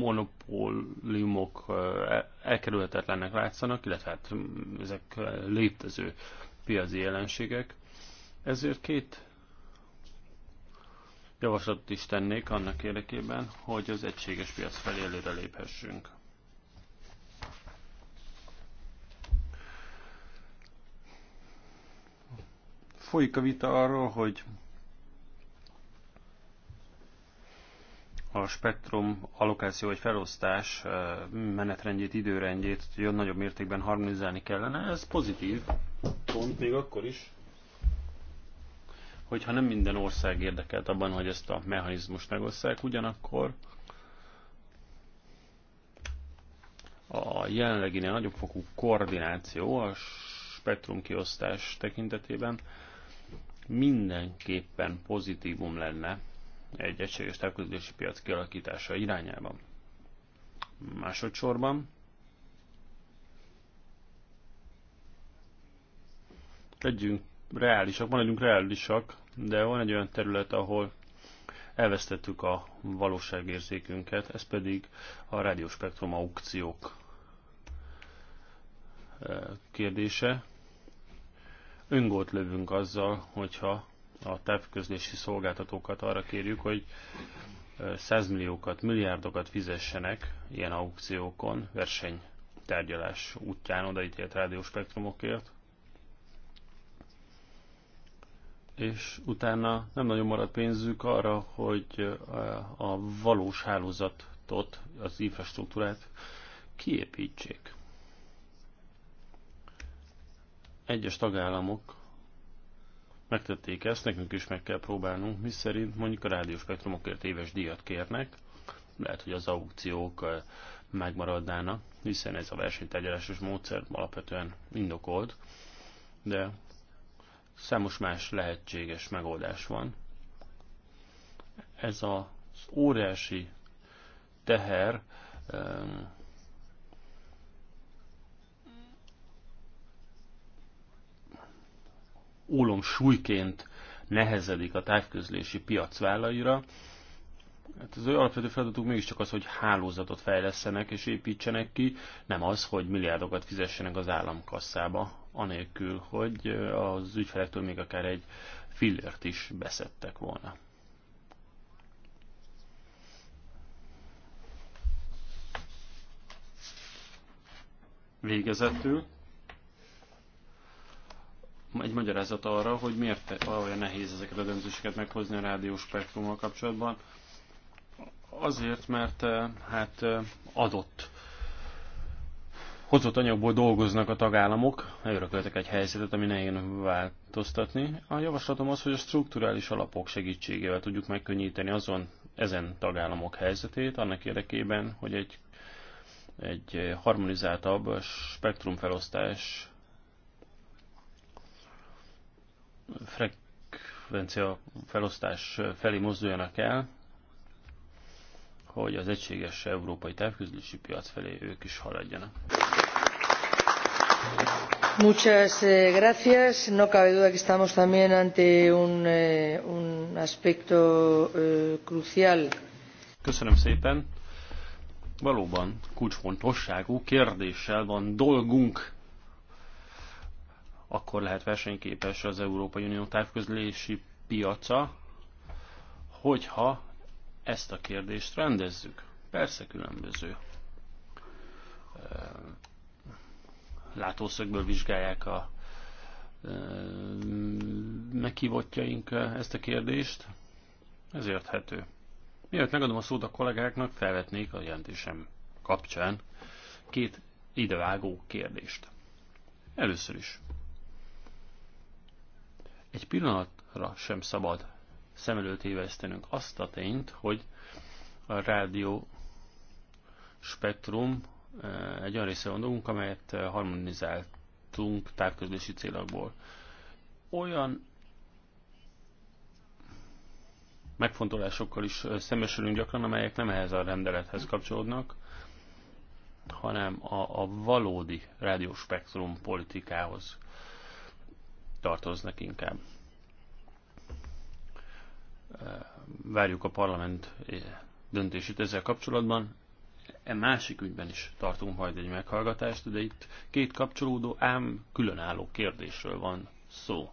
monopóliumok e-, elkerülhetetlennek látszanak, illetve hát ezek létező piaci jelenségek. Ezért két javaslatot is tennék annak érdekében, hogy az egységes piac felé előre léphessünk. Folyik a vita arról, hogy a spektrum allokáció vagy felosztás menetrendjét, időrendjét jön nagyobb mértékben harmonizálni kellene. Ez pozitív pont még akkor is, hogyha nem minden ország érdekelt abban, hogy ezt a mechanizmust megosszák, ugyanakkor a jelenleginél nagyobb fokú koordináció a spektrum kiosztás tekintetében mindenképpen pozitívum lenne egy egységes távközlési piac kialakítása irányában. Másodszorban legyünk reálisak, van legyünk reálisak, de van egy olyan terület, ahol elvesztettük a valóságérzékünket, ez pedig a rádióspektrum aukciók eh, kérdése. Öngót lövünk azzal, hogyha a távközlési szolgáltatókat arra kérjük, hogy százmilliókat, milliárdokat fizessenek ilyen aukciókon, versenytárgyalás útján odaítélt rádióspektrumokért. És utána nem nagyon maradt pénzük arra, hogy a valós hálózatot, az infrastruktúrát kiépítsék. Egyes tagállamok megtették ezt, nekünk is meg kell próbálnunk, mi szerint mondjuk a rádióspektrumokért éves díjat kérnek, lehet, hogy az aukciók megmaradnának, hiszen ez a versenytárgyalásos módszer alapvetően indokolt, de számos más lehetséges megoldás van. Ez az óriási teher ólom súlyként nehezedik a távközlési piac vállaira. Hát az ő alapvető feladatuk mégiscsak az, hogy hálózatot fejlesztenek és építsenek ki, nem az, hogy milliárdokat fizessenek az államkasszába, anélkül, hogy az ügyfelektől még akár egy fillért is beszettek volna. Végezetül egy magyarázat arra, hogy miért olyan nehéz ezeket a döntéseket meghozni a rádiós spektrummal kapcsolatban. Azért, mert eh, hát eh, adott hozott anyagból dolgoznak a tagállamok, örököltek egy helyzetet, ami nehéz változtatni. A javaslatom az, hogy a strukturális alapok segítségével tudjuk megkönnyíteni azon ezen tagállamok helyzetét, annak érdekében, hogy egy, egy harmonizáltabb spektrumfelosztás frekvencia felosztás felé mozduljanak el, hogy az egységes európai távközlési piac felé ők is haladjanak. Muchas eh, gracias. No cabe duda que estamos también ante un, eh, un aspecto eh, crucial. Köszönöm szépen. Valóban kulcsfontosságú kérdéssel van dolgunk akkor lehet versenyképes az Európai Unió távközlési piaca, hogyha ezt a kérdést rendezzük. Persze különböző eh, látószögből vizsgálják a eh, meghívottjaink ezt a kérdést. Ez érthető. Mielőtt megadom a szót a kollégáknak, felvetnék a jelentésem kapcsán két idevágó kérdést. Először is. Egy pillanatra sem szabad szem előtt évesztenünk azt a tényt, hogy a rádió spektrum eh, egy olyan része van dolgunk, amelyet eh, harmonizáltunk távközlési célokból. Olyan megfontolásokkal is eh, szembesülünk gyakran, amelyek nem ehhez a rendelethez kapcsolódnak, hanem a, a valódi spektrum politikához tartoznak inkább. Várjuk a parlament döntését ezzel kapcsolatban. E másik ügyben is tartunk majd egy meghallgatást, de itt két kapcsolódó, ám különálló kérdésről van szó.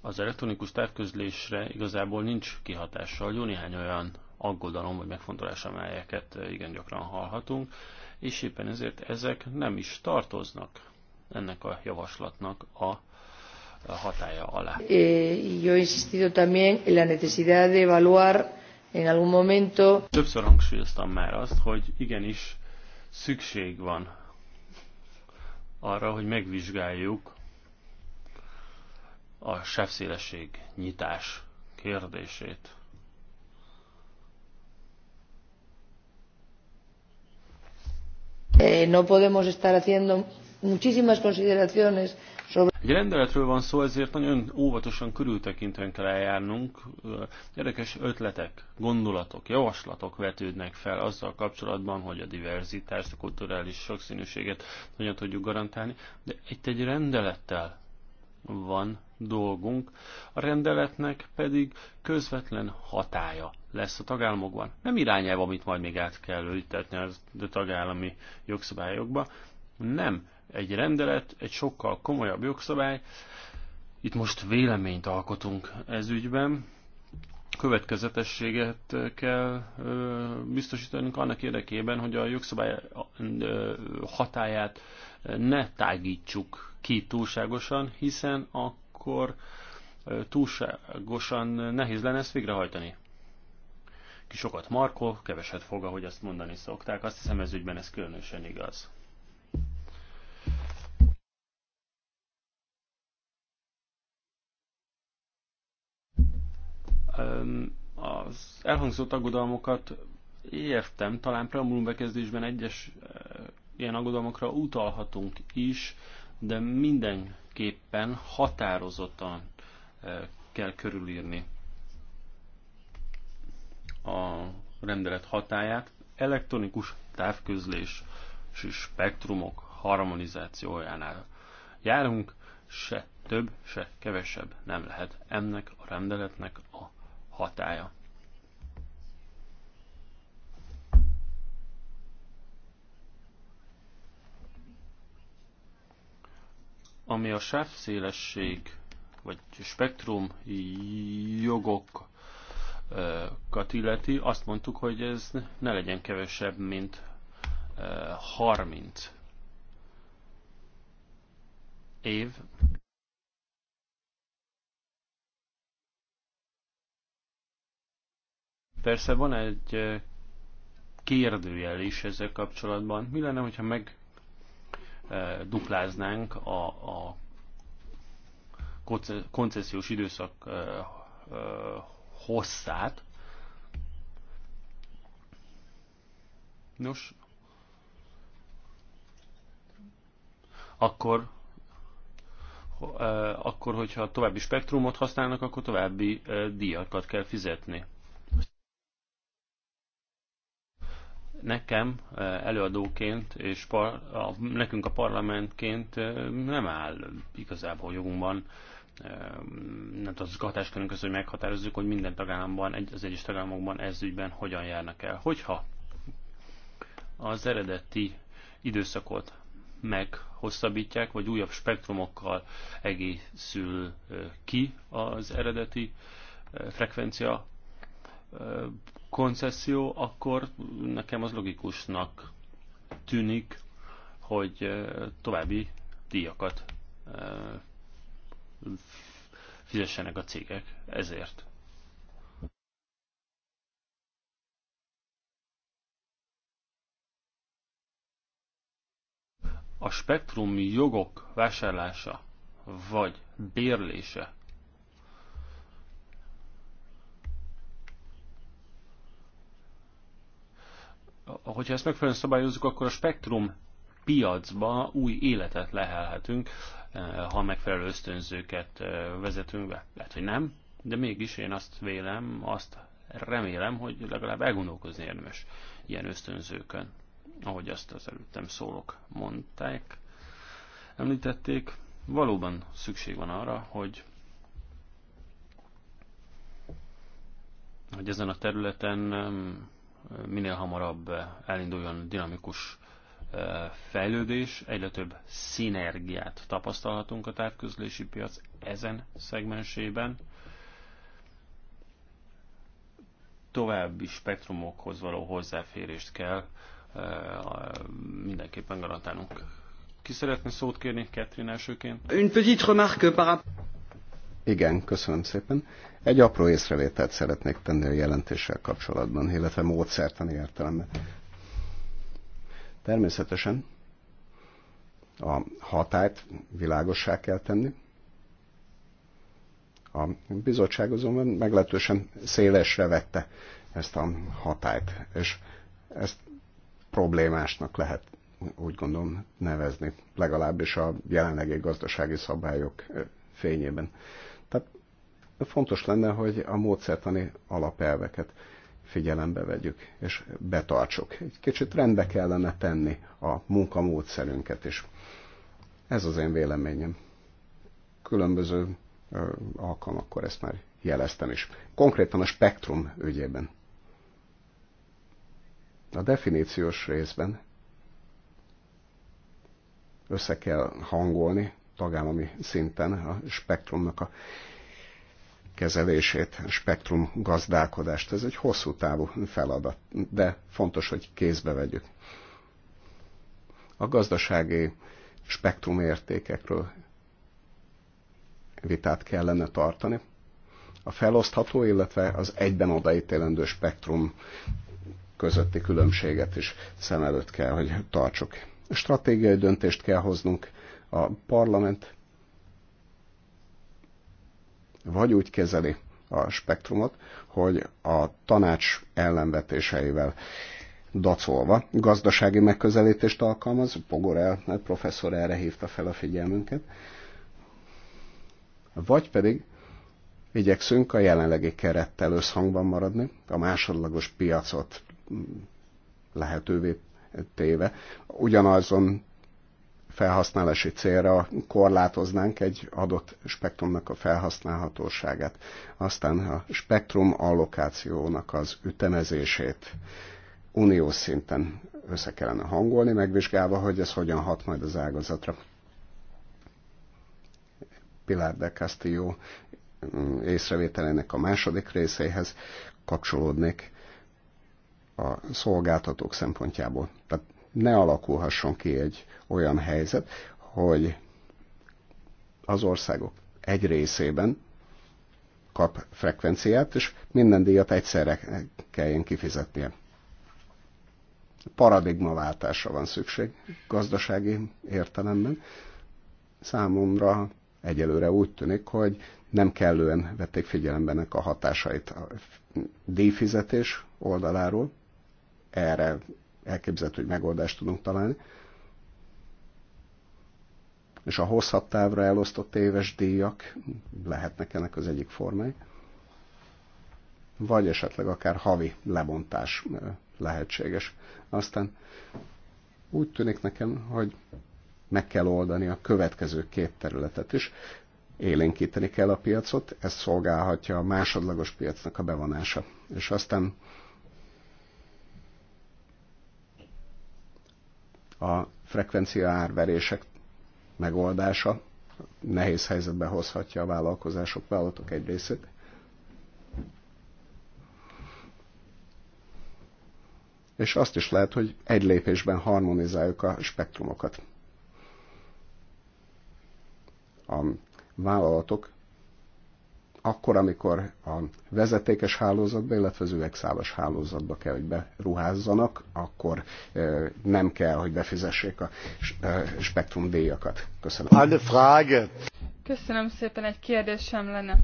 Az elektronikus távközlésre igazából nincs kihatással, jó néhány olyan aggodalom vagy megfontolás, amelyeket igen gyakran hallhatunk és éppen ezért ezek nem is tartoznak ennek a javaslatnak a hatája alá. Eh, yo insistido también en la necesidad de evaluar en algún momento. Többször hangsúlyoztam már azt, hogy igenis szükség van arra, hogy megvizsgáljuk a sávszélesség nyitás kérdését. Eh, no podemos estar haciendo muchísimas consideraciones sobre... Egy rendeletről van szó, ezért nagyon óvatosan körültekintően kell eljárnunk. Eh, érdekes ötletek, gondolatok, javaslatok vetődnek fel azzal kapcsolatban, hogy a diverzitást, a kulturális sokszínűséget hogyan tudjuk garantálni, de itt egy rendelettel van dolgunk, a rendeletnek pedig közvetlen hatája lesz a tagállamokban. Nem irányelv, amit majd még át kell ültetni a tagállami jogszabályokba, nem. Egy rendelet, egy sokkal komolyabb jogszabály, itt most véleményt alkotunk ez ügyben, következetességet kell biztosítanunk annak érdekében, hogy a jogszabály hatáját ne tágítsuk ki túlságosan, hiszen akkor túlságosan nehéz lenne ezt végrehajtani. Ki sokat markol, keveset fog, ahogy azt mondani szokták. Azt hiszem ez ügyben ez különösen igaz. Az elhangzott aggodalmokat értem, talán preambulum bekezdésben egyes ilyen aggodalmakra utalhatunk is, de mindenképpen határozottan eh, kell körülírni a rendelet hatáját. Elektronikus távközlés és spektrumok harmonizációjánál járunk, se több, se kevesebb nem lehet ennek a rendeletnek a hatája. Ami a sávszélesség vagy spektrum jogokat illeti, azt mondtuk, hogy ez ne legyen kevesebb, mint 30 eh, év. Persze van egy eh, kérdőjel is ezzel kapcsolatban. Mi lenne, hogyha meg dupláznánk a, a koncesziós időszak hosszát. Nos, akkor akkor, hogyha további spektrumot használnak, akkor további díjakat kell fizetni. nekem eh, előadóként és par, a, nekünk a parlamentként eh, nem áll igazából jogunkban eh, nem tudom, az hatáskörünk az, hogy meghatározzuk, hogy minden tagállamban, az egyes tagállamokban ez ügyben hogyan járnak el. Hogyha az eredeti időszakot meghosszabbítják, vagy újabb spektrumokkal egészül ki az eredeti frekvencia koncesszió, akkor nekem az logikusnak tűnik, hogy további díjakat fizessenek a cégek ezért. A spektrum jogok vásárlása vagy bérlése hogyha ezt megfelelően szabályozzuk, akkor a spektrum piacba új életet lehelhetünk, eh, ha megfelelő ösztönzőket eh, vezetünk be. Lehet, hogy nem, de mégis én azt vélem, azt remélem, hogy legalább elgondolkozni érdemes ilyen ösztönzőkön, ahogy azt az előttem szólok mondták, említették. Valóban szükség van arra, hogy hogy ezen a területen minél hamarabb elinduljon dinamikus fejlődés, egyre több szinergiát tapasztalhatunk a távközlési piac ezen szegmensében. További spektrumokhoz való hozzáférést kell mindenképpen garantálnunk. Ki szeretne szót kérni Catherine elsőként? Une petite remarque par Igen, köszönöm szépen. Egy apró észrevételt szeretnék tenni a jelentéssel kapcsolatban, illetve módszertani értelemben. Természetesen a hatályt világossá kell tenni. A bizottság azonban meglehetősen szélesre vette ezt a hatályt, és ezt problémásnak lehet úgy gondolom nevezni, legalábbis a jelenlegi gazdasági szabályok fényében fontos lenne, hogy a módszertani alapelveket figyelembe vegyük és betartsuk. Egy kicsit rendbe kellene tenni a munkamódszerünket is. Ez az én véleményem. Különböző ö, alkalmakkor ezt már jeleztem is. Konkrétan a spektrum ügyében. A definíciós részben össze kell hangolni tagállami szinten a spektrumnak a kezelését, spektrum gazdálkodást. Ez egy hosszú távú feladat, de fontos, hogy kézbe vegyük. A gazdasági spektrum értékekről vitát kellene tartani. A felosztható, illetve az egyben odaítélendő spektrum közötti különbséget is szem előtt kell, hogy tartsuk. Stratégiai döntést kell hoznunk. A parlament vagy úgy kezeli a spektrumot, hogy a tanács ellenvetéseivel dacolva gazdasági megközelítést alkalmaz. Pogorel hát professzor erre hívta fel a figyelmünket. Vagy pedig igyekszünk a jelenlegi kerettel összhangban maradni, a másodlagos piacot lehetővé téve, ugyanazon felhasználási célra korlátoznánk egy adott spektrumnak a felhasználhatóságát. Aztán a spektrum allokációnak az ütemezését uniós szinten össze kellene hangolni, megvizsgálva, hogy ez hogyan hat majd az ágazatra. Pilar de Castillo mm, észrevételének a második részéhez kapcsolódnék a szolgáltatók szempontjából. Tehát ne alakulhasson ki egy olyan helyzet, hogy az országok egy részében kap frekvenciát, és minden díjat egyszerre kelljen kifizetnie. Paradigmaváltásra van szükség gazdasági értelemben. Számomra egyelőre úgy tűnik, hogy nem kellően vették figyelembe ennek a hatásait a díjfizetés oldaláról. Erre elképzelhető, hogy megoldást tudunk találni. És a hosszabb távra elosztott éves díjak lehetnek ennek az egyik formái. Vagy esetleg akár havi lebontás lehetséges. Aztán úgy tűnik nekem, hogy meg kell oldani a következő két területet is. Élénkíteni kell a piacot, ez szolgálhatja a másodlagos piacnak a bevonása. És aztán a frekvencia árverések megoldása nehéz helyzetbe hozhatja a vállalkozások, vállalatok egy részét. És azt is lehet, hogy egy lépésben harmonizáljuk a spektrumokat. A vállalatok akkor, amikor a vezetékes hálózatba, illetve az üvegszálas hálózatba kell, hogy beruházzanak, akkor nem kell, hogy befizessék a spektrum díjakat. Köszönöm. Frage. Köszönöm szépen, egy kérdésem lenne.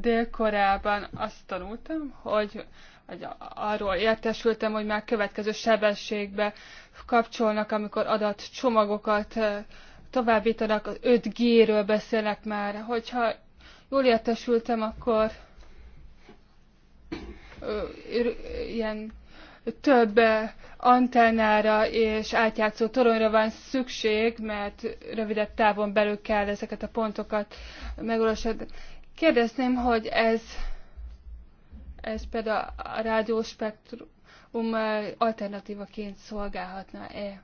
Dél-Koreában azt tanultam, hogy vagy arról értesültem, hogy már következő sebességbe kapcsolnak, amikor adatcsomagokat továbbítanak, az 5G-ről beszélnek már. Hogyha jól értesültem, akkor ilyen több eh, antennára és átjátszó toronyra van szükség, mert rövidebb távon belül kell ezeket a pontokat megolvasni. Kérdezném, hogy ez, ez például a rádióspektrum eh, alternatívaként szolgálhatna-e,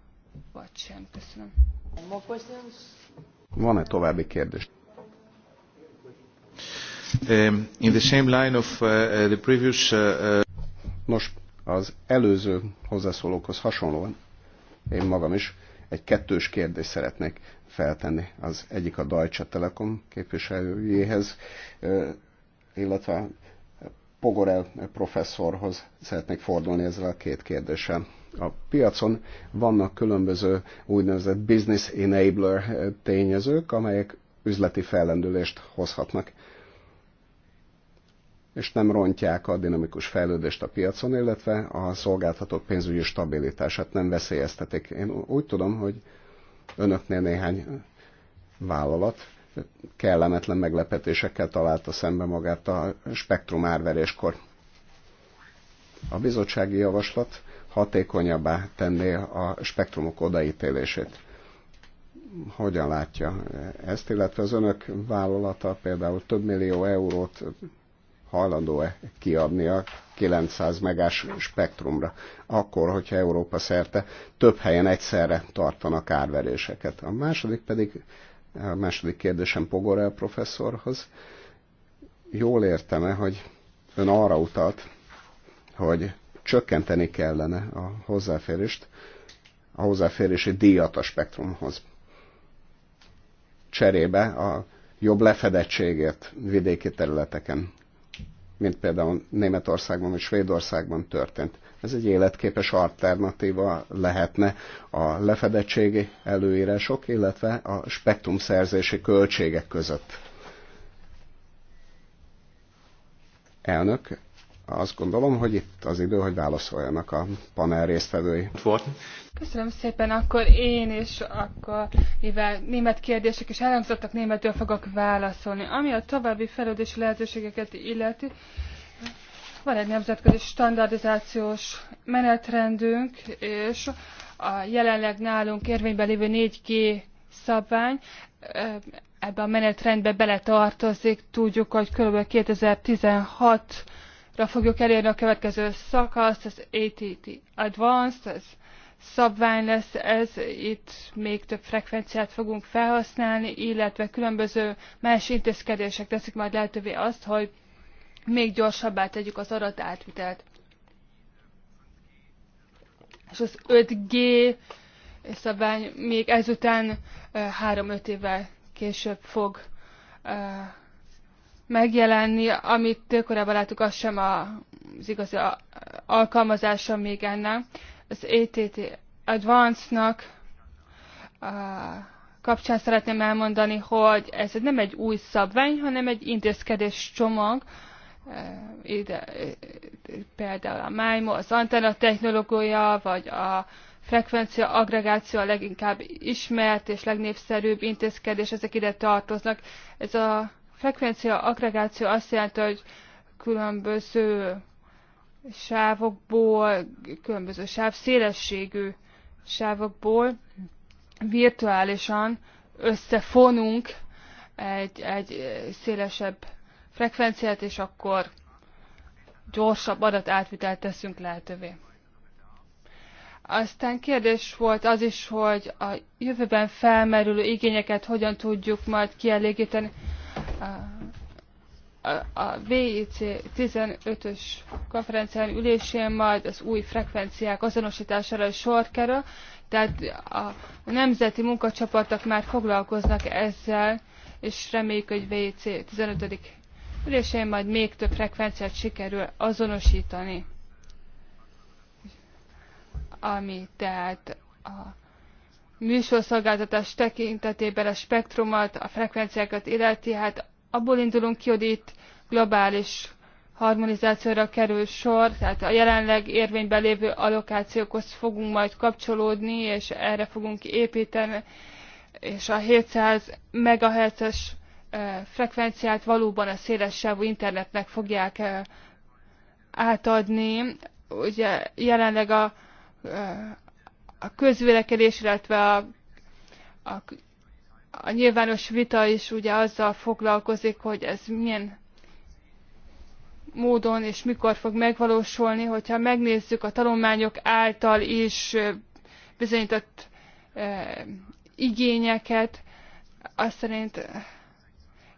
vagy sem. Köszönöm. Van-e további kérdés? Um, in the same line of uh, uh, the previous... Uh, Nos, az előző hozzászólókhoz hasonlóan én magam is egy kettős kérdést szeretnék feltenni. Az egyik a Deutsche Telekom képviselőjéhez, illetve Pogorel professzorhoz szeretnék fordulni ezzel a két kérdéssel. A piacon vannak különböző úgynevezett business enabler tényezők, amelyek üzleti fellendülést hozhatnak és nem rontják a dinamikus fejlődést a piacon, illetve a szolgáltatók pénzügyi stabilitását nem veszélyeztetik. Én úgy tudom, hogy önöknél néhány vállalat kellemetlen meglepetésekkel találta szembe magát a spektrum árveréskor. A bizottsági javaslat hatékonyabbá tenné a spektrumok odaítélését. Hogyan látja ezt, illetve az önök vállalata például több millió eurót hajlandó-e kiadni a 900 megás spektrumra, akkor, hogyha Európa szerte több helyen egyszerre tartanak árveréseket. A második pedig, a második kérdésem Pogorel professzorhoz. Jól értem-e, hogy ön arra utalt, hogy csökkenteni kellene a hozzáférést, a hozzáférési díjat a spektrumhoz. Cserébe a jobb lefedettségért vidéki területeken mint például Németországban vagy Svédországban történt. Ez egy életképes alternatíva lehetne a lefedettségi előírások, illetve a spektrumszerzési költségek között. Elnök, azt gondolom, hogy itt az idő, hogy válaszoljanak a panel résztvevői. Köszönöm szépen, akkor én is, akkor mivel német kérdések is elhangzottak, németül fogok válaszolni. Ami a további fejlődési lehetőségeket illeti, van egy nemzetközi standardizációs menetrendünk, és a jelenleg nálunk érvényben lévő 4G szabvány ebbe a menetrendbe beletartozik. Tudjuk, hogy kb. 2016 fogjuk elérni a következő szakaszt, az ATT Advanced, az szabvány lesz ez, itt még több frekvenciát fogunk felhasználni, illetve különböző más intézkedések teszik majd lehetővé azt, hogy még gyorsabbá tegyük az adatátvitelt. És az 5G szabvány még ezután 3-5 évvel később fog megjelenni, amit korábban láttuk, az sem a, az igazi alkalmazása még ennek. Az ATT Advance-nak kapcsán szeretném elmondani, hogy ez nem egy új szabvány, hanem egy intézkedés csomag, e, ide, e, például a MIMO, az antenna technológia, vagy a frekvencia agregáció a leginkább ismert és legnépszerűbb intézkedés, ezek ide tartoznak. Ez a frekvencia agregáció azt jelenti, hogy különböző sávokból, különböző sáv szélességű sávokból virtuálisan összefonunk egy, egy szélesebb frekvenciát, és akkor gyorsabb adatátvitelt teszünk lehetővé. Aztán kérdés volt az is, hogy a jövőben felmerülő igényeket hogyan tudjuk majd kielégíteni a, a VIC 15-ös konferencián ülésén majd az új frekvenciák azonosítására is sor kerül, tehát a nemzeti munkacsoportok már foglalkoznak ezzel, és reméljük, hogy VIC 15. ülésén majd még több frekvenciát sikerül azonosítani, ami tehát a műsorszolgáltatás tekintetében a spektrumot, a frekvenciákat illeti, hát abból indulunk ki, hogy itt globális harmonizációra kerül sor, tehát a jelenleg érvényben lévő allokációkhoz fogunk majd kapcsolódni, és erre fogunk építeni, és a 700 MHz-es frekvenciát valóban a szélessávú internetnek fogják átadni. Ugye jelenleg a, a közvélekedés, illetve a, a a nyilvános vita is ugye azzal foglalkozik, hogy ez milyen módon és mikor fog megvalósulni, hogyha megnézzük a tanulmányok által is bizonyított e, igényeket, azt szerint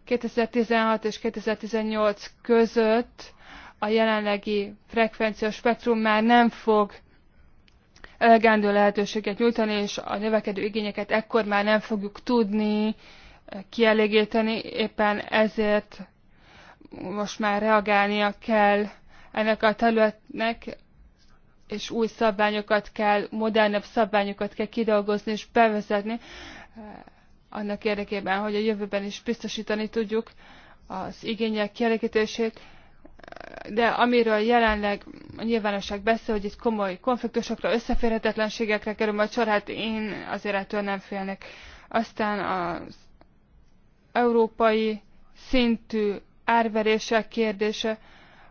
2016 és 2018 között a jelenlegi frekvencia spektrum már nem fog elegendő lehetőséget nyújtani, és a növekedő igényeket ekkor már nem fogjuk tudni eh, kielégíteni, éppen ezért most már reagálnia kell ennek a területnek, és új szabványokat kell, modernebb szabványokat kell kidolgozni és bevezetni, eh, annak érdekében, hogy a jövőben is biztosítani tudjuk az igények kielégítését, de amiről jelenleg a nyilvánosság beszél, hogy itt komoly konfliktusokra, összeférhetetlenségekre kerül majd sor, hát én azért ettől nem félnek. Aztán az európai szintű árverések kérdése,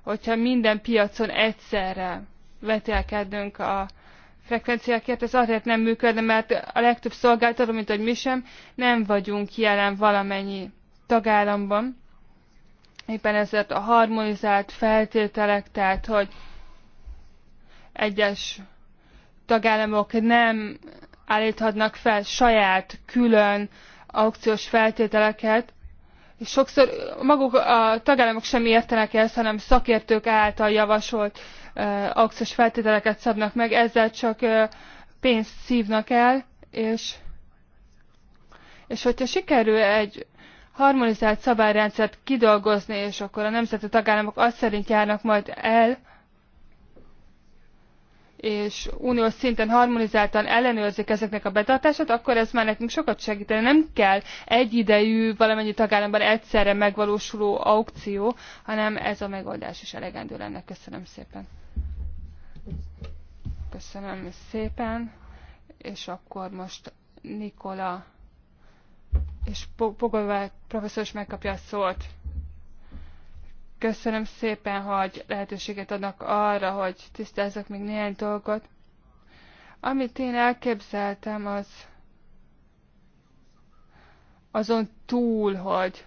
hogyha minden piacon egyszerre vetélkedünk a frekvenciákért, ez azért nem működne, mert a legtöbb szolgáltató, mint hogy mi sem, nem vagyunk jelen valamennyi tagállamban Éppen ezért a harmonizált feltételek, tehát hogy egyes tagállamok nem állíthatnak fel saját, külön aukciós feltételeket, és sokszor maguk a tagállamok sem értenek ezt, hanem szakértők által javasolt uh, aukciós feltételeket szabnak meg, ezzel csak uh, pénzt szívnak el, és, és hogyha sikerül egy harmonizált szabályrendszert kidolgozni, és akkor a nemzeti tagállamok azt szerint járnak majd el, és uniós szinten harmonizáltan ellenőrzik ezeknek a betartását, akkor ez már nekünk sokat segíteni. Nem kell egyidejű, valamennyi tagállamban egyszerre megvalósuló aukció, hanem ez a megoldás is elegendő lenne. Köszönöm szépen. Köszönöm szépen, és akkor most Nikola és Pogová professzor is megkapja a szót. Köszönöm szépen, hogy lehetőséget adnak arra, hogy tisztázzak még néhány dolgot. Amit én elképzeltem, az azon túl, hogy,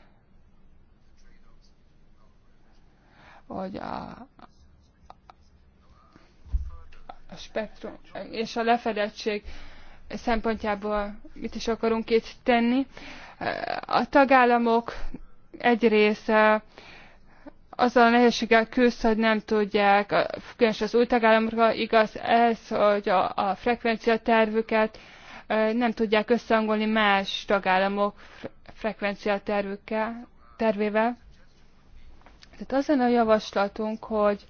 hogy a, a spektrum és a lefedettség szempontjából mit is akarunk itt tenni. A tagállamok egy része azzal a nehézséggel küzd, hogy nem tudják, különösen az új tagállamokra igaz ez, hogy a, a frekvenciatervüket nem tudják összehangolni más tagállamok frekvenciatervükkel, tervével. Tehát az a javaslatunk, hogy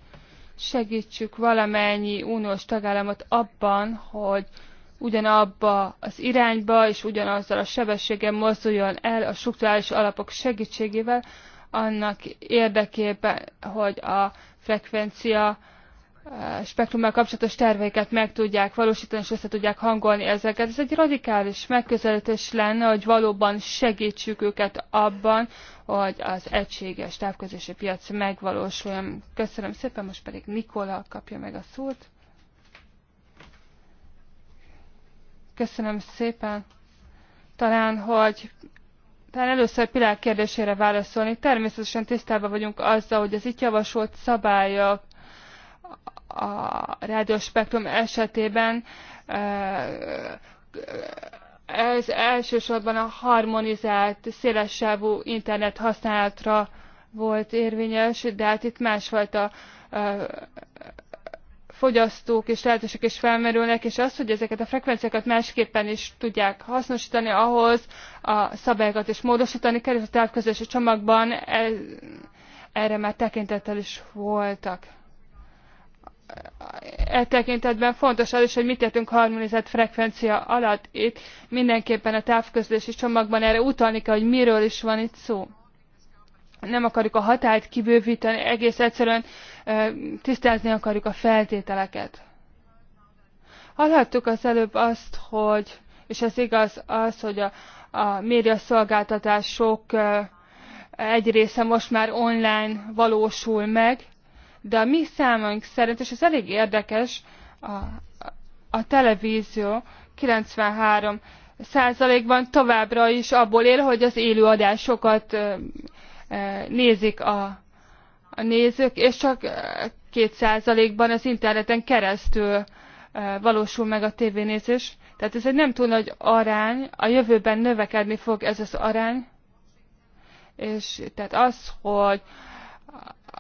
segítsük valamennyi uniós tagállamot abban, hogy ugyanabba az irányba és ugyanazzal a sebességgel mozduljon el a struktúrális alapok segítségével, annak érdekében, hogy a frekvencia eh, spektrummal kapcsolatos terveiket meg tudják valósítani, és össze tudják hangolni ezeket. Ez egy radikális megközelítés lenne, hogy valóban segítsük őket abban, hogy az egységes távközési piac megvalósuljon. Köszönöm szépen, most pedig Nikola kapja meg a szót. Köszönöm szépen. Talán, hogy talán először Pilár kérdésére válaszolni. Természetesen tisztában vagyunk azzal, hogy az itt javasolt szabályok a rádióspektrum esetében ez elsősorban a harmonizált, szélessávú internet használatra volt érvényes, de hát itt másfajta fogyasztók és lehetőség is felmerülnek, és az, hogy ezeket a frekvenciákat másképpen is tudják hasznosítani, ahhoz a szabályokat is módosítani kell, és a távközlési csomagban ez, erre már tekintettel is voltak. E tekintetben fontos az is, hogy mit értünk harmonizált frekvencia alatt. Itt mindenképpen a távközlési csomagban erre utalni kell, hogy miről is van itt szó nem akarjuk a hatályt kibővíteni, egész egyszerűen tisztázni akarjuk a feltételeket. Hallhattuk az előbb azt, hogy, és ez igaz az, hogy a, a médiaszolgáltatások egy része most már online valósul meg, de a mi számunk szerint, és ez elég érdekes, a, a televízió 93 százalékban továbbra is abból él, hogy az élőadásokat nézik a, a nézők, és csak két százalékban az interneten keresztül valósul meg a tévénézés. Tehát ez egy nem túl nagy arány, a jövőben növekedni fog ez az arány, és tehát az, hogy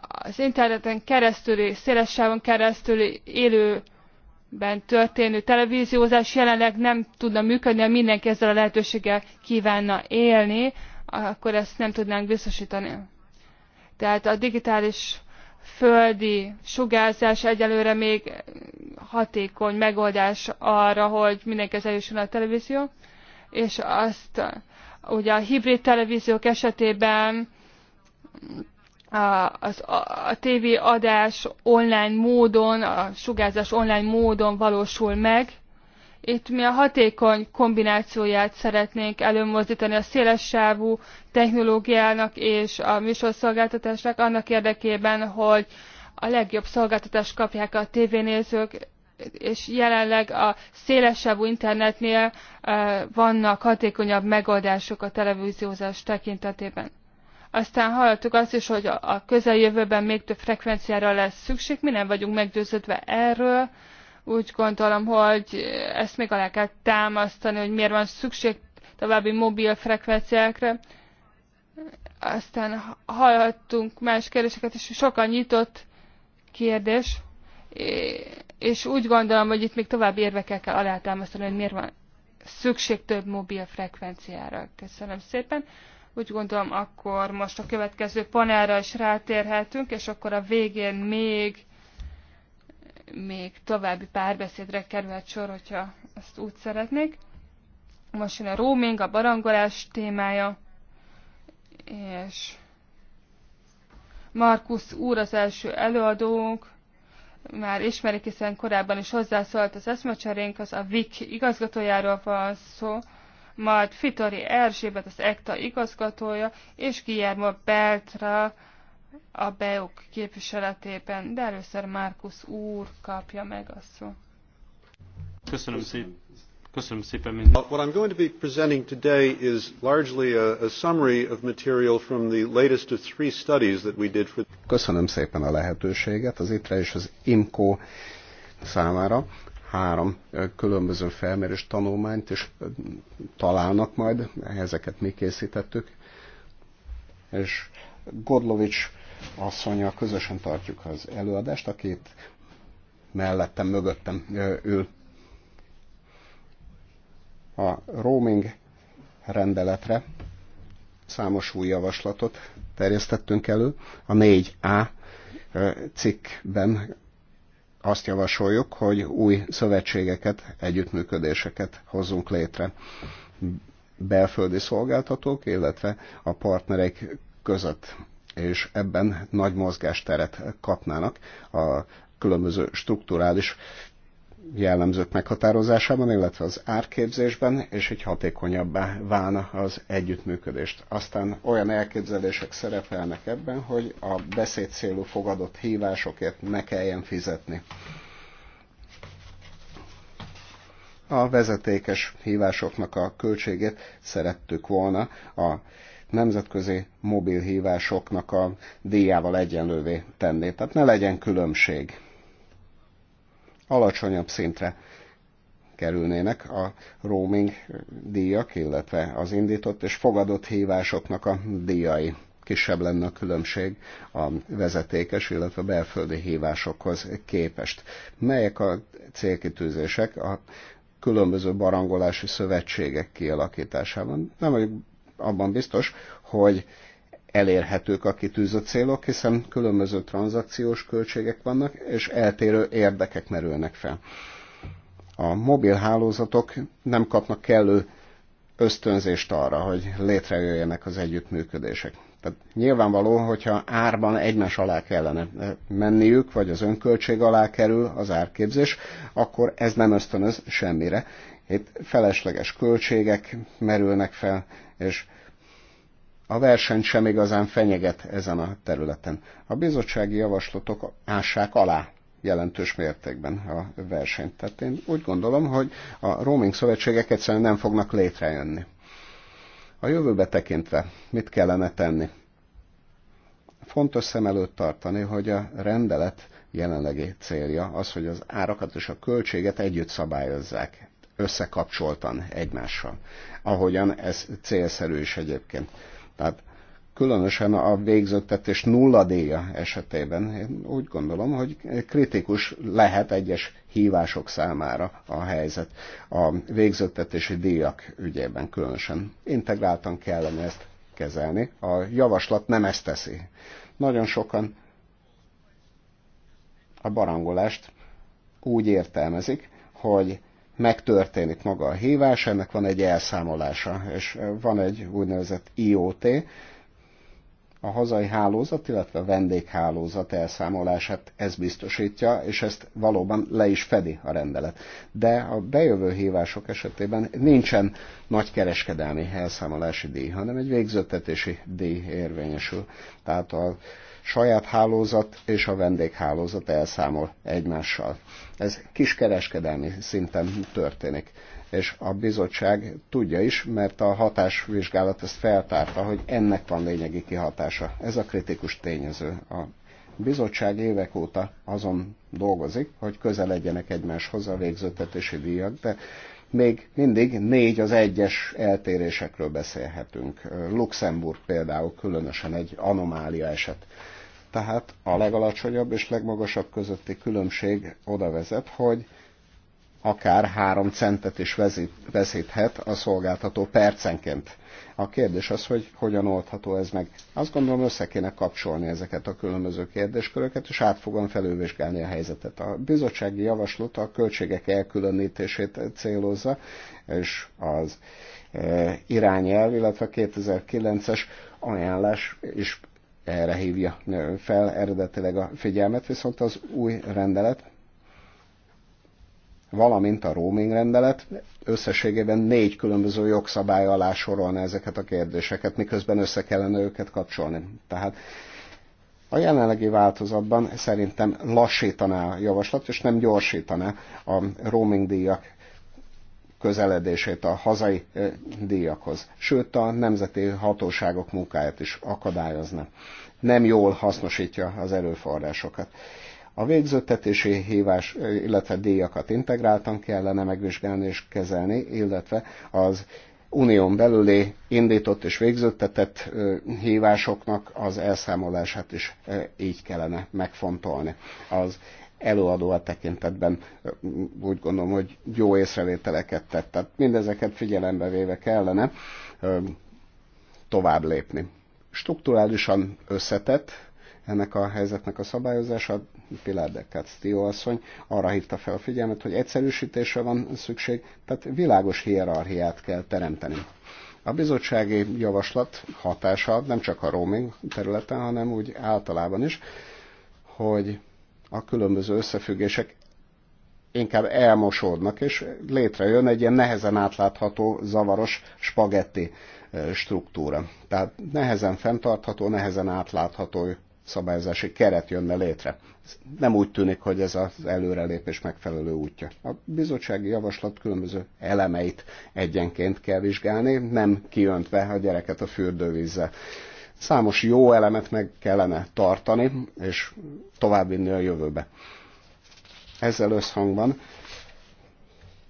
az interneten keresztüli, széles sávon keresztüli élőben történő televíziózás jelenleg nem tudna működni, ha mindenki ezzel a lehetőséggel kívánna élni, akkor ezt nem tudnánk biztosítani. Tehát a digitális földi sugárzás egyelőre még hatékony megoldás arra, hogy mindenkihez eljusson a televízió, és azt ugye a hibrid televíziók esetében a, az, a, a TV adás online módon, a sugárzás online módon valósul meg, itt mi a hatékony kombinációját szeretnénk előmozdítani a szélessávú technológiának és a műsorszolgáltatásnak annak érdekében, hogy a legjobb szolgáltatást kapják a tévénézők, és jelenleg a szélesávú internetnél eh, vannak hatékonyabb megoldások a televíziózás tekintetében. Aztán hallottuk azt is, hogy a közeljövőben még több frekvenciára lesz szükség, mi nem vagyunk meggyőződve erről, úgy gondolom, hogy ezt még alá kell támasztani, hogy miért van szükség további mobil frekvenciákra. Aztán hallhattunk más kérdéseket, és sokan nyitott kérdés, és úgy gondolom, hogy itt még további érvekkel kell alátámasztani, hogy miért van szükség több mobil frekvenciára. Köszönöm szépen. Úgy gondolom, akkor most a következő panelra is rátérhetünk, és akkor a végén még még további párbeszédre kerülhet sor, hogyha ezt úgy szeretnék. Most jön a roaming, a barangolás témája, és Markus úr az első előadónk, már ismerik, hiszen korábban is hozzászólt az eszmecserénk, az a VIK igazgatójáról van szó, majd Fitori Erzsébet, az EKTA igazgatója, és Guillermo Beltra, a BEUK képviseletében, de először Márkusz úr kapja meg a szó. Köszönöm szépen. Köszönöm szépen uh, What I'm going to be presenting today is largely a, a summary of material from the latest of three studies that we did for Köszönöm szépen a lehetőséget az ITRE és az IMCO számára három különböző felmérés tanulmányt, és találnak majd, ezeket mi készítettük. És Godlovics asszonyjal közösen tartjuk az előadást, akit mellettem, mögöttem ül. A roaming rendeletre számos új javaslatot terjesztettünk elő. A 4A cikkben azt javasoljuk, hogy új szövetségeket, együttműködéseket hozzunk létre belföldi szolgáltatók, illetve a partnerek között és ebben nagy mozgásteret kapnának a különböző strukturális jellemzők meghatározásában, illetve az árképzésben, és így hatékonyabbá válna az együttműködést. Aztán olyan elképzelések szerepelnek ebben, hogy a beszéd célú fogadott hívásokért ne kelljen fizetni. A vezetékes hívásoknak a költségét szerettük volna a nemzetközi mobilhívásoknak a díjával egyenlővé tenni. Tehát ne legyen különbség. Alacsonyabb szintre kerülnének a roaming díjak, illetve az indított és fogadott hívásoknak a díjai. Kisebb lenne a különbség a vezetékes, illetve belföldi hívásokhoz képest. Melyek a célkitűzések a különböző barangolási szövetségek kialakításában? Nem vagyok abban biztos, hogy elérhetők a kitűzött célok, hiszen különböző tranzakciós költségek vannak, és eltérő érdekek merülnek fel. A mobil hálózatok nem kapnak kellő ösztönzést arra, hogy létrejöjjenek az együttműködések. Tehát nyilvánvaló, hogyha árban egymás alá kellene menniük, vagy az önköltség alá kerül az árképzés, akkor ez nem ösztönöz semmire. Itt felesleges költségek merülnek fel, és a versenyt sem igazán fenyeget ezen a területen. A bizottsági javaslatok ássák alá jelentős mértékben a versenyt. Tehát én úgy gondolom, hogy a roaming szövetségek egyszerűen nem fognak létrejönni. A jövőbe tekintve mit kellene tenni? Fontos szem előtt tartani, hogy a rendelet jelenlegi célja az, hogy az árakat és a költséget együtt szabályozzák összekapcsoltan egymással, ahogyan ez célszerű is egyébként. Tehát különösen a végzőtetés nulladéja esetében én úgy gondolom, hogy kritikus lehet egyes hívások számára a helyzet a végzőtetési díjak ügyében különösen. Integráltan kellene ezt kezelni. A javaslat nem ezt teszi. Nagyon sokan a barangolást úgy értelmezik, hogy megtörténik maga a hívás, ennek van egy elszámolása, és van egy úgynevezett IoT, a hazai hálózat, illetve a vendéghálózat elszámolását ez biztosítja, és ezt valóban le is fedi a rendelet. De a bejövő hívások esetében nincsen nagy kereskedelmi elszámolási díj, hanem egy végzőtetési díj érvényesül. Tehát a saját hálózat és a vendéghálózat elszámol egymással. Ez kiskereskedelmi szinten történik és a bizottság tudja is, mert a hatásvizsgálat ezt feltárta, hogy ennek van lényegi kihatása. Ez a kritikus tényező. A bizottság évek óta azon dolgozik, hogy közel legyenek egymáshoz a végzőtetési díjak, de még mindig négy az egyes eltérésekről beszélhetünk. Luxemburg például különösen egy anomália eset. Tehát a legalacsonyabb és legmagasabb közötti különbség oda vezet, hogy akár három centet is veszíthet a szolgáltató percenként. A kérdés az, hogy hogyan oldható ez meg. Azt gondolom, össze kéne kapcsolni ezeket a különböző kérdésköröket, és át fogom felülvizsgálni a helyzetet. A bizottsági javaslat a költségek elkülönítését célozza, és az eh, irányelv, illetve a 2009-es ajánlás is erre hívja fel eredetileg a figyelmet, viszont az új rendelet, valamint a roaming rendelet összességében négy különböző jogszabály alá sorolna ezeket a kérdéseket, miközben össze kellene őket kapcsolni. Tehát a jelenlegi változatban szerintem lassítaná a javaslat, és nem gyorsítaná a roaming díjak közeledését a hazai díjakhoz, sőt a nemzeti hatóságok munkáját is akadályozna. Nem jól hasznosítja az erőforrásokat. A végzőtetési hívás, illetve díjakat integráltan kellene megvizsgálni és kezelni, illetve az unión belüli indított és végzőtetett hívásoknak az elszámolását is így kellene megfontolni. Az előadó a tekintetben úgy gondolom, hogy jó észrevételeket tett. Tehát mindezeket figyelembe véve kellene tovább lépni. Strukturálisan összetett ennek a helyzetnek a szabályozása, Pilar de Castillo asszony arra hívta fel a figyelmet, hogy egyszerűsítésre van szükség, tehát világos hierarchiát kell teremteni. A bizottsági javaslat hatása nem csak a roaming területen, hanem úgy általában is, hogy a különböző összefüggések inkább elmosódnak, és létrejön egy ilyen nehezen átlátható, zavaros spagetti struktúra. Tehát nehezen fenntartható, nehezen átlátható szabályozási keret jönne létre. Nem úgy tűnik, hogy ez az előrelépés megfelelő útja. A bizottsági javaslat különböző elemeit egyenként kell vizsgálni, nem kiöntve a gyereket a fürdővízzel. Számos jó elemet meg kellene tartani, és továbbvinni a jövőbe. Ezzel összhangban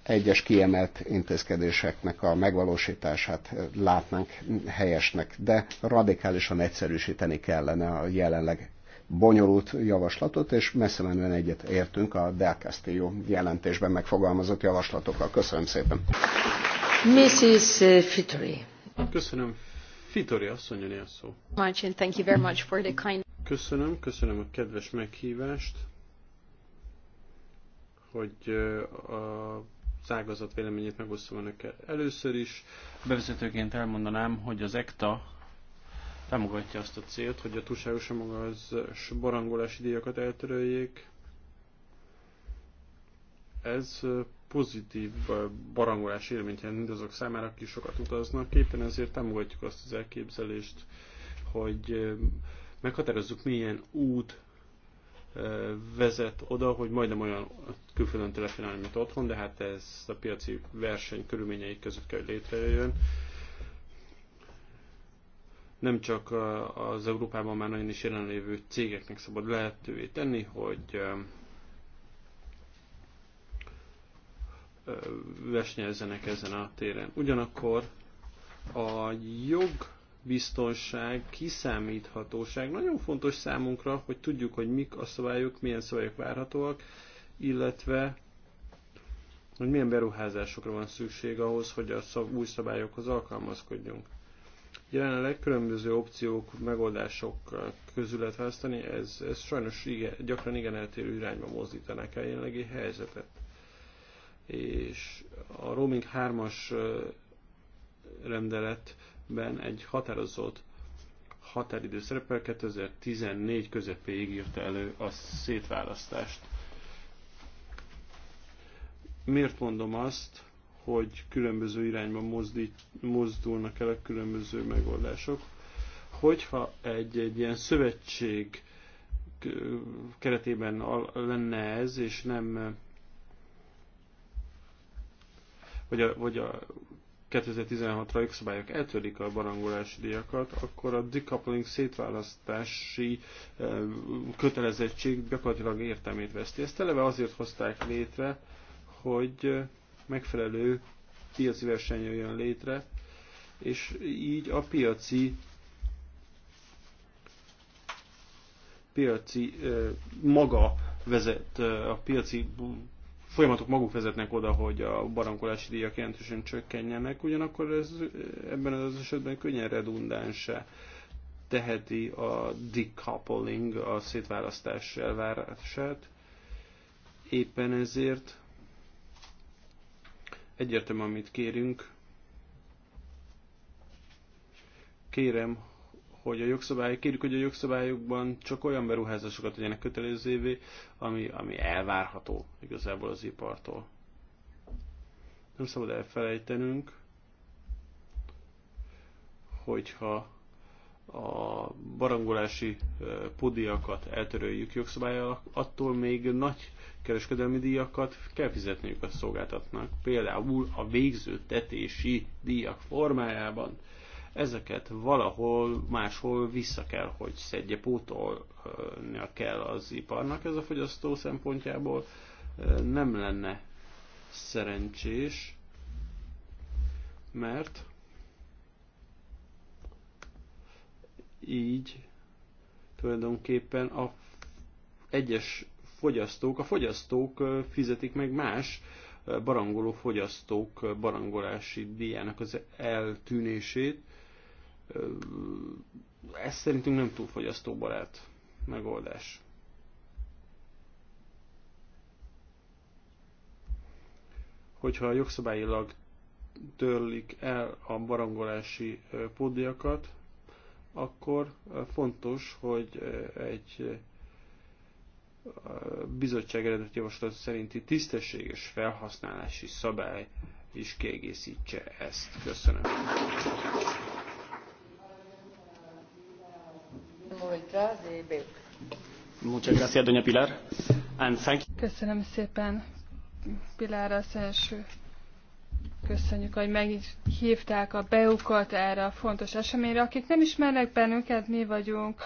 egyes kiemelt intézkedéseknek a megvalósítását látnánk helyesnek, de radikálisan egyszerűsíteni kellene a jelenleg bonyolult javaslatot, és messze menően egyet értünk a Del Castillo jelentésben megfogalmazott javaslatokkal. Köszönöm szépen. Mrs. Eh, Fitri. Köszönöm, Fitori asszony, a szó. thank you very much for the kind... Köszönöm, köszönöm a kedves meghívást, hogy a ágazat véleményét megosztom önökkel. Először is bevezetőként elmondanám, hogy az ECTA támogatja azt a célt, hogy a túlságosan az barangolási díjakat eltöröljék. Ez pozitív barangolás élményt jelent mindazok számára, akik sokat utaznak. Éppen ezért támogatjuk azt az elképzelést, hogy meghatározzuk, milyen út vezet oda, hogy majdnem olyan külföldön telefonálni, mint otthon, de hát ez a piaci verseny körülményei között kell, hogy létrejön. Nem csak az Európában már nagyon is jelenlévő cégeknek szabad lehetővé tenni, hogy versenyezzenek ezen a téren. Ugyanakkor a jogbiztonság, kiszámíthatóság nagyon fontos számunkra, hogy tudjuk, hogy mik a szabályok, milyen szabályok várhatóak, illetve hogy milyen beruházásokra van szükség ahhoz, hogy a szab, új szabályokhoz alkalmazkodjunk. Jelenleg különböző opciók, megoldások közül lehet választani, ez, ez sajnos igen, gyakran igen eltérő irányba mozdítanak el jelenlegi helyzetet és a roaming 3-as rendeletben egy határozott határidő szerepel 2014 közepéig írta elő a szétválasztást. Miért mondom azt, hogy különböző irányban mozdít, mozdulnak el a különböző megoldások? Hogyha egy, egy ilyen szövetség keretében lenne ez, és nem vagy a, vagy a 2016-ra jogszabályok eltörik a barangolási díjakat, akkor a decoupling szétválasztási eh, kötelezettség gyakorlatilag értelmét veszti. Ezt eleve azért hozták létre, hogy eh, megfelelő piaci verseny jöjjön létre, és így a piaci piaci eh, maga vezet, a piaci folyamatok maguk vezetnek oda, hogy a barankolási díjak jelentősen csökkenjenek, ugyanakkor ez ebben az esetben könnyen redundánsá teheti a decoupling, a szétválasztás elvárását. Éppen ezért egyértelmű, amit kérünk, kérem, hogy a jogszabályok, kérjük, hogy a jogszabályokban csak olyan beruházásokat legyenek kötelezővé, ami, ami elvárható igazából az ipartól. Nem szabad elfelejtenünk, hogyha a barangolási podiakat eltöröljük jogszabályal, attól még nagy kereskedelmi díjakat kell fizetniük a szolgáltatnak. Például a végző tetési díjak formájában ezeket valahol máshol vissza kell, hogy szedje, pótolnia kell az iparnak. Ez a fogyasztó szempontjából nem lenne szerencsés, mert így tulajdonképpen a egyes fogyasztók, a fogyasztók fizetik meg más barangoló fogyasztók barangolási díjának az eltűnését, ez szerintünk nem túl fogyasztóbarát megoldás. Hogyha jogszabályilag törlik el a barangolási pódiakat, akkor fontos, hogy egy bizottság eredeti javaslat szerinti tisztességes felhasználási szabály is kiegészítse ezt. Köszönöm. Köszönöm szépen, Pilar az első. Köszönjük, hogy meghívták a beukat erre a fontos eseményre. Akik nem ismernek bennünket, mi vagyunk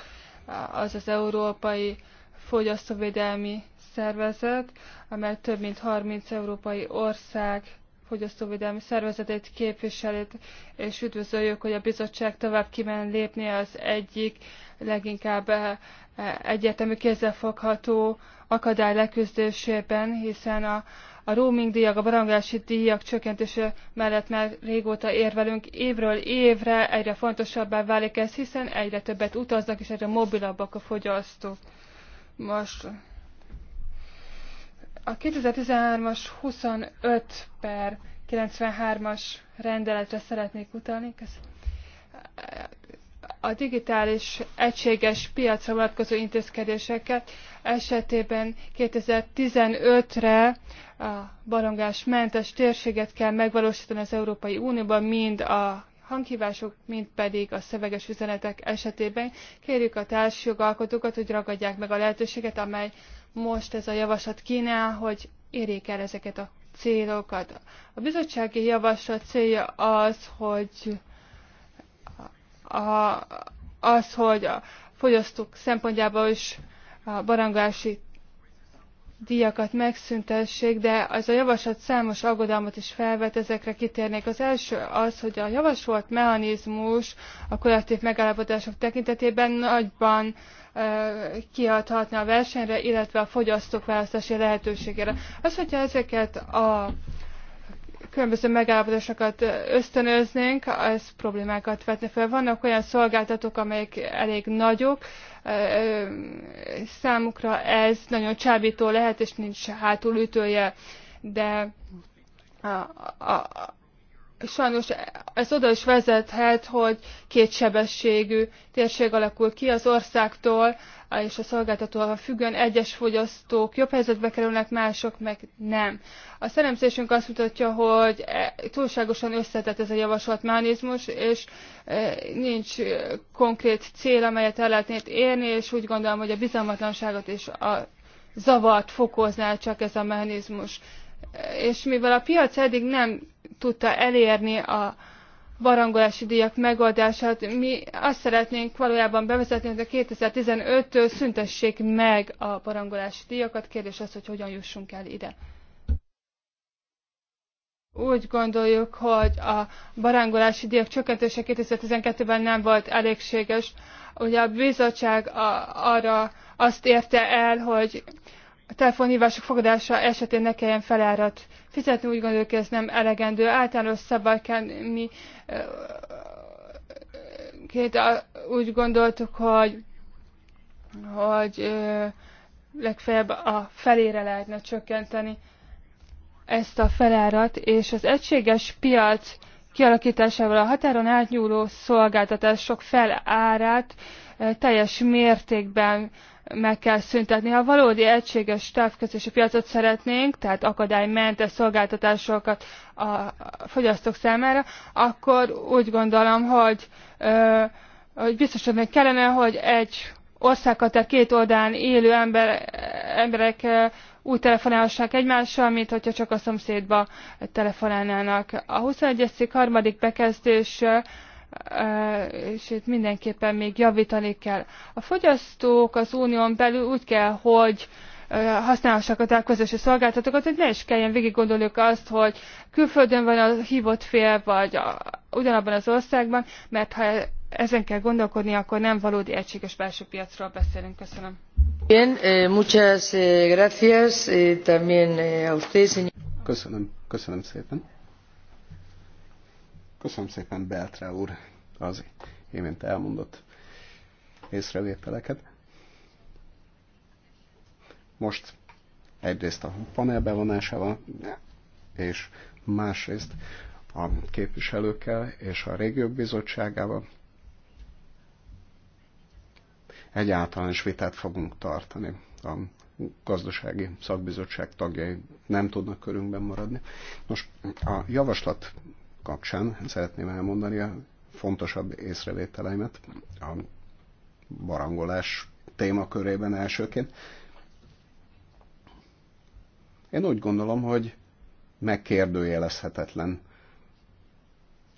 az az Európai Fogyasztóvédelmi Szervezet, amely több mint 30 európai ország fogyasztóvédelmi szervezetét képviselit, és üdvözöljük, hogy a bizottság tovább kimen lépni az egyik leginkább eh, egyetemű kézzelfogható akadály leküzdésében, hiszen a, a roaming díjak, a barangási díjak csökkentése mellett már régóta érvelünk. Évről évre egyre fontosabbá válik ez, hiszen egyre többet utaznak, és egyre mobilabbak a fogyasztók. Most a 2013-as 25 per 93-as rendeletre szeretnék utalni. A digitális egységes piacra vonatkozó intézkedéseket esetében 2015-re a mentes térséget kell megvalósítani az Európai Unióban, mind a hanghívások, mint pedig a szöveges üzenetek esetében. Kérjük a társjogalkotókat, hogy ragadják meg a lehetőséget, amely most ez a javaslat kínál, hogy érjék el ezeket a célokat. A bizottsági javaslat célja az, hogy a, az, hogy a fogyasztók szempontjából is a barangási díjakat megszüntessék, de ez a javaslat számos aggodalmat is felvet, ezekre kitérnék. Az első az, hogy a javasolt mechanizmus a kollektív megállapodások tekintetében nagyban kiadhatna a versenyre, illetve a fogyasztók választási lehetőségére. Az, hogyha ezeket a különböző megállapodásokat ösztönöznénk, ez problémákat vetne fel. Vannak olyan szolgáltatók, amelyek elég nagyok, számukra ez nagyon csábító lehet, és nincs hátulütője, de a, a, sajnos ez oda is vezethet, hogy kétsebességű térség alakul ki az országtól, és a szolgáltatóval függően egyes fogyasztók jobb helyzetbe kerülnek, mások meg nem. A szeremzésünk azt mutatja, hogy e, túlságosan összetett ez a javasolt mechanizmus, és e, nincs konkrét cél, amelyet el lehetnéd érni, és úgy gondolom, hogy a bizalmatlanságot és a zavart fokozná csak ez a mechanizmus és mivel a piac eddig nem tudta elérni a barangolási díjak megoldását, mi azt szeretnénk valójában bevezetni, hogy a 2015-től szüntessék meg a barangolási díjakat. Kérdés az, hogy hogyan jussunk el ide úgy gondoljuk, hogy a barangolási díjak csökkentése 2012-ben nem volt elégséges. Ugye a bizottság a, arra azt érte el, hogy a telefonhívások fogadása esetén ne kelljen felárat fizetni, úgy gondoljuk, hogy ez nem elegendő. Általános szabály kell mi két, úgy gondoltuk, hogy, hogy legfeljebb a felére lehetne csökkenteni ezt a felárat, és az egységes piac kialakításával a határon átnyúló szolgáltatások felárát teljes mértékben meg kell szüntetni. Ha valódi egységes távközési piacot szeretnénk, tehát akadálymentes szolgáltatásokat a fogyasztók számára, akkor úgy gondolom, hogy, hogy biztosodni kellene, hogy egy országhatár két oldalán élő ember, emberek úgy telefonálhassák egymással, mint hogyha csak a szomszédba telefonálnának. A 21. harmadik bekezdés és itt mindenképpen még javítani kell. A fogyasztók az unión belül úgy kell, hogy használhassak a közös szolgáltatókat, hogy ne is kelljen végig gondoljuk azt, hogy külföldön van a hívott fél, vagy a, ugyanabban az országban, mert ha ezen kell gondolkodni, akkor nem valódi egységes belső piacról beszélünk. Köszönöm. Eh, eh, eh, köszönöm, köszönöm szépen. Köszönöm szépen Beltre úr az imént elmondott észrevételeket. Most egyrészt a panel bevonásával, és másrészt a képviselőkkel és a régiók bizottságával egy általános vitát fogunk tartani. A gazdasági szakbizottság tagjai nem tudnak körünkben maradni. Most a javaslat kapcsán szeretném elmondani a fontosabb észrevételeimet a barangolás témakörében elsőként. Én úgy gondolom, hogy megkérdőjelezhetetlen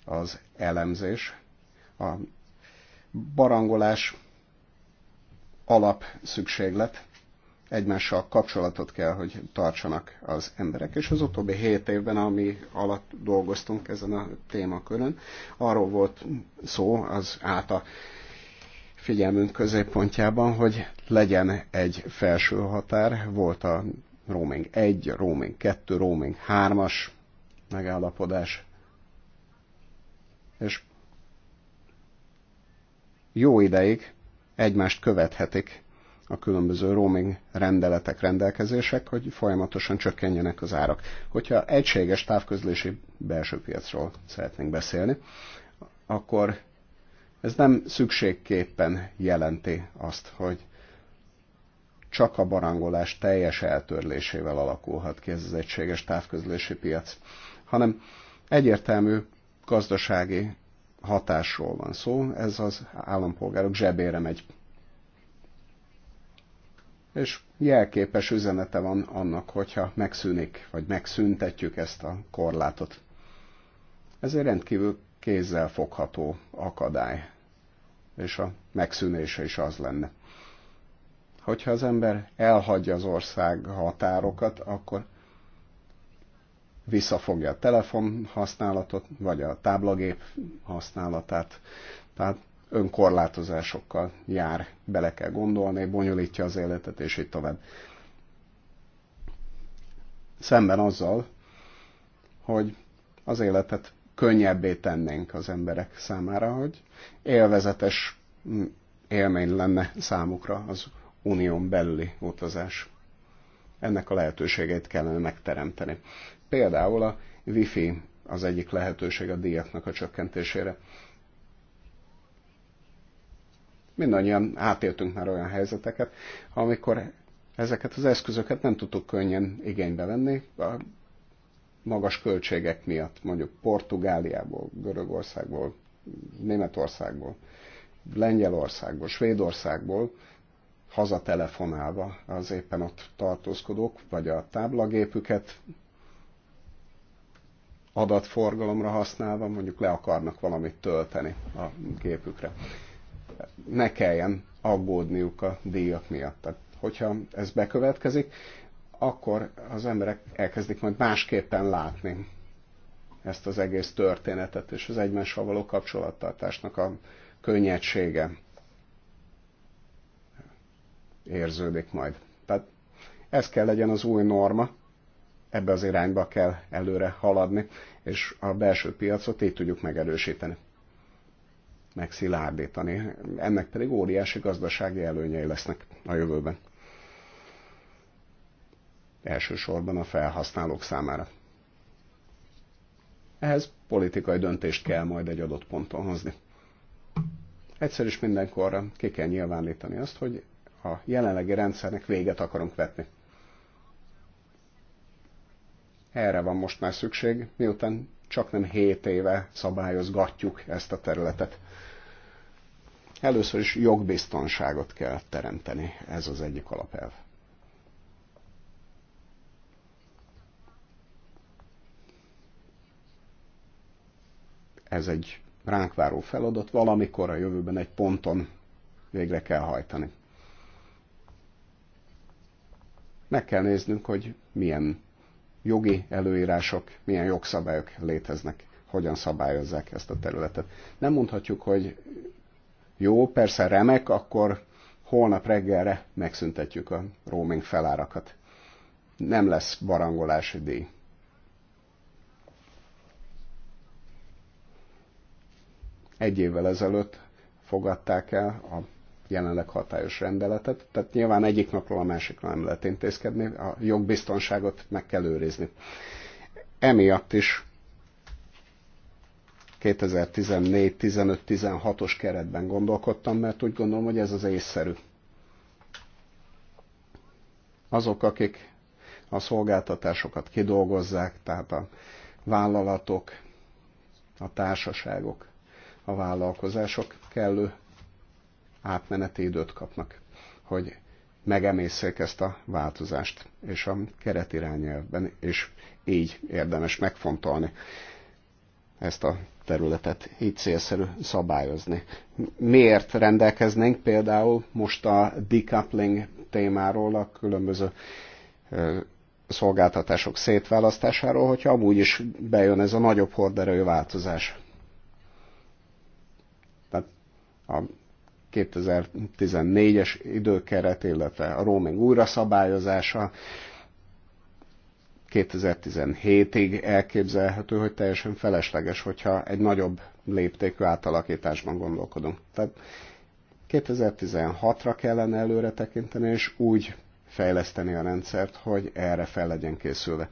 az elemzés. A barangolás alap szükséglet, egymással kapcsolatot kell, hogy tartsanak az emberek. És az utóbbi hét évben, ami alatt dolgoztunk ezen a témakörön, arról volt szó az által figyelmünk középpontjában, hogy legyen egy felső határ, volt a roaming 1, roaming 2, roaming 3-as megállapodás. És jó ideig egymást követhetik a különböző roaming rendeletek, rendelkezések, hogy folyamatosan csökkenjenek az árak. Hogyha egységes távközlési belső piacról szeretnénk beszélni, akkor ez nem szükségképpen jelenti azt, hogy csak a barangolás teljes eltörlésével alakulhat ki ez az egységes távközlési piac, hanem egyértelmű gazdasági hatásról van szó, ez az állampolgárok zsebére megy és jelképes üzenete van annak, hogyha megszűnik, vagy megszüntetjük ezt a korlátot. Ez egy rendkívül kézzel fogható akadály, és a megszűnése is az lenne. Hogyha az ember elhagyja az ország határokat, akkor visszafogja a telefon használatot, vagy a táblagép használatát. Tehát önkorlátozásokkal jár, bele kell gondolni, bonyolítja az életet, és így tovább. Szemben azzal, hogy az életet könnyebbé tennénk az emberek számára, hogy élvezetes élmény lenne számukra az unión belüli utazás. Ennek a lehetőségét kellene megteremteni. Például a wifi az egyik lehetőség a díjaknak a csökkentésére. Mindannyian átéltünk már olyan helyzeteket, amikor ezeket az eszközöket nem tudtuk könnyen igénybe venni a magas költségek miatt, mondjuk Portugáliából, Görögországból, Németországból, Lengyelországból, Svédországból hazatelefonálva az éppen ott tartózkodók, vagy a táblagépüket adatforgalomra használva, mondjuk le akarnak valamit tölteni a gépükre ne kelljen aggódniuk a díjak miatt. Tehát, hogyha ez bekövetkezik, akkor az emberek elkezdik majd másképpen látni ezt az egész történetet, és az egymással való kapcsolattartásnak a könnyedsége érződik majd. Tehát ez kell legyen az új norma, ebbe az irányba kell előre haladni, és a belső piacot így tudjuk megerősíteni megszilárdítani. Ennek pedig óriási gazdasági előnyei lesznek a jövőben. Elsősorban a felhasználók számára. Ehhez politikai döntést kell majd egy adott ponton hozni. Egyszer is mindenkorra ki kell nyilvánítani azt, hogy a jelenlegi rendszernek véget akarunk vetni. Erre van most már szükség, miután csak nem 7 éve szabályozgatjuk ezt a területet. Először is jogbiztonságot kell teremteni, ez az egyik alapelv. Ez egy ránk váró feladat, valamikor a jövőben egy ponton végre kell hajtani. Meg kell néznünk, hogy milyen jogi előírások, milyen jogszabályok léteznek, hogyan szabályozzák ezt a területet. Nem mondhatjuk, hogy jó, persze remek, akkor holnap reggelre megszüntetjük a roaming felárakat. Nem lesz barangolási díj. Egy évvel ezelőtt fogadták el a jelenleg hatályos rendeletet, tehát nyilván egyik napról a másikra nem lehet intézkedni, a jogbiztonságot meg kell őrizni. Emiatt is 2014-15-16-os keretben gondolkodtam, mert úgy gondolom, hogy ez az észszerű. Azok, akik a szolgáltatásokat kidolgozzák, tehát a vállalatok, a társaságok, a vállalkozások kellő átmeneti időt kapnak, hogy megemészszék ezt a változást, és a keretirányelvben és így érdemes megfontolni ezt a területet így célszerű szabályozni. Miért rendelkeznénk például most a decoupling témáról, a különböző szolgáltatások szétválasztásáról, hogyha amúgy is bejön ez a nagyobb horderő változás. Tehát a 2014-es időkeret, illetve a roaming újra szabályozása 2017-ig elképzelhető, hogy teljesen felesleges, hogyha egy nagyobb léptékű átalakításban gondolkodunk. Tehát 2016-ra kellene előre tekinteni, és úgy fejleszteni a rendszert, hogy erre fel legyen készülve.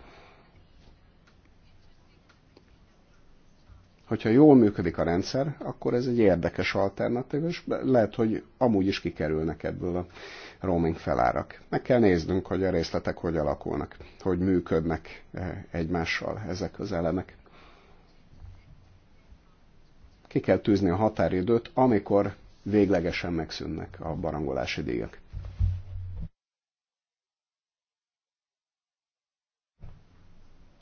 hogyha jól működik a rendszer, akkor ez egy érdekes alternatív, és lehet, hogy amúgy is kikerülnek ebből a roaming felárak. Meg kell néznünk, hogy a részletek hogy alakulnak, hogy működnek eh, egymással ezek az elemek. Ki kell tűzni a határidőt, amikor véglegesen megszűnnek a barangolási díjak.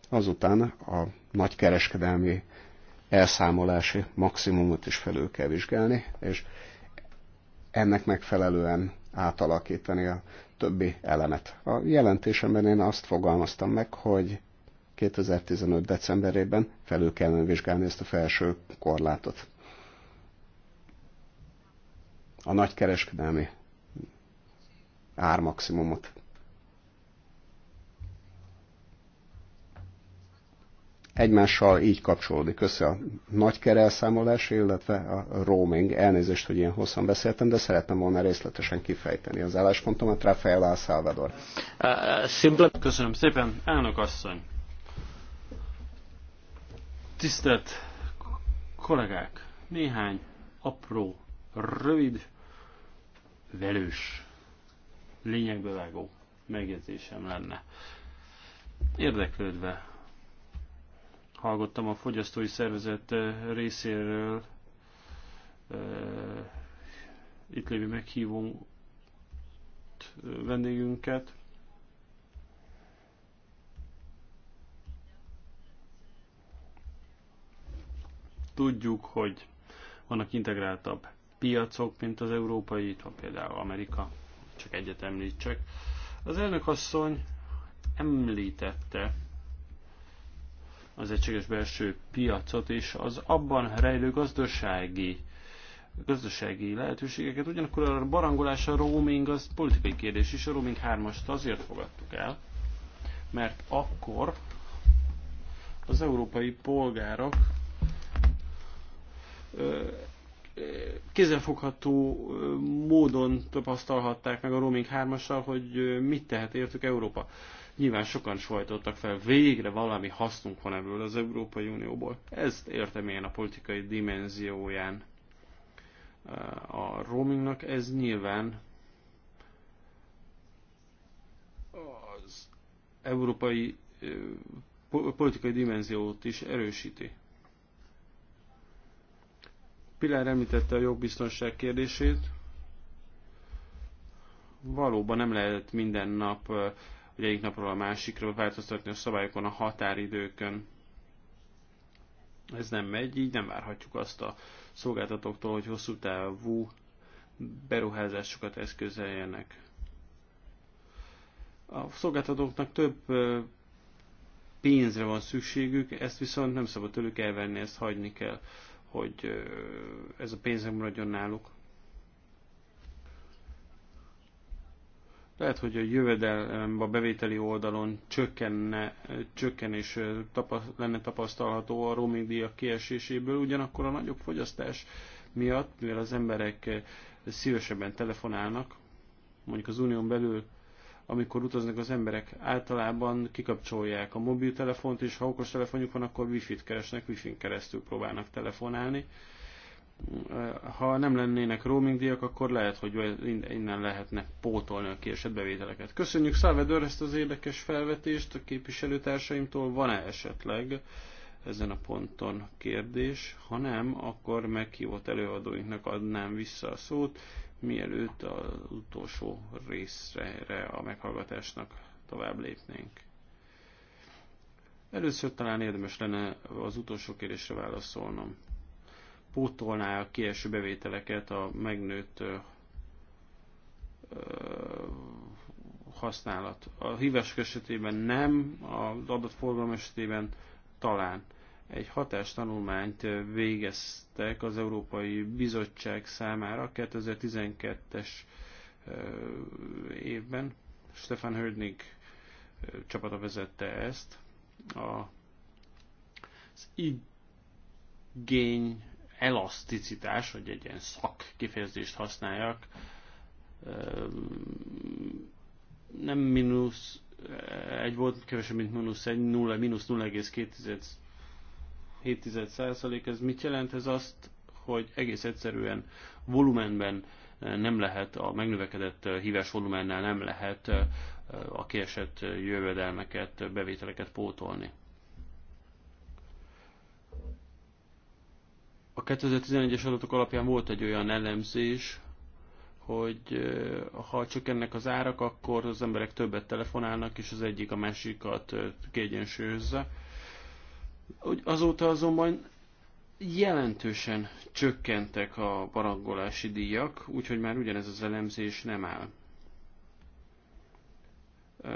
Azután a nagykereskedelmi elszámolási maximumot is felül kell vizsgálni, és ennek megfelelően átalakítani a többi elemet. A jelentésemben én azt fogalmaztam meg, hogy 2015. decemberében felül kellene vizsgálni ezt a felső korlátot. A nagykereskedelmi ármaximumot. egymással így kapcsolódik össze a nagy kerelszámolás, illetve a roaming. Elnézést, hogy ilyen hosszan beszéltem, de szerettem volna részletesen kifejteni az álláspontomat. Rafael Salvador. Köszönöm szépen, elnök asszony. Tisztelt kollégák, néhány apró, rövid, velős, lényegbevágó megjegyzésem lenne. Érdeklődve hallgattam a fogyasztói szervezet eh, részéről eh, itt lévő meghívó eh, vendégünket. Tudjuk, hogy vannak integráltabb piacok, mint az európai, itt van például Amerika, csak egyet említsek. Az elnök asszony említette az egységes belső piacot és az abban rejlő gazdasági gazdasági lehetőségeket. Ugyanakkor a barangolás, a roaming az politikai kérdés is. A roaming 3-ast azért fogadtuk el, mert akkor az európai polgárok kézzelfogható módon tapasztalhatták meg a roaming 3 hogy mit tehet értük Európa. Nyilván sokan sajtottak fel, végre valami hasznunk van ebből az Európai Unióból. Ezt értem én a politikai dimenzióján eh, a roamingnak. Ez nyilván az európai eh, politikai dimenziót is erősíti. Pilár említette a jogbiztonság kérdését. Valóban nem lehet minden nap eh, hogy egyik napról a másikra változtatni a szabályokon, a határidőkön. Ez nem megy, így nem várhatjuk azt a szolgáltatóktól, hogy hosszú távú beruházásokat eszközeljenek. A szolgáltatóknak több pénzre van szükségük, ezt viszont nem szabad tőlük elvenni, ezt hagyni kell, hogy ez a pénz maradjon náluk. Lehet, hogy a jövedelem a bevételi oldalon csökkenne, csökkenés tapaszt, lenne tapasztalható a roaming díjak kieséséből, ugyanakkor a nagyobb fogyasztás miatt, mivel az emberek szívesebben telefonálnak, mondjuk az unión belül, amikor utaznak az emberek, általában kikapcsolják a mobiltelefont, és ha okos telefonjuk van, akkor wifi-t keresnek, wifi-n keresztül próbálnak telefonálni ha nem lennének roaming díjak, akkor lehet, hogy innen lehetne pótolni a kiesett bevételeket. Köszönjük Salvador ezt az érdekes felvetést a képviselőtársaimtól. Van-e esetleg ezen a ponton kérdés? Ha nem, akkor meghívott előadóinknak adnám vissza a szót, mielőtt az utolsó részre a meghallgatásnak tovább lépnénk. Először talán érdemes lenne az utolsó kérdésre válaszolnom pótolná a kieső bevételeket a megnőtt használat. A hívások esetében nem, az adott forgalom esetében talán. Egy hatástanulmányt végeztek az Európai Bizottság számára 2012-es évben. Stefan Hördnig csapata vezette ezt. A, az igény elaszticitás, hogy egy ilyen szak kifejezést használjak, nem mínusz eh, egy volt, kevesebb, mint mínusz egy, nulla, mínusz 0,7 százalék. Ez mit jelent? Ez azt, hogy egész egyszerűen volumenben eh, nem lehet, a megnövekedett eh, hívás volumennel nem lehet a kiesett jövedelmeket, bevételeket pótolni. A 2011-es adatok alapján volt egy olyan elemzés, hogy ha csökkennek az árak, akkor az emberek többet telefonálnak, és az egyik a másikat kiegyensúlyozza. Azóta azonban jelentősen csökkentek a barangolási díjak, úgyhogy már ugyanez az elemzés nem áll.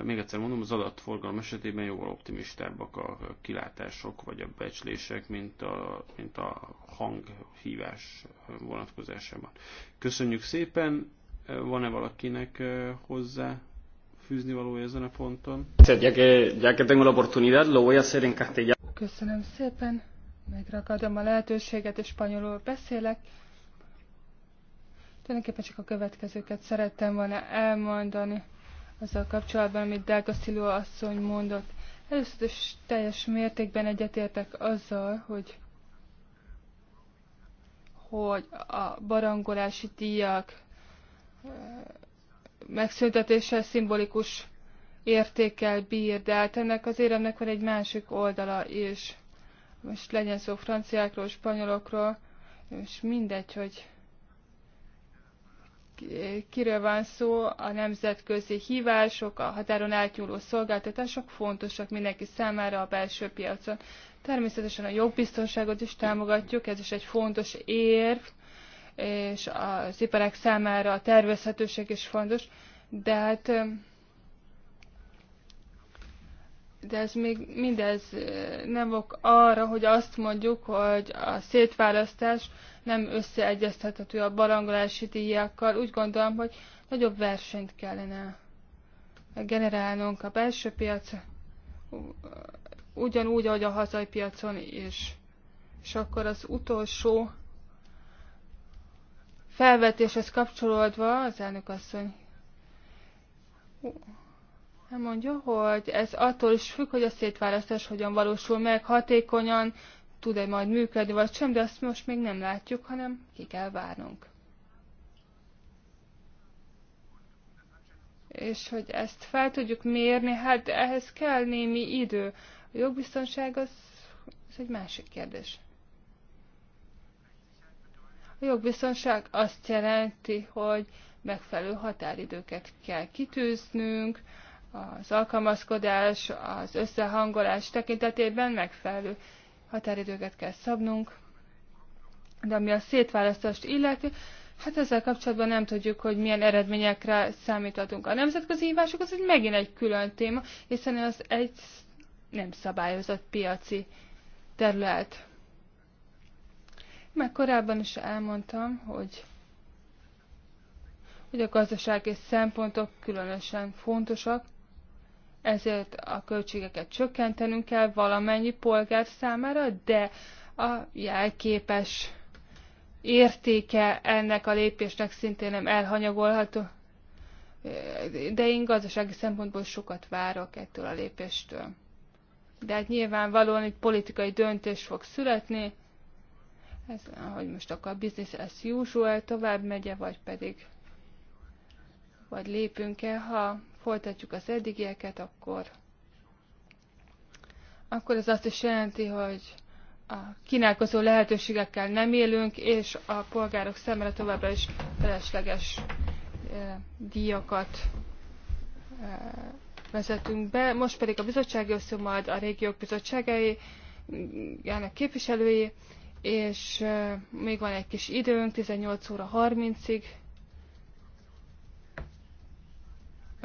Még egyszer mondom, az adatforgalom esetében jóval optimistábbak a kilátások vagy a becslések, mint a, mint a hanghívás vonatkozásában. Köszönjük szépen! Van-e valakinek eh, hozzá fűzni valója ezen a ponton? Köszönöm szépen! Megragadom a lehetőséget, és spanyolul beszélek. Tulajdonképpen csak a következőket szerettem volna elmondani azzal kapcsolatban, amit Delga Sziló asszony mondott. Először is teljes mértékben egyetértek azzal, hogy hogy a barangolási díjak megszüntetése szimbolikus értékkel bír, de hát ennek az éremnek van egy másik oldala is. Most legyen szó franciákról, spanyolokról, és mindegy, hogy kiről van szó, a nemzetközi hívások, a határon átnyúló szolgáltatások fontosak mindenki számára a belső piacon. Természetesen a jogbiztonságot is támogatjuk, ez is egy fontos érv, és az iparák számára a tervezhetőség is fontos, de hát de ez még mindez nem ok arra, hogy azt mondjuk, hogy a szétválasztás nem összeegyeztethető a barangolási díjakkal. Úgy gondolom, hogy nagyobb versenyt kellene generálnunk a belső piac, ugyanúgy, ahogy a hazai piacon is. És akkor az utolsó felvetéshez kapcsolódva az elnök asszony nem mondja, hogy ez attól is függ, hogy a szétválasztás hogyan valósul meg, hatékonyan tud-e majd működni, vagy sem, de azt most még nem látjuk, hanem ki kell várnunk. És hogy ezt fel tudjuk mérni, hát ehhez kell némi idő. A jogbiztonság az, az egy másik kérdés. A jogbiztonság azt jelenti, hogy megfelelő határidőket kell kitűznünk, az alkalmazkodás, az összehangolás tekintetében megfelelő határidőket kell szabnunk, de ami a szétválasztást illeti, hát ezzel kapcsolatban nem tudjuk, hogy milyen eredményekre számíthatunk. A nemzetközi hívások az egy megint egy külön téma, hiszen az egy nem szabályozott piaci terület. Meg korábban is elmondtam, hogy, hogy a gazdasági szempontok különösen fontosak, ezért a költségeket csökkentenünk kell valamennyi polgár számára, de a jelképes értéke ennek a lépésnek szintén nem elhanyagolható. De én gazdasági szempontból sokat várok ettől a lépéstől. De hát nyilvánvalóan egy politikai döntés fog születni, ez, hogy most akkor a business as usual tovább megye, vagy pedig vagy lépünk-e, ha folytatjuk az eddigieket, akkor, akkor ez azt is jelenti, hogy a kínálkozó lehetőségekkel nem élünk, és a polgárok szemre továbbra is felesleges díjakat vezetünk be. Most pedig a bizottsági osztó, majd a régiók bizottságai, jelnek képviselői, és még van egy kis időnk, 18 óra 30-ig,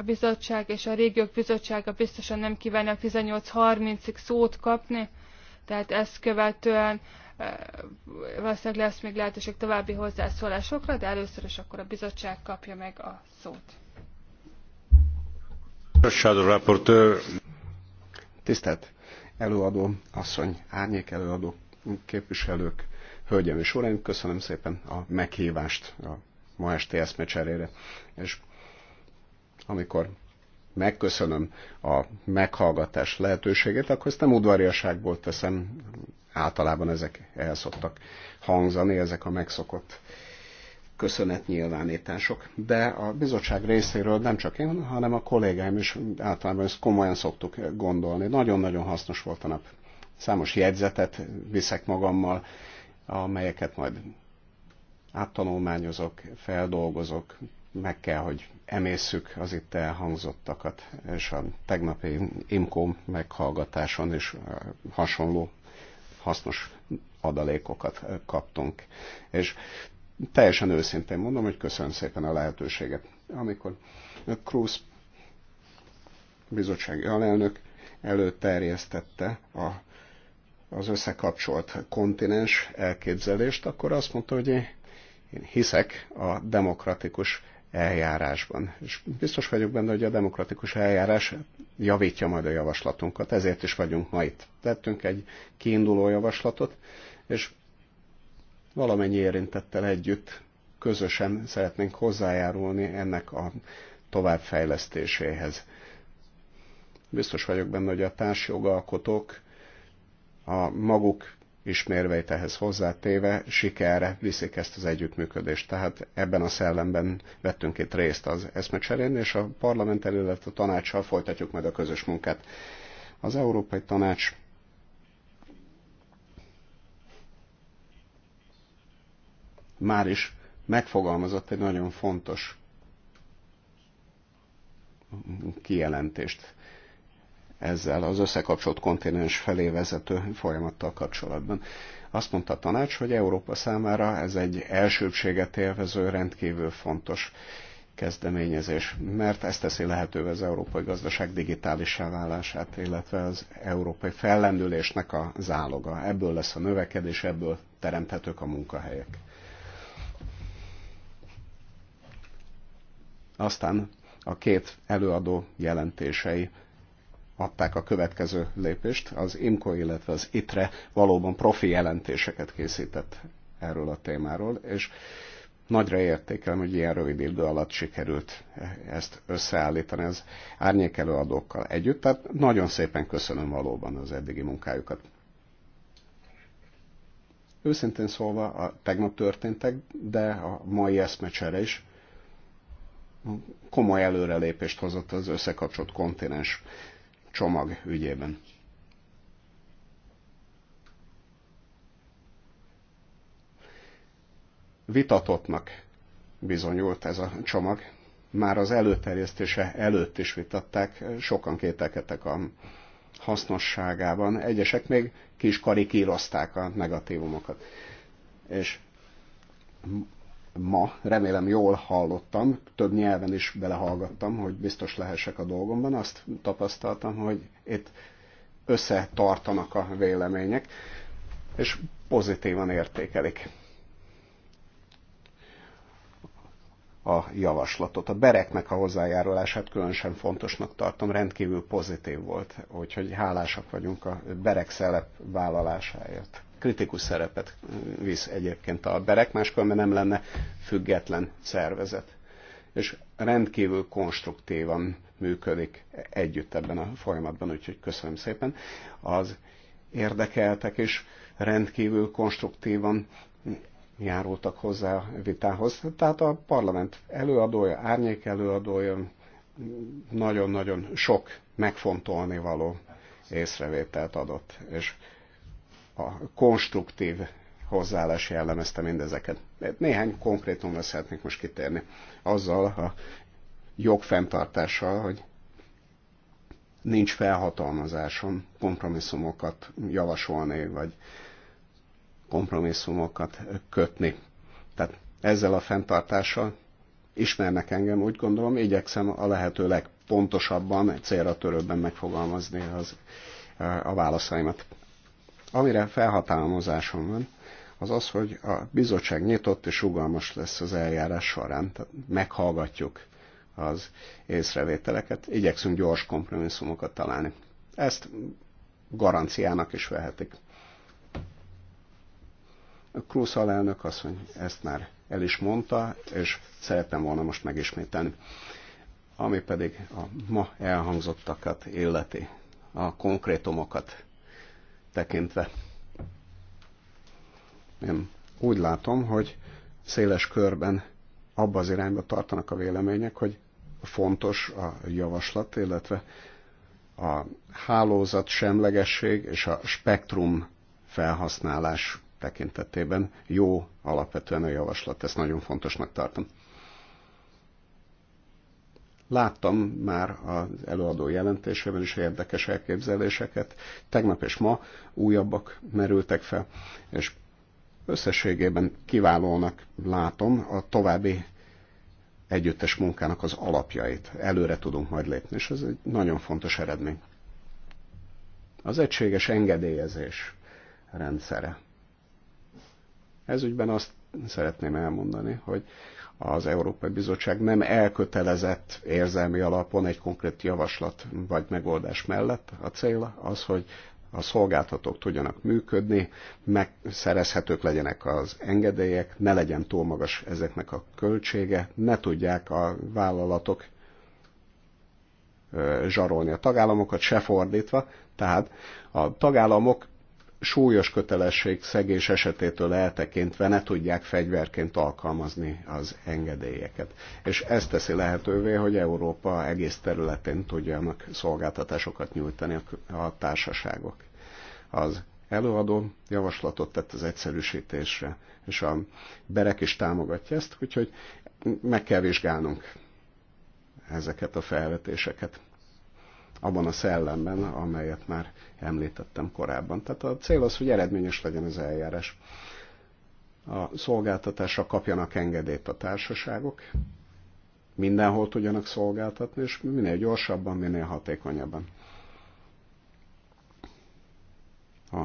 a bizottság és a régiók bizottsága biztosan nem kívánnak 18.30-ig szót kapni, tehát ezt követően e, valószínűleg lesz még lehetőség további hozzászólásokra, de először is akkor a bizottság kapja meg a szót. Tisztelt előadó, asszony, árnyék előadó, képviselők, hölgyem és uraim, köszönöm szépen a meghívást a ma esti eszmecserére, és amikor megköszönöm a meghallgatás lehetőségét, akkor ezt nem udvariaságból teszem, általában ezek el szoktak hangzani, ezek a megszokott köszönetnyilvánítások. De a bizottság részéről nem csak én, hanem a kollégáim is általában ezt komolyan szoktuk gondolni. Nagyon-nagyon hasznos volt a nap. Számos jegyzetet viszek magammal, amelyeket majd áttanulmányozok, feldolgozok, meg kell, hogy emészszük az itt elhangzottakat, és a tegnapi imkó meghallgatáson is hasonló hasznos adalékokat kaptunk. És teljesen őszintén mondom, hogy köszönöm szépen a lehetőséget. Amikor Cruz bizottsági alelnök előterjesztette a, az összekapcsolt kontinens elképzelést, akkor azt mondta, hogy én hiszek a demokratikus eljárásban. És biztos vagyok benne, hogy a demokratikus eljárás javítja majd a javaslatunkat, ezért is vagyunk ma itt. Tettünk egy kiinduló javaslatot, és valamennyi érintettel együtt közösen szeretnénk hozzájárulni ennek a továbbfejlesztéséhez. Biztos vagyok benne, hogy a társjogalkotók a maguk ismérveit ehhez hozzátéve sikerre viszik ezt az együttműködést. Tehát ebben a szellemben vettünk itt részt az eszmecserén, és a parlament illetve a tanácssal folytatjuk meg a közös munkát. Az Európai Tanács már is megfogalmazott egy nagyon fontos kijelentést ezzel az összekapcsolt kontinens felé vezető folyamattal kapcsolatban. Azt mondta a tanács, hogy Európa számára ez egy elsőbséget élvező, rendkívül fontos kezdeményezés, mert ezt teszi lehetővé az európai gazdaság digitális válását, illetve az európai fellendülésnek a záloga. Ebből lesz a növekedés, ebből teremthetők a munkahelyek. Aztán a két előadó jelentései adták a következő lépést. Az IMCO, illetve az ITRE valóban profi jelentéseket készített erről a témáról, és nagyra értékelem, hogy ilyen rövid idő alatt sikerült ezt összeállítani az árnyékelő adókkal együtt. Tehát nagyon szépen köszönöm valóban az eddigi munkájukat. Őszintén szólva a tegnap történtek, de a mai eszmecsere is komoly előrelépést hozott az összekapcsolt kontinens csomag ügyében. Vitatottnak bizonyult ez a csomag. Már az előterjesztése előtt is vitatták, sokan kételkedtek a hasznosságában. Egyesek még kis karikírozták a negatívumokat. És ma, remélem jól hallottam, több nyelven is belehallgattam, hogy biztos lehessek a dolgomban, azt tapasztaltam, hogy itt összetartanak a vélemények, és pozitívan értékelik a javaslatot. A bereknek a hozzájárulását különösen fontosnak tartom, rendkívül pozitív volt, úgyhogy hálásak vagyunk a berek szelep vállalásáért kritikus szerepet visz egyébként a berek, máskor, mert nem lenne független szervezet. És rendkívül konstruktívan működik együtt ebben a folyamatban, úgyhogy köszönöm szépen. Az érdekeltek és rendkívül konstruktívan járultak hozzá a vitához. Tehát a parlament előadója, árnyék előadója, nagyon-nagyon sok megfontolni való észrevételt adott, és a konstruktív hozzáállás jellemezte mindezeket. Néhány konkrétumra szeretnék most kitérni. Azzal a jogfenntartással, hogy nincs felhatalmazásom kompromisszumokat javasolni, vagy kompromisszumokat kötni. Tehát ezzel a fenntartással ismernek engem, úgy gondolom, igyekszem a lehető legpontosabban, célra törőbben megfogalmazni az, a válaszaimat. Amire felhatalmazásom van, az az, hogy a bizottság nyitott és rugalmas lesz az eljárás során, tehát meghallgatjuk az észrevételeket, igyekszünk gyors kompromisszumokat találni. Ezt garanciának is vehetik. A Krúz alelnök azt mondja, ezt már el is mondta, és szeretem volna most megismételni. Ami pedig a ma elhangzottakat illeti, a konkrétumokat tekintve. Én úgy látom, hogy széles körben abba az irányba tartanak a vélemények, hogy fontos a javaslat, illetve a hálózat semlegesség és a spektrum felhasználás tekintetében jó alapvetően a javaslat, ezt nagyon fontosnak tartom. Láttam már az előadó jelentésében is érdekes elképzeléseket. Tegnap és ma újabbak merültek fel, és összességében kiválónak látom a további együttes munkának az alapjait. Előre tudunk majd lépni, és ez egy nagyon fontos eredmény. Az egységes engedélyezés rendszere. Ez ügyben azt szeretném elmondani, hogy az Európai Bizottság nem elkötelezett érzelmi alapon egy konkrét javaslat vagy megoldás mellett. A cél az, hogy a szolgáltatók tudjanak működni, megszerezhetők legyenek az engedélyek, ne legyen túl magas ezeknek a költsége, ne tudják a vállalatok zsarolni a tagállamokat, se fordítva. Tehát a tagállamok súlyos kötelesség szegés esetétől eltekintve ne tudják fegyverként alkalmazni az engedélyeket. És ez teszi lehetővé, hogy Európa egész területén tudjanak szolgáltatásokat nyújtani a társaságok. Az előadó javaslatot tett az egyszerűsítésre, és a Berek is támogatja ezt, úgyhogy meg kell vizsgálnunk ezeket a felvetéseket abban a szellemben, amelyet már említettem korábban. Tehát a cél az, hogy eredményes legyen az eljárás. A szolgáltatásra kapjanak engedélyt a társaságok, mindenhol tudjanak szolgáltatni, és minél gyorsabban, minél hatékonyabban. A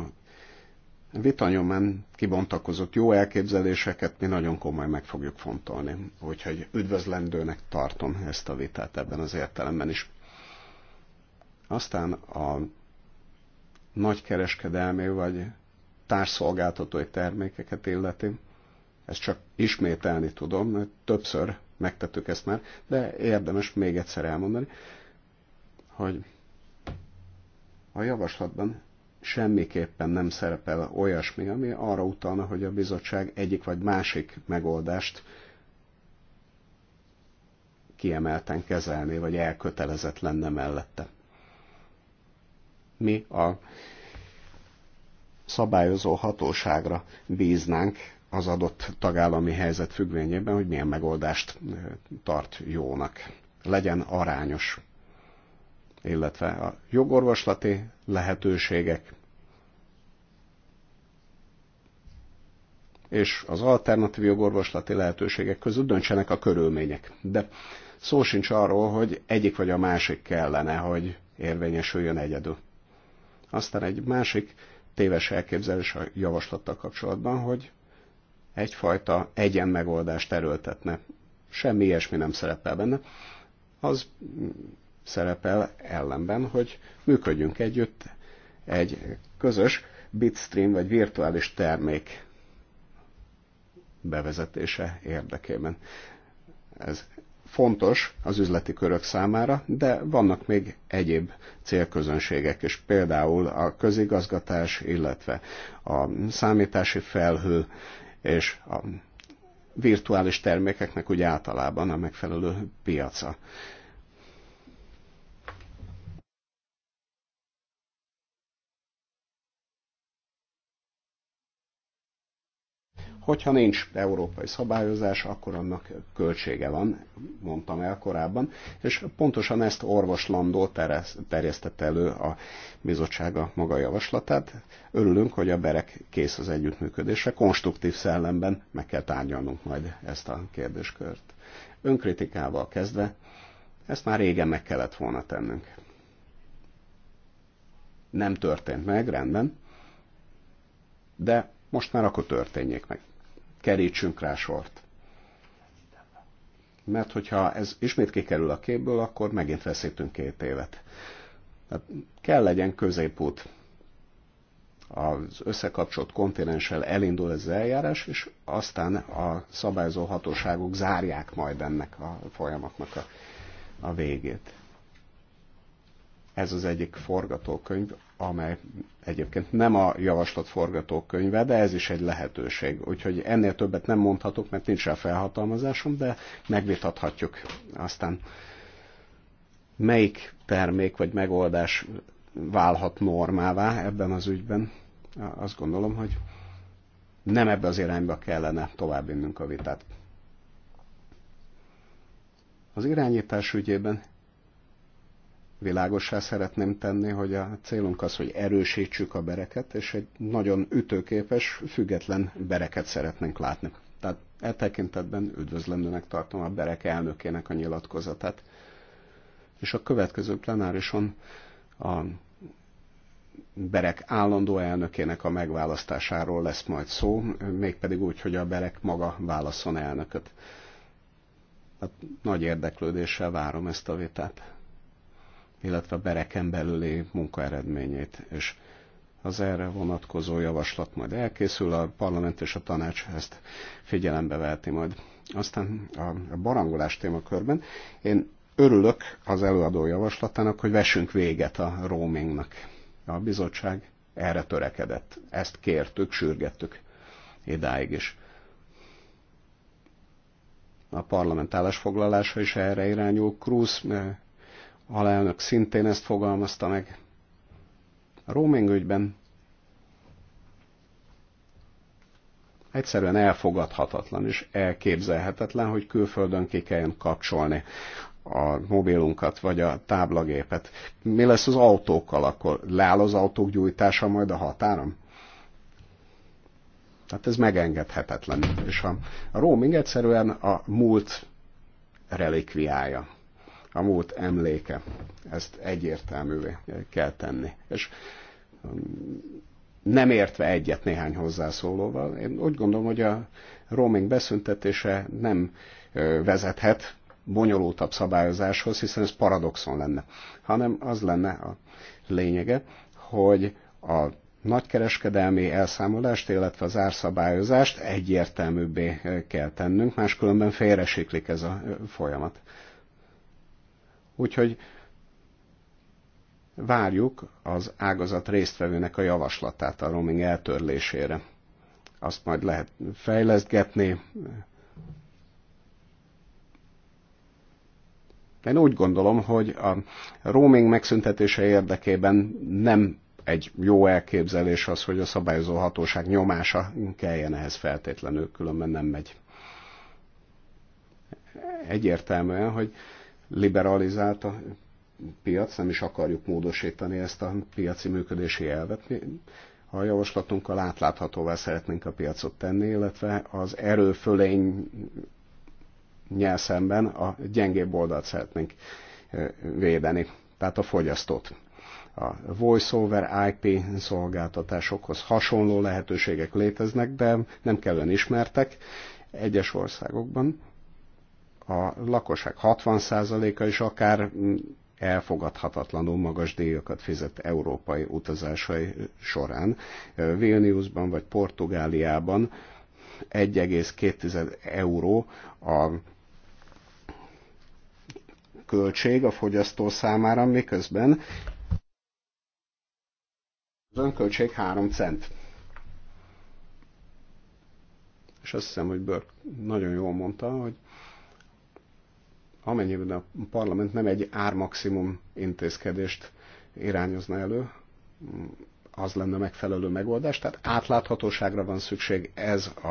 vitanyomán kibontakozott jó elképzeléseket mi nagyon komoly meg fogjuk fontolni. Úgyhogy üdvözlendőnek tartom ezt a vitát ebben az értelemben is. Aztán a nagykereskedelmi vagy társszolgáltatói termékeket illeti, ezt csak ismételni tudom, mert többször megtettük ezt már, de érdemes még egyszer elmondani, hogy a javaslatban semmiképpen nem szerepel olyasmi, ami arra utalna, hogy a bizottság egyik vagy másik megoldást kiemelten kezelni, vagy elkötelezett lenne mellette mi a szabályozó hatóságra bíznánk az adott tagállami helyzet függvényében, hogy milyen megoldást tart jónak. Legyen arányos, illetve a jogorvoslati lehetőségek és az alternatív jogorvoslati lehetőségek között döntsenek a körülmények. De szó sincs arról, hogy egyik vagy a másik kellene, hogy érvényesüljön egyedül. Aztán egy másik téves elképzelés a javaslattal kapcsolatban, hogy egyfajta egyen megoldást erőltetne. Semmi ilyesmi nem szerepel benne. Az szerepel ellenben, hogy működjünk együtt egy közös bitstream vagy virtuális termék bevezetése érdekében. Ez fontos az üzleti körök számára, de vannak még egyéb célközönségek is, például a közigazgatás, illetve a számítási felhő és a virtuális termékeknek úgy általában a megfelelő piaca Hogyha nincs európai szabályozás, akkor annak költsége van, mondtam el korábban, és pontosan ezt orvoslandó terjesztett elő a bizottsága maga javaslatát. Örülünk, hogy a berek kész az együttműködésre, konstruktív szellemben meg kell tárgyalnunk majd ezt a kérdéskört. Önkritikával kezdve, ezt már régen meg kellett volna tennünk. Nem történt meg, rendben, de most már akkor történjék meg kerítsünk rá sort. Mert hogyha ez ismét kikerül a képből, akkor megint veszítünk két évet. Tehát kell legyen középút. Az összekapcsolt kontinenssel elindul ez az eljárás, és aztán a szabályozó hatóságok zárják majd ennek a folyamatnak a, a végét. Ez az egyik forgatókönyv, amely egyébként nem a javaslat forgatókönyve, de ez is egy lehetőség. Úgyhogy ennél többet nem mondhatok, mert nincs el felhatalmazásom, de megvitathatjuk. Aztán melyik termék vagy megoldás válhat normává ebben az ügyben, azt gondolom, hogy nem ebbe az irányba kellene tovább a vitát. Az irányítás ügyében világosá szeretném tenni, hogy a célunk az, hogy erősítsük a bereket, és egy nagyon ütőképes, független bereket szeretnénk látni. Tehát e tekintetben üdvözlendőnek tartom a berek elnökének a nyilatkozatát. És a következő plenárison a Berek állandó elnökének a megválasztásáról lesz majd szó, mégpedig úgy, hogy a Berek maga válaszol elnököt. Hát nagy érdeklődéssel várom ezt a vitát illetve a bereken belüli munka eredményét. És az erre vonatkozó javaslat majd elkészül, a parlament és a tanács ezt figyelembe veheti majd. Aztán a barangolás témakörben én örülök az előadó javaslatának, hogy vessünk véget a roamingnak. A bizottság erre törekedett. Ezt kértük, sürgettük idáig is. A parlament állásfoglalása is erre irányul. Krusz eh, alelnök szintén ezt fogalmazta meg. A roaming ügyben egyszerűen elfogadhatatlan és elképzelhetetlen, hogy külföldön ki kelljen kapcsolni a mobilunkat, vagy a táblagépet. Mi lesz az autókkal? Akkor leáll az autók gyújtása majd a határon? Tehát ez megengedhetetlen. És a, a roaming egyszerűen a múlt relikviája a múlt emléke. Ezt egyértelművé kell tenni. És um, nem értve egyet néhány hozzászólóval, én úgy gondolom, hogy a roaming beszüntetése nem vezethet bonyolultabb szabályozáshoz, hiszen ez paradoxon lenne, hanem az lenne a lényege, hogy a nagykereskedelmi elszámolást, illetve az árszabályozást egyértelműbbé kell tennünk, máskülönben félresiklik ez a folyamat. Úgyhogy várjuk az ágazat résztvevőnek a javaslatát a roaming eltörlésére. Azt majd lehet fejleszgetni. Én úgy gondolom, hogy a roaming megszüntetése érdekében nem egy jó elképzelés az, hogy a szabályozó hatóság nyomása kelljen ehhez feltétlenül, különben nem megy. Egyértelműen, hogy liberalizált a piac, nem is akarjuk módosítani ezt a piaci működési elvet. a javaslatunkkal átláthatóvá szeretnénk a piacot tenni, illetve az erőfölény nyel szemben a gyengébb oldalt szeretnénk védeni, tehát a fogyasztót. A voiceover IP szolgáltatásokhoz hasonló lehetőségek léteznek, de nem kellően ismertek egyes országokban a lakosság 60%-a is akár elfogadhatatlanul magas díjakat fizet európai utazásai során. Vilniusban vagy Portugáliában 1,2 euró a költség a fogyasztó számára, miközben az önköltség 3 cent. És azt hiszem, hogy Börk nagyon jól mondta, hogy amennyiben a parlament nem egy ármaximum intézkedést irányozna elő, az lenne megfelelő megoldás. Tehát átláthatóságra van szükség, ez a,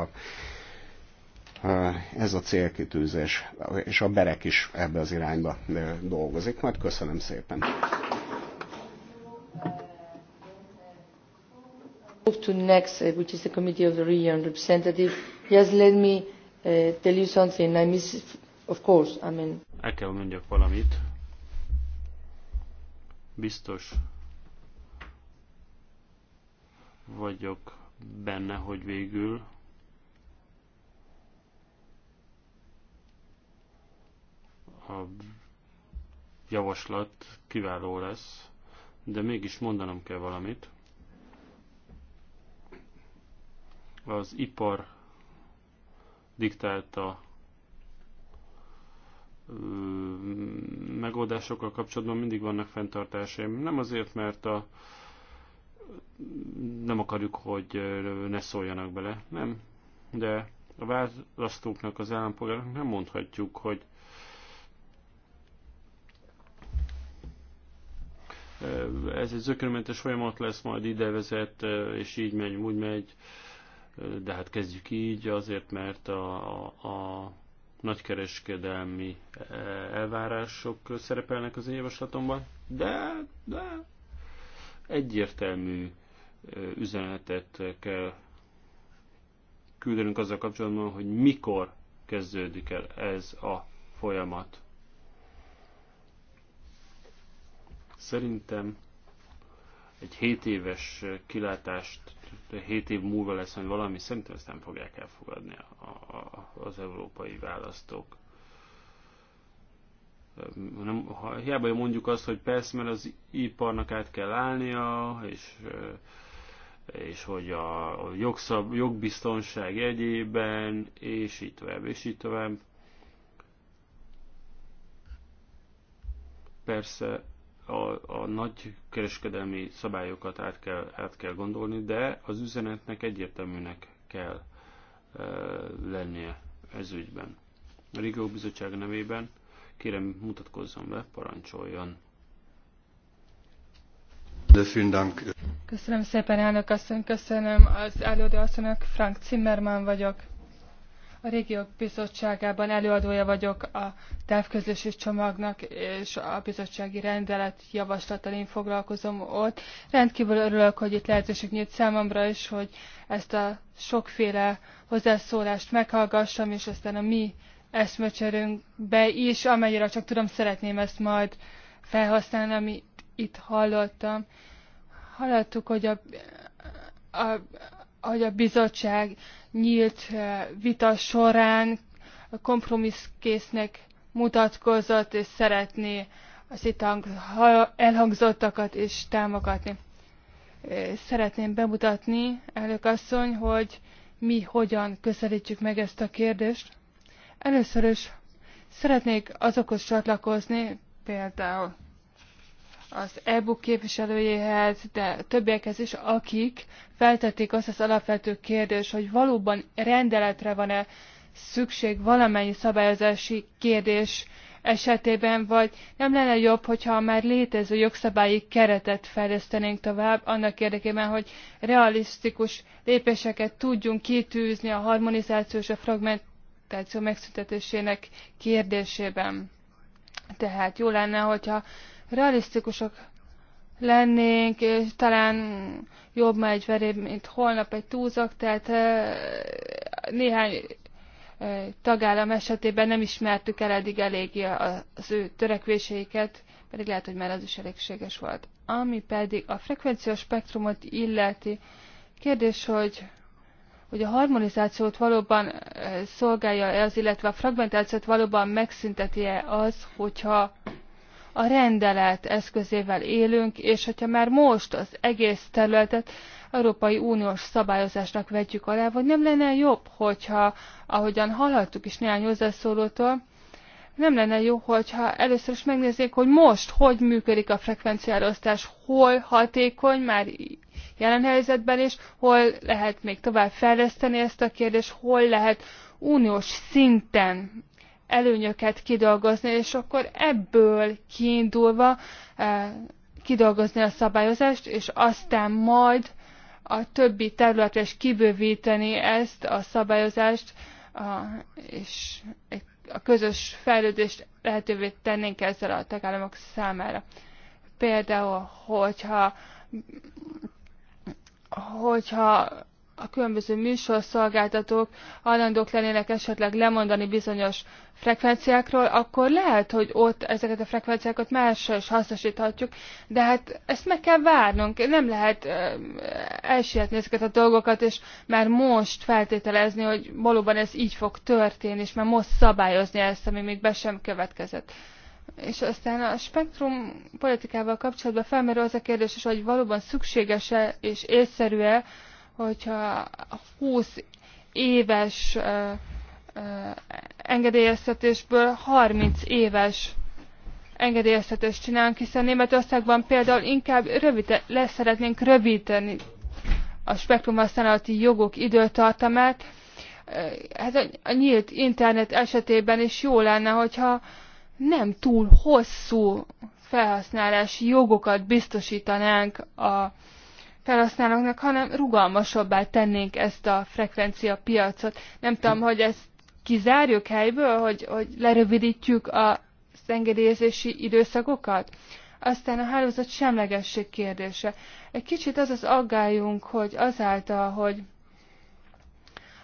ez a célkitűzés, és a berek is ebbe az irányba dolgozik. Majd köszönöm szépen. Move to next, uh, which is the Committee of the Region Representative. Just let me uh, tell you something. I miss Of course, I mean... El kell mondjak valamit. Biztos vagyok benne, hogy végül a javaslat kiváló lesz, de mégis mondanom kell valamit. Az ipar diktálta megoldásokkal kapcsolatban mindig vannak fenntartásaim. Nem azért, mert a, nem akarjuk, hogy ne szóljanak bele, nem. De a választóknak, az állampolgárnak nem mondhatjuk, hogy ez egy zökönmentes folyamat lesz, majd ide vezet, és így megy, úgy megy, de hát kezdjük így, azért mert a, a, a nagykereskedelmi eh, elvárások szerepelnek az én javaslatomban, de, de egyértelmű eh, üzenetet kell küldenünk azzal kapcsolatban, hogy mikor kezdődik el ez a folyamat. Szerintem egy 7 éves kilátást 7 év múlva lesz, hogy valami, szerintem ezt nem fogják elfogadni a, a, az európai választók. Nem, ha, hiába mondjuk azt, hogy persze, mert az iparnak át kell állnia, és, és hogy a jogszab, jogbiztonság egyében, és így tovább, és így tovább. Persze a, a nagy kereskedelmi szabályokat át kell, át kell gondolni, de az üzenetnek egyértelműnek kell e, lennie ez ügyben. A Rigó Bizottság nevében kérem mutatkozzon be, parancsoljon. Köszönöm szépen, elnök asszony, köszönöm az előadó asszonynak, Frank Zimmermann vagyok a Régiók Bizottságában előadója vagyok a távközlési csomagnak, és a bizottsági rendelet javaslattal én foglalkozom ott. Rendkívül örülök, hogy itt lehetőség nyílt számomra is, hogy ezt a sokféle hozzászólást meghallgassam, és aztán a mi eszmecserünkbe is, amennyire csak tudom, szeretném ezt majd felhasználni, amit itt hallottam. Hallottuk, hogy a, a, hogy a bizottság nyílt eh, vita során kompromisszkésznek mutatkozott, és szeretné az itt elhangzottakat is támogatni. Eh, szeretném bemutatni, elnök asszony, hogy mi hogyan közelítjük meg ezt a kérdést. Először is szeretnék azokhoz csatlakozni, például az EBU képviselőjéhez, de többiekhez is, akik feltették azt az alapvető kérdést, hogy valóban rendeletre van-e szükség valamennyi szabályozási kérdés esetében, vagy nem lenne jobb, hogyha már létező jogszabályi keretet fejlesztenénk tovább, annak érdekében, hogy realisztikus lépéseket tudjunk kitűzni a harmonizáció és a fragmentáció megszüntetésének kérdésében. Tehát jó lenne, hogyha realisztikusak lennénk, és talán jobb ma egy veré, mint holnap egy túzak, tehát néhány tagállam esetében nem ismertük el eddig eléggé az ő törekvéseiket, pedig lehet, hogy már az is elégséges volt. Ami pedig a frekvenciós spektrumot illeti, kérdés, hogy hogy a harmonizációt valóban szolgálja-e az, illetve a fragmentációt valóban megszünteti-e az, hogyha a rendelet eszközével élünk, és hogyha már most az egész területet Európai Uniós szabályozásnak vetjük alá, vagy nem lenne jobb, hogyha, ahogyan hallhattuk is néhány hozzászólótól, nem lenne jó, hogyha először is megnéznék, hogy most hogy működik a frekvenciálosztás, hol hatékony már jelen helyzetben is, hol lehet még tovább fejleszteni ezt a kérdést, hol lehet uniós szinten előnyöket kidolgozni, és akkor ebből kiindulva eh, kidolgozni a szabályozást, és aztán majd a többi területre is kibővíteni ezt a szabályozást, a, és a közös fejlődést lehetővé tennénk ezzel a tagállamok számára. Például, hogyha hogyha a különböző műsorszolgáltatók hajlandók lennének esetleg lemondani bizonyos frekvenciákról, akkor lehet, hogy ott ezeket a frekvenciákat másra is hasznosíthatjuk, de hát ezt meg kell várnunk, nem lehet elsietni ezeket a dolgokat, és már most feltételezni, hogy valóban ez így fog történni, és már most szabályozni ezt, ami még be sem következett. És aztán a spektrum politikával kapcsolatban felmerül az a kérdés hogy valóban szükséges-e és észszerű-e, hogyha 20 éves engedélyeztetésből 30 éves engedélyeztetést csinálunk, hiszen Németországban például inkább rövid, leszeretnénk rövidíteni a spektrumhasználati jogok időtartamát. Hát a nyílt internet esetében is jó lenne, hogyha nem túl hosszú felhasználási jogokat biztosítanánk a felhasználóknak, hanem rugalmasabbá tennénk ezt a frekvencia piacot. Nem tudom, hogy ezt kizárjuk helyből, hogy, hogy lerövidítjük a engedélyezési időszakokat. Aztán a hálózat semlegesség kérdése. Egy kicsit az az aggályunk, hogy azáltal, hogy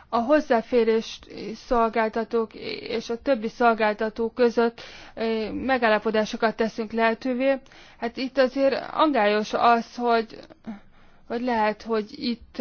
a hozzáférést szolgáltatók és a többi szolgáltató között eh, megállapodásokat teszünk lehetővé. Hát itt azért angályos az, hogy vagy lehet, hogy itt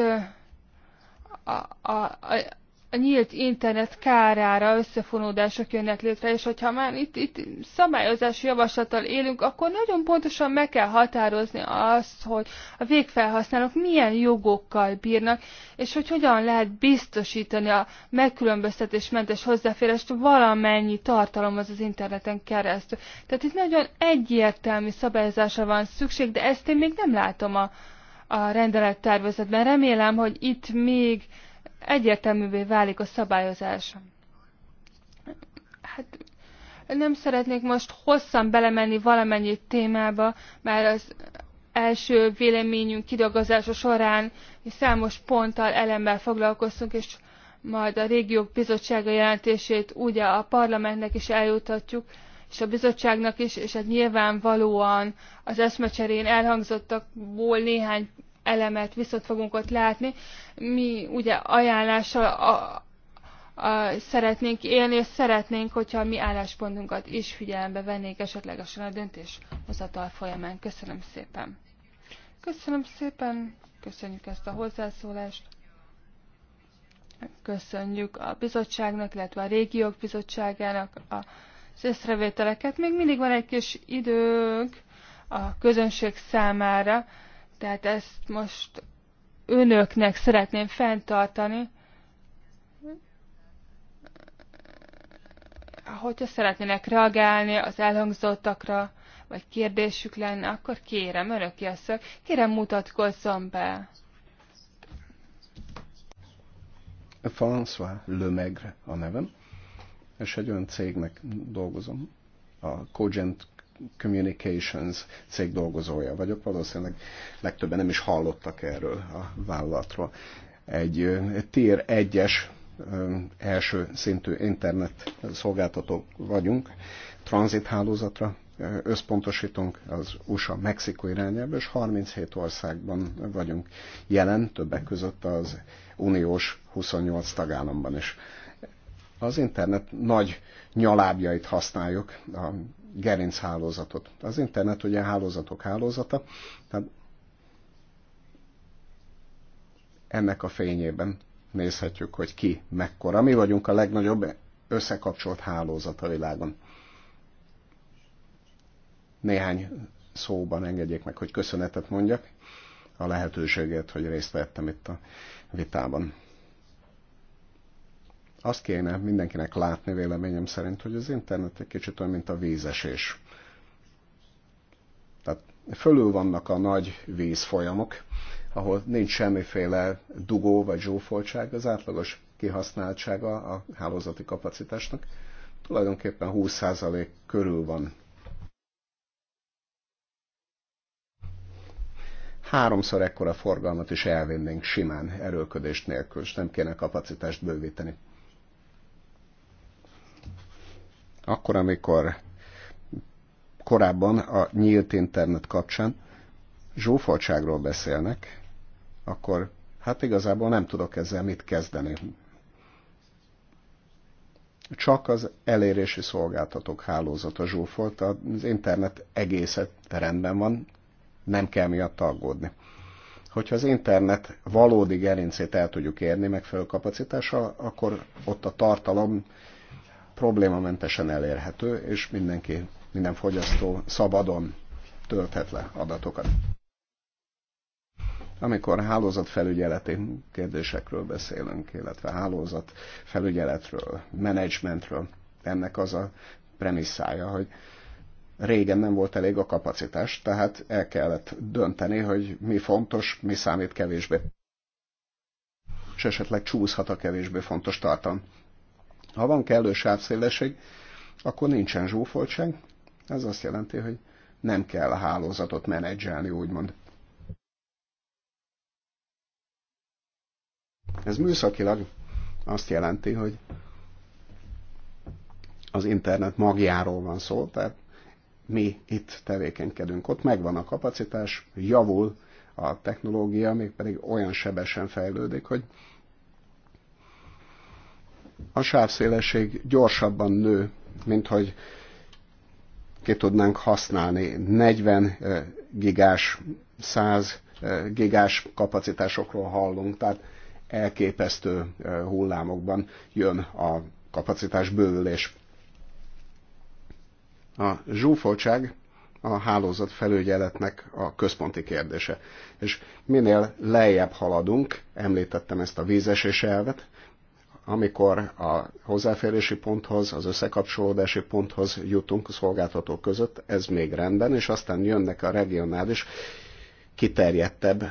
a, a, a, a nyílt internet kárára összefonódások jönnek létre, és hogyha már itt, itt szabályozási javaslattal élünk, akkor nagyon pontosan meg kell határozni azt, hogy a végfelhasználók milyen jogokkal bírnak, és hogy hogyan lehet biztosítani a megkülönböztetésmentes hozzáférést valamennyi tartalomhoz az interneten keresztül. Tehát itt nagyon egyértelmű szabályozásra van szükség, de ezt én még nem látom a, a rendelettervezetben. Remélem, hogy itt még egyértelművé válik a szabályozás. Hát nem szeretnék most hosszan belemenni valamennyi témába, mert az első véleményünk kidolgozása során számos ponttal, elemmel foglalkoztunk, és majd a régiók bizottsága jelentését ugye a parlamentnek is eljutatjuk és a bizottságnak is, és hát nyilvánvalóan az eszmecserén elhangzottakból néhány elemet viszont fogunk ott látni. Mi ugye ajánlással a, a, szeretnénk élni, és szeretnénk, hogyha a mi álláspontunkat is figyelembe vennék esetlegesen a döntéshozatal folyamán. Köszönöm szépen. Köszönöm szépen, köszönjük ezt a hozzászólást. Köszönjük a bizottságnak, illetve a régiók bizottságának a az észrevételeket. Még mindig van egy kis időnk a közönség számára, tehát ezt most önöknek szeretném fenntartani. Hogyha szeretnének reagálni az elhangzottakra, vagy kérdésük lenne, akkor kérem, önök jösszök, kérem mutatkozzon be. François Lemegre a nevem és egy olyan cégnek dolgozom, a Cogent Communications cég dolgozója vagyok, valószínűleg legtöbben nem is hallottak erről a vállalatról. Egy tier 1-es első szintű internet szolgáltató vagyunk, hálózatra összpontosítunk az USA Mexikó irányába, és 37 országban vagyunk jelen, többek között az uniós 28 tagállamban is. Az internet nagy nyalábjait használjuk, a gerinc hálózatot. Az internet ugye hálózatok hálózata, tehát ennek a fényében nézhetjük, hogy ki, mekkora. Mi vagyunk a legnagyobb összekapcsolt hálózat a világon. Néhány szóban engedjék meg, hogy köszönetet mondjak a lehetőséget, hogy részt vettem itt a vitában. Azt kéne mindenkinek látni véleményem szerint, hogy az internet egy kicsit olyan, mint a vízesés. Tehát fölül vannak a nagy vízfolyamok, ahol nincs semmiféle dugó vagy zsúfoltság, az átlagos kihasználtsága a hálózati kapacitásnak tulajdonképpen 20% körül van. Háromszor ekkora forgalmat is elvinnénk simán erőködést nélkül, és nem kéne kapacitást bővíteni. Akkor, amikor korábban a nyílt internet kapcsán zsúfoltságról beszélnek, akkor hát igazából nem tudok ezzel mit kezdeni. Csak az elérési szolgáltatók hálózata zsúfolt, az internet egészet rendben van, nem kell miatt aggódni. Hogyha az internet valódi gerincét el tudjuk érni megfelelő kapacitással, akkor ott a tartalom problémamentesen elérhető, és mindenki, minden fogyasztó szabadon tölthet le adatokat. Amikor hálózatfelügyeleti kérdésekről beszélünk, illetve hálózatfelügyeletről, menedzsmentről, ennek az a premisszája, hogy régen nem volt elég a kapacitás, tehát el kellett dönteni, hogy mi fontos, mi számít kevésbé. És esetleg csúszhat a kevésbé fontos tartalom. Ha van kellő sávszélesség, akkor nincsen zsúfoltság. Ez azt jelenti, hogy nem kell a hálózatot menedzselni, úgymond. Ez műszakilag azt jelenti, hogy az internet magjáról van szó, tehát mi itt tevékenykedünk. Ott megvan a kapacitás, javul a technológia, mégpedig olyan sebesen fejlődik, hogy a sávszélesség gyorsabban nő, mint hogy ki tudnánk használni 40 gigás, 100 gigás kapacitásokról hallunk, tehát elképesztő hullámokban jön a kapacitás bővülés. A zsúfoltság a hálózat felügyeletnek a központi kérdése. És minél lejjebb haladunk, említettem ezt a vízesés elvet, amikor a hozzáférési ponthoz, az összekapcsolódási ponthoz jutunk a szolgáltatók között, ez még rendben, és aztán jönnek a regionális, kiterjedtebb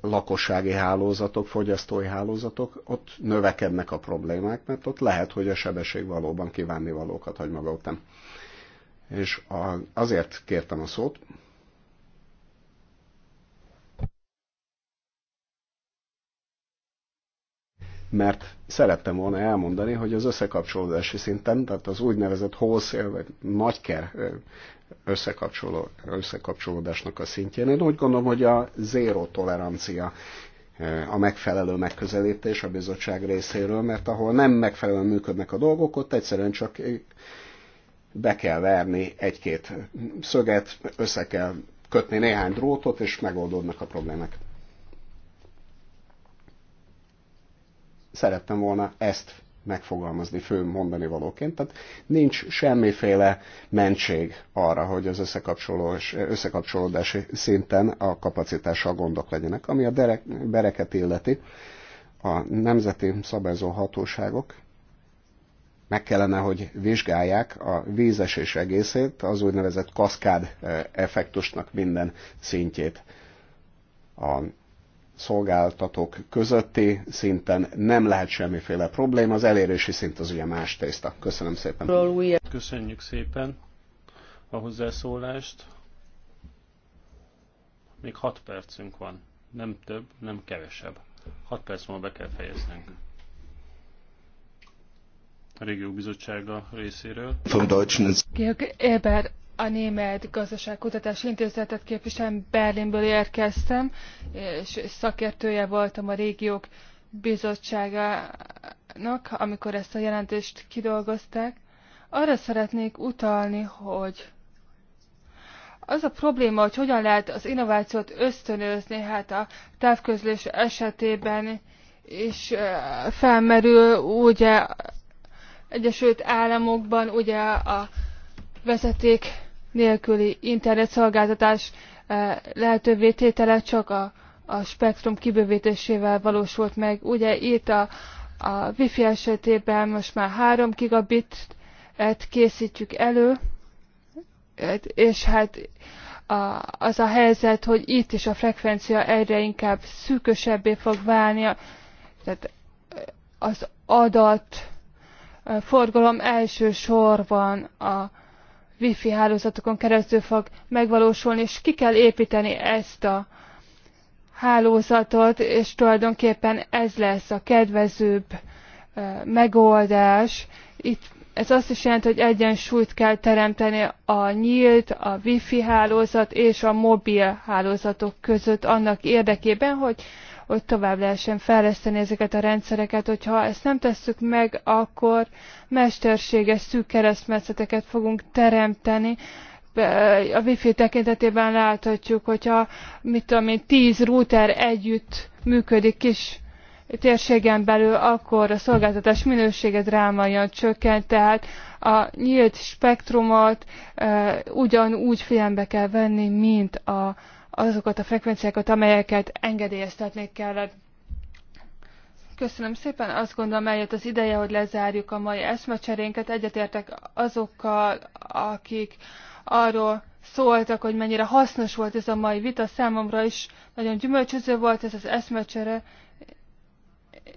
lakossági hálózatok, fogyasztói hálózatok, ott növekednek a problémák, mert ott lehet, hogy a sebesség valóban kívánni valókat hagy maga után. És a, azért kértem a szót, mert szerettem volna elmondani, hogy az összekapcsolódási szinten, tehát az úgynevezett wholesale vagy nagyker összekapcsoló, összekapcsolódásnak a szintjén, én úgy gondolom, hogy a zéró tolerancia a megfelelő megközelítés a bizottság részéről, mert ahol nem megfelelően működnek a dolgok, ott egyszerűen csak be kell verni egy-két szöget, össze kell kötni néhány drótot, és megoldódnak a problémák. szerettem volna ezt megfogalmazni fő mondani valóként. Tehát nincs semmiféle mentség arra, hogy az összekapcsolódási szinten a kapacitással gondok legyenek. Ami a derek, bereket illeti, a nemzeti szabályzó hatóságok meg kellene, hogy vizsgálják a vízesés egészét, az úgynevezett kaszkád eh, effektusnak minden szintjét. A szolgáltatók közötti szinten nem lehet semmiféle probléma, az elérési szint az ugye más tészta. Köszönöm szépen. Köszönjük szépen a hozzászólást. Még 6 percünk van, nem több, nem kevesebb. 6 perc múlva be kell fejeznünk. A Régió bizottsága részéről. Georg Ebert a Német Gazdaságkutatási Intézetet képviselem, Berlinből érkeztem, és szakértője voltam a régiók bizottságának, amikor ezt a jelentést kidolgozták. Arra szeretnék utalni, hogy az a probléma, hogy hogyan lehet az innovációt ösztönözni, hát a távközlés esetében is felmerül ugye Egyesült Államokban ugye a vezeték nélküli internetszolgáltatás eh, lehetővé tétele csak a, a spektrum kibővítésével valósult meg. Ugye itt a, a Wi-Fi esetében most már 3 gigabit-et készítjük elő, és hát a, az a helyzet, hogy itt is a frekvencia egyre inkább szűkösebbé fog válni, tehát az adat eh, forgalom elsősorban a, wifi hálózatokon keresztül fog megvalósulni, és ki kell építeni ezt a hálózatot, és tulajdonképpen ez lesz a kedvezőbb megoldás. Itt ez azt is jelenti, hogy egyensúlyt kell teremteni a nyílt, a wifi hálózat és a mobil hálózatok között annak érdekében, hogy hogy tovább lehessen fejleszteni ezeket a rendszereket. Hogyha ezt nem tesszük meg, akkor mesterséges szűk keresztmetszeteket fogunk teremteni, a wifi tekintetében láthatjuk, hogyha mit tudom én, tíz router együtt működik kis térségen belül, akkor a szolgáltatás minősége drámaian csökkent, tehát a nyílt spektrumot e, ugyanúgy figyelembe kell venni, mint a, azokat a frekvenciákat, amelyeket engedélyeztetni kellett. Köszönöm szépen, azt gondolom eljött az ideje, hogy lezárjuk a mai eszmecserénket. Egyetértek azokkal, akik arról szóltak, hogy mennyire hasznos volt ez a mai vita. Számomra is nagyon gyümölcsöző volt ez az eszmecsere,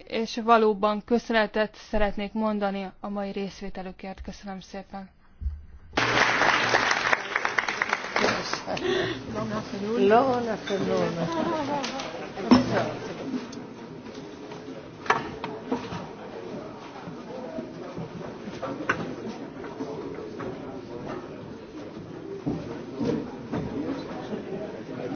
és valóban köszönetet szeretnék mondani a mai részvételükért. Köszönöm szépen! Long afternoon. Long afternoon.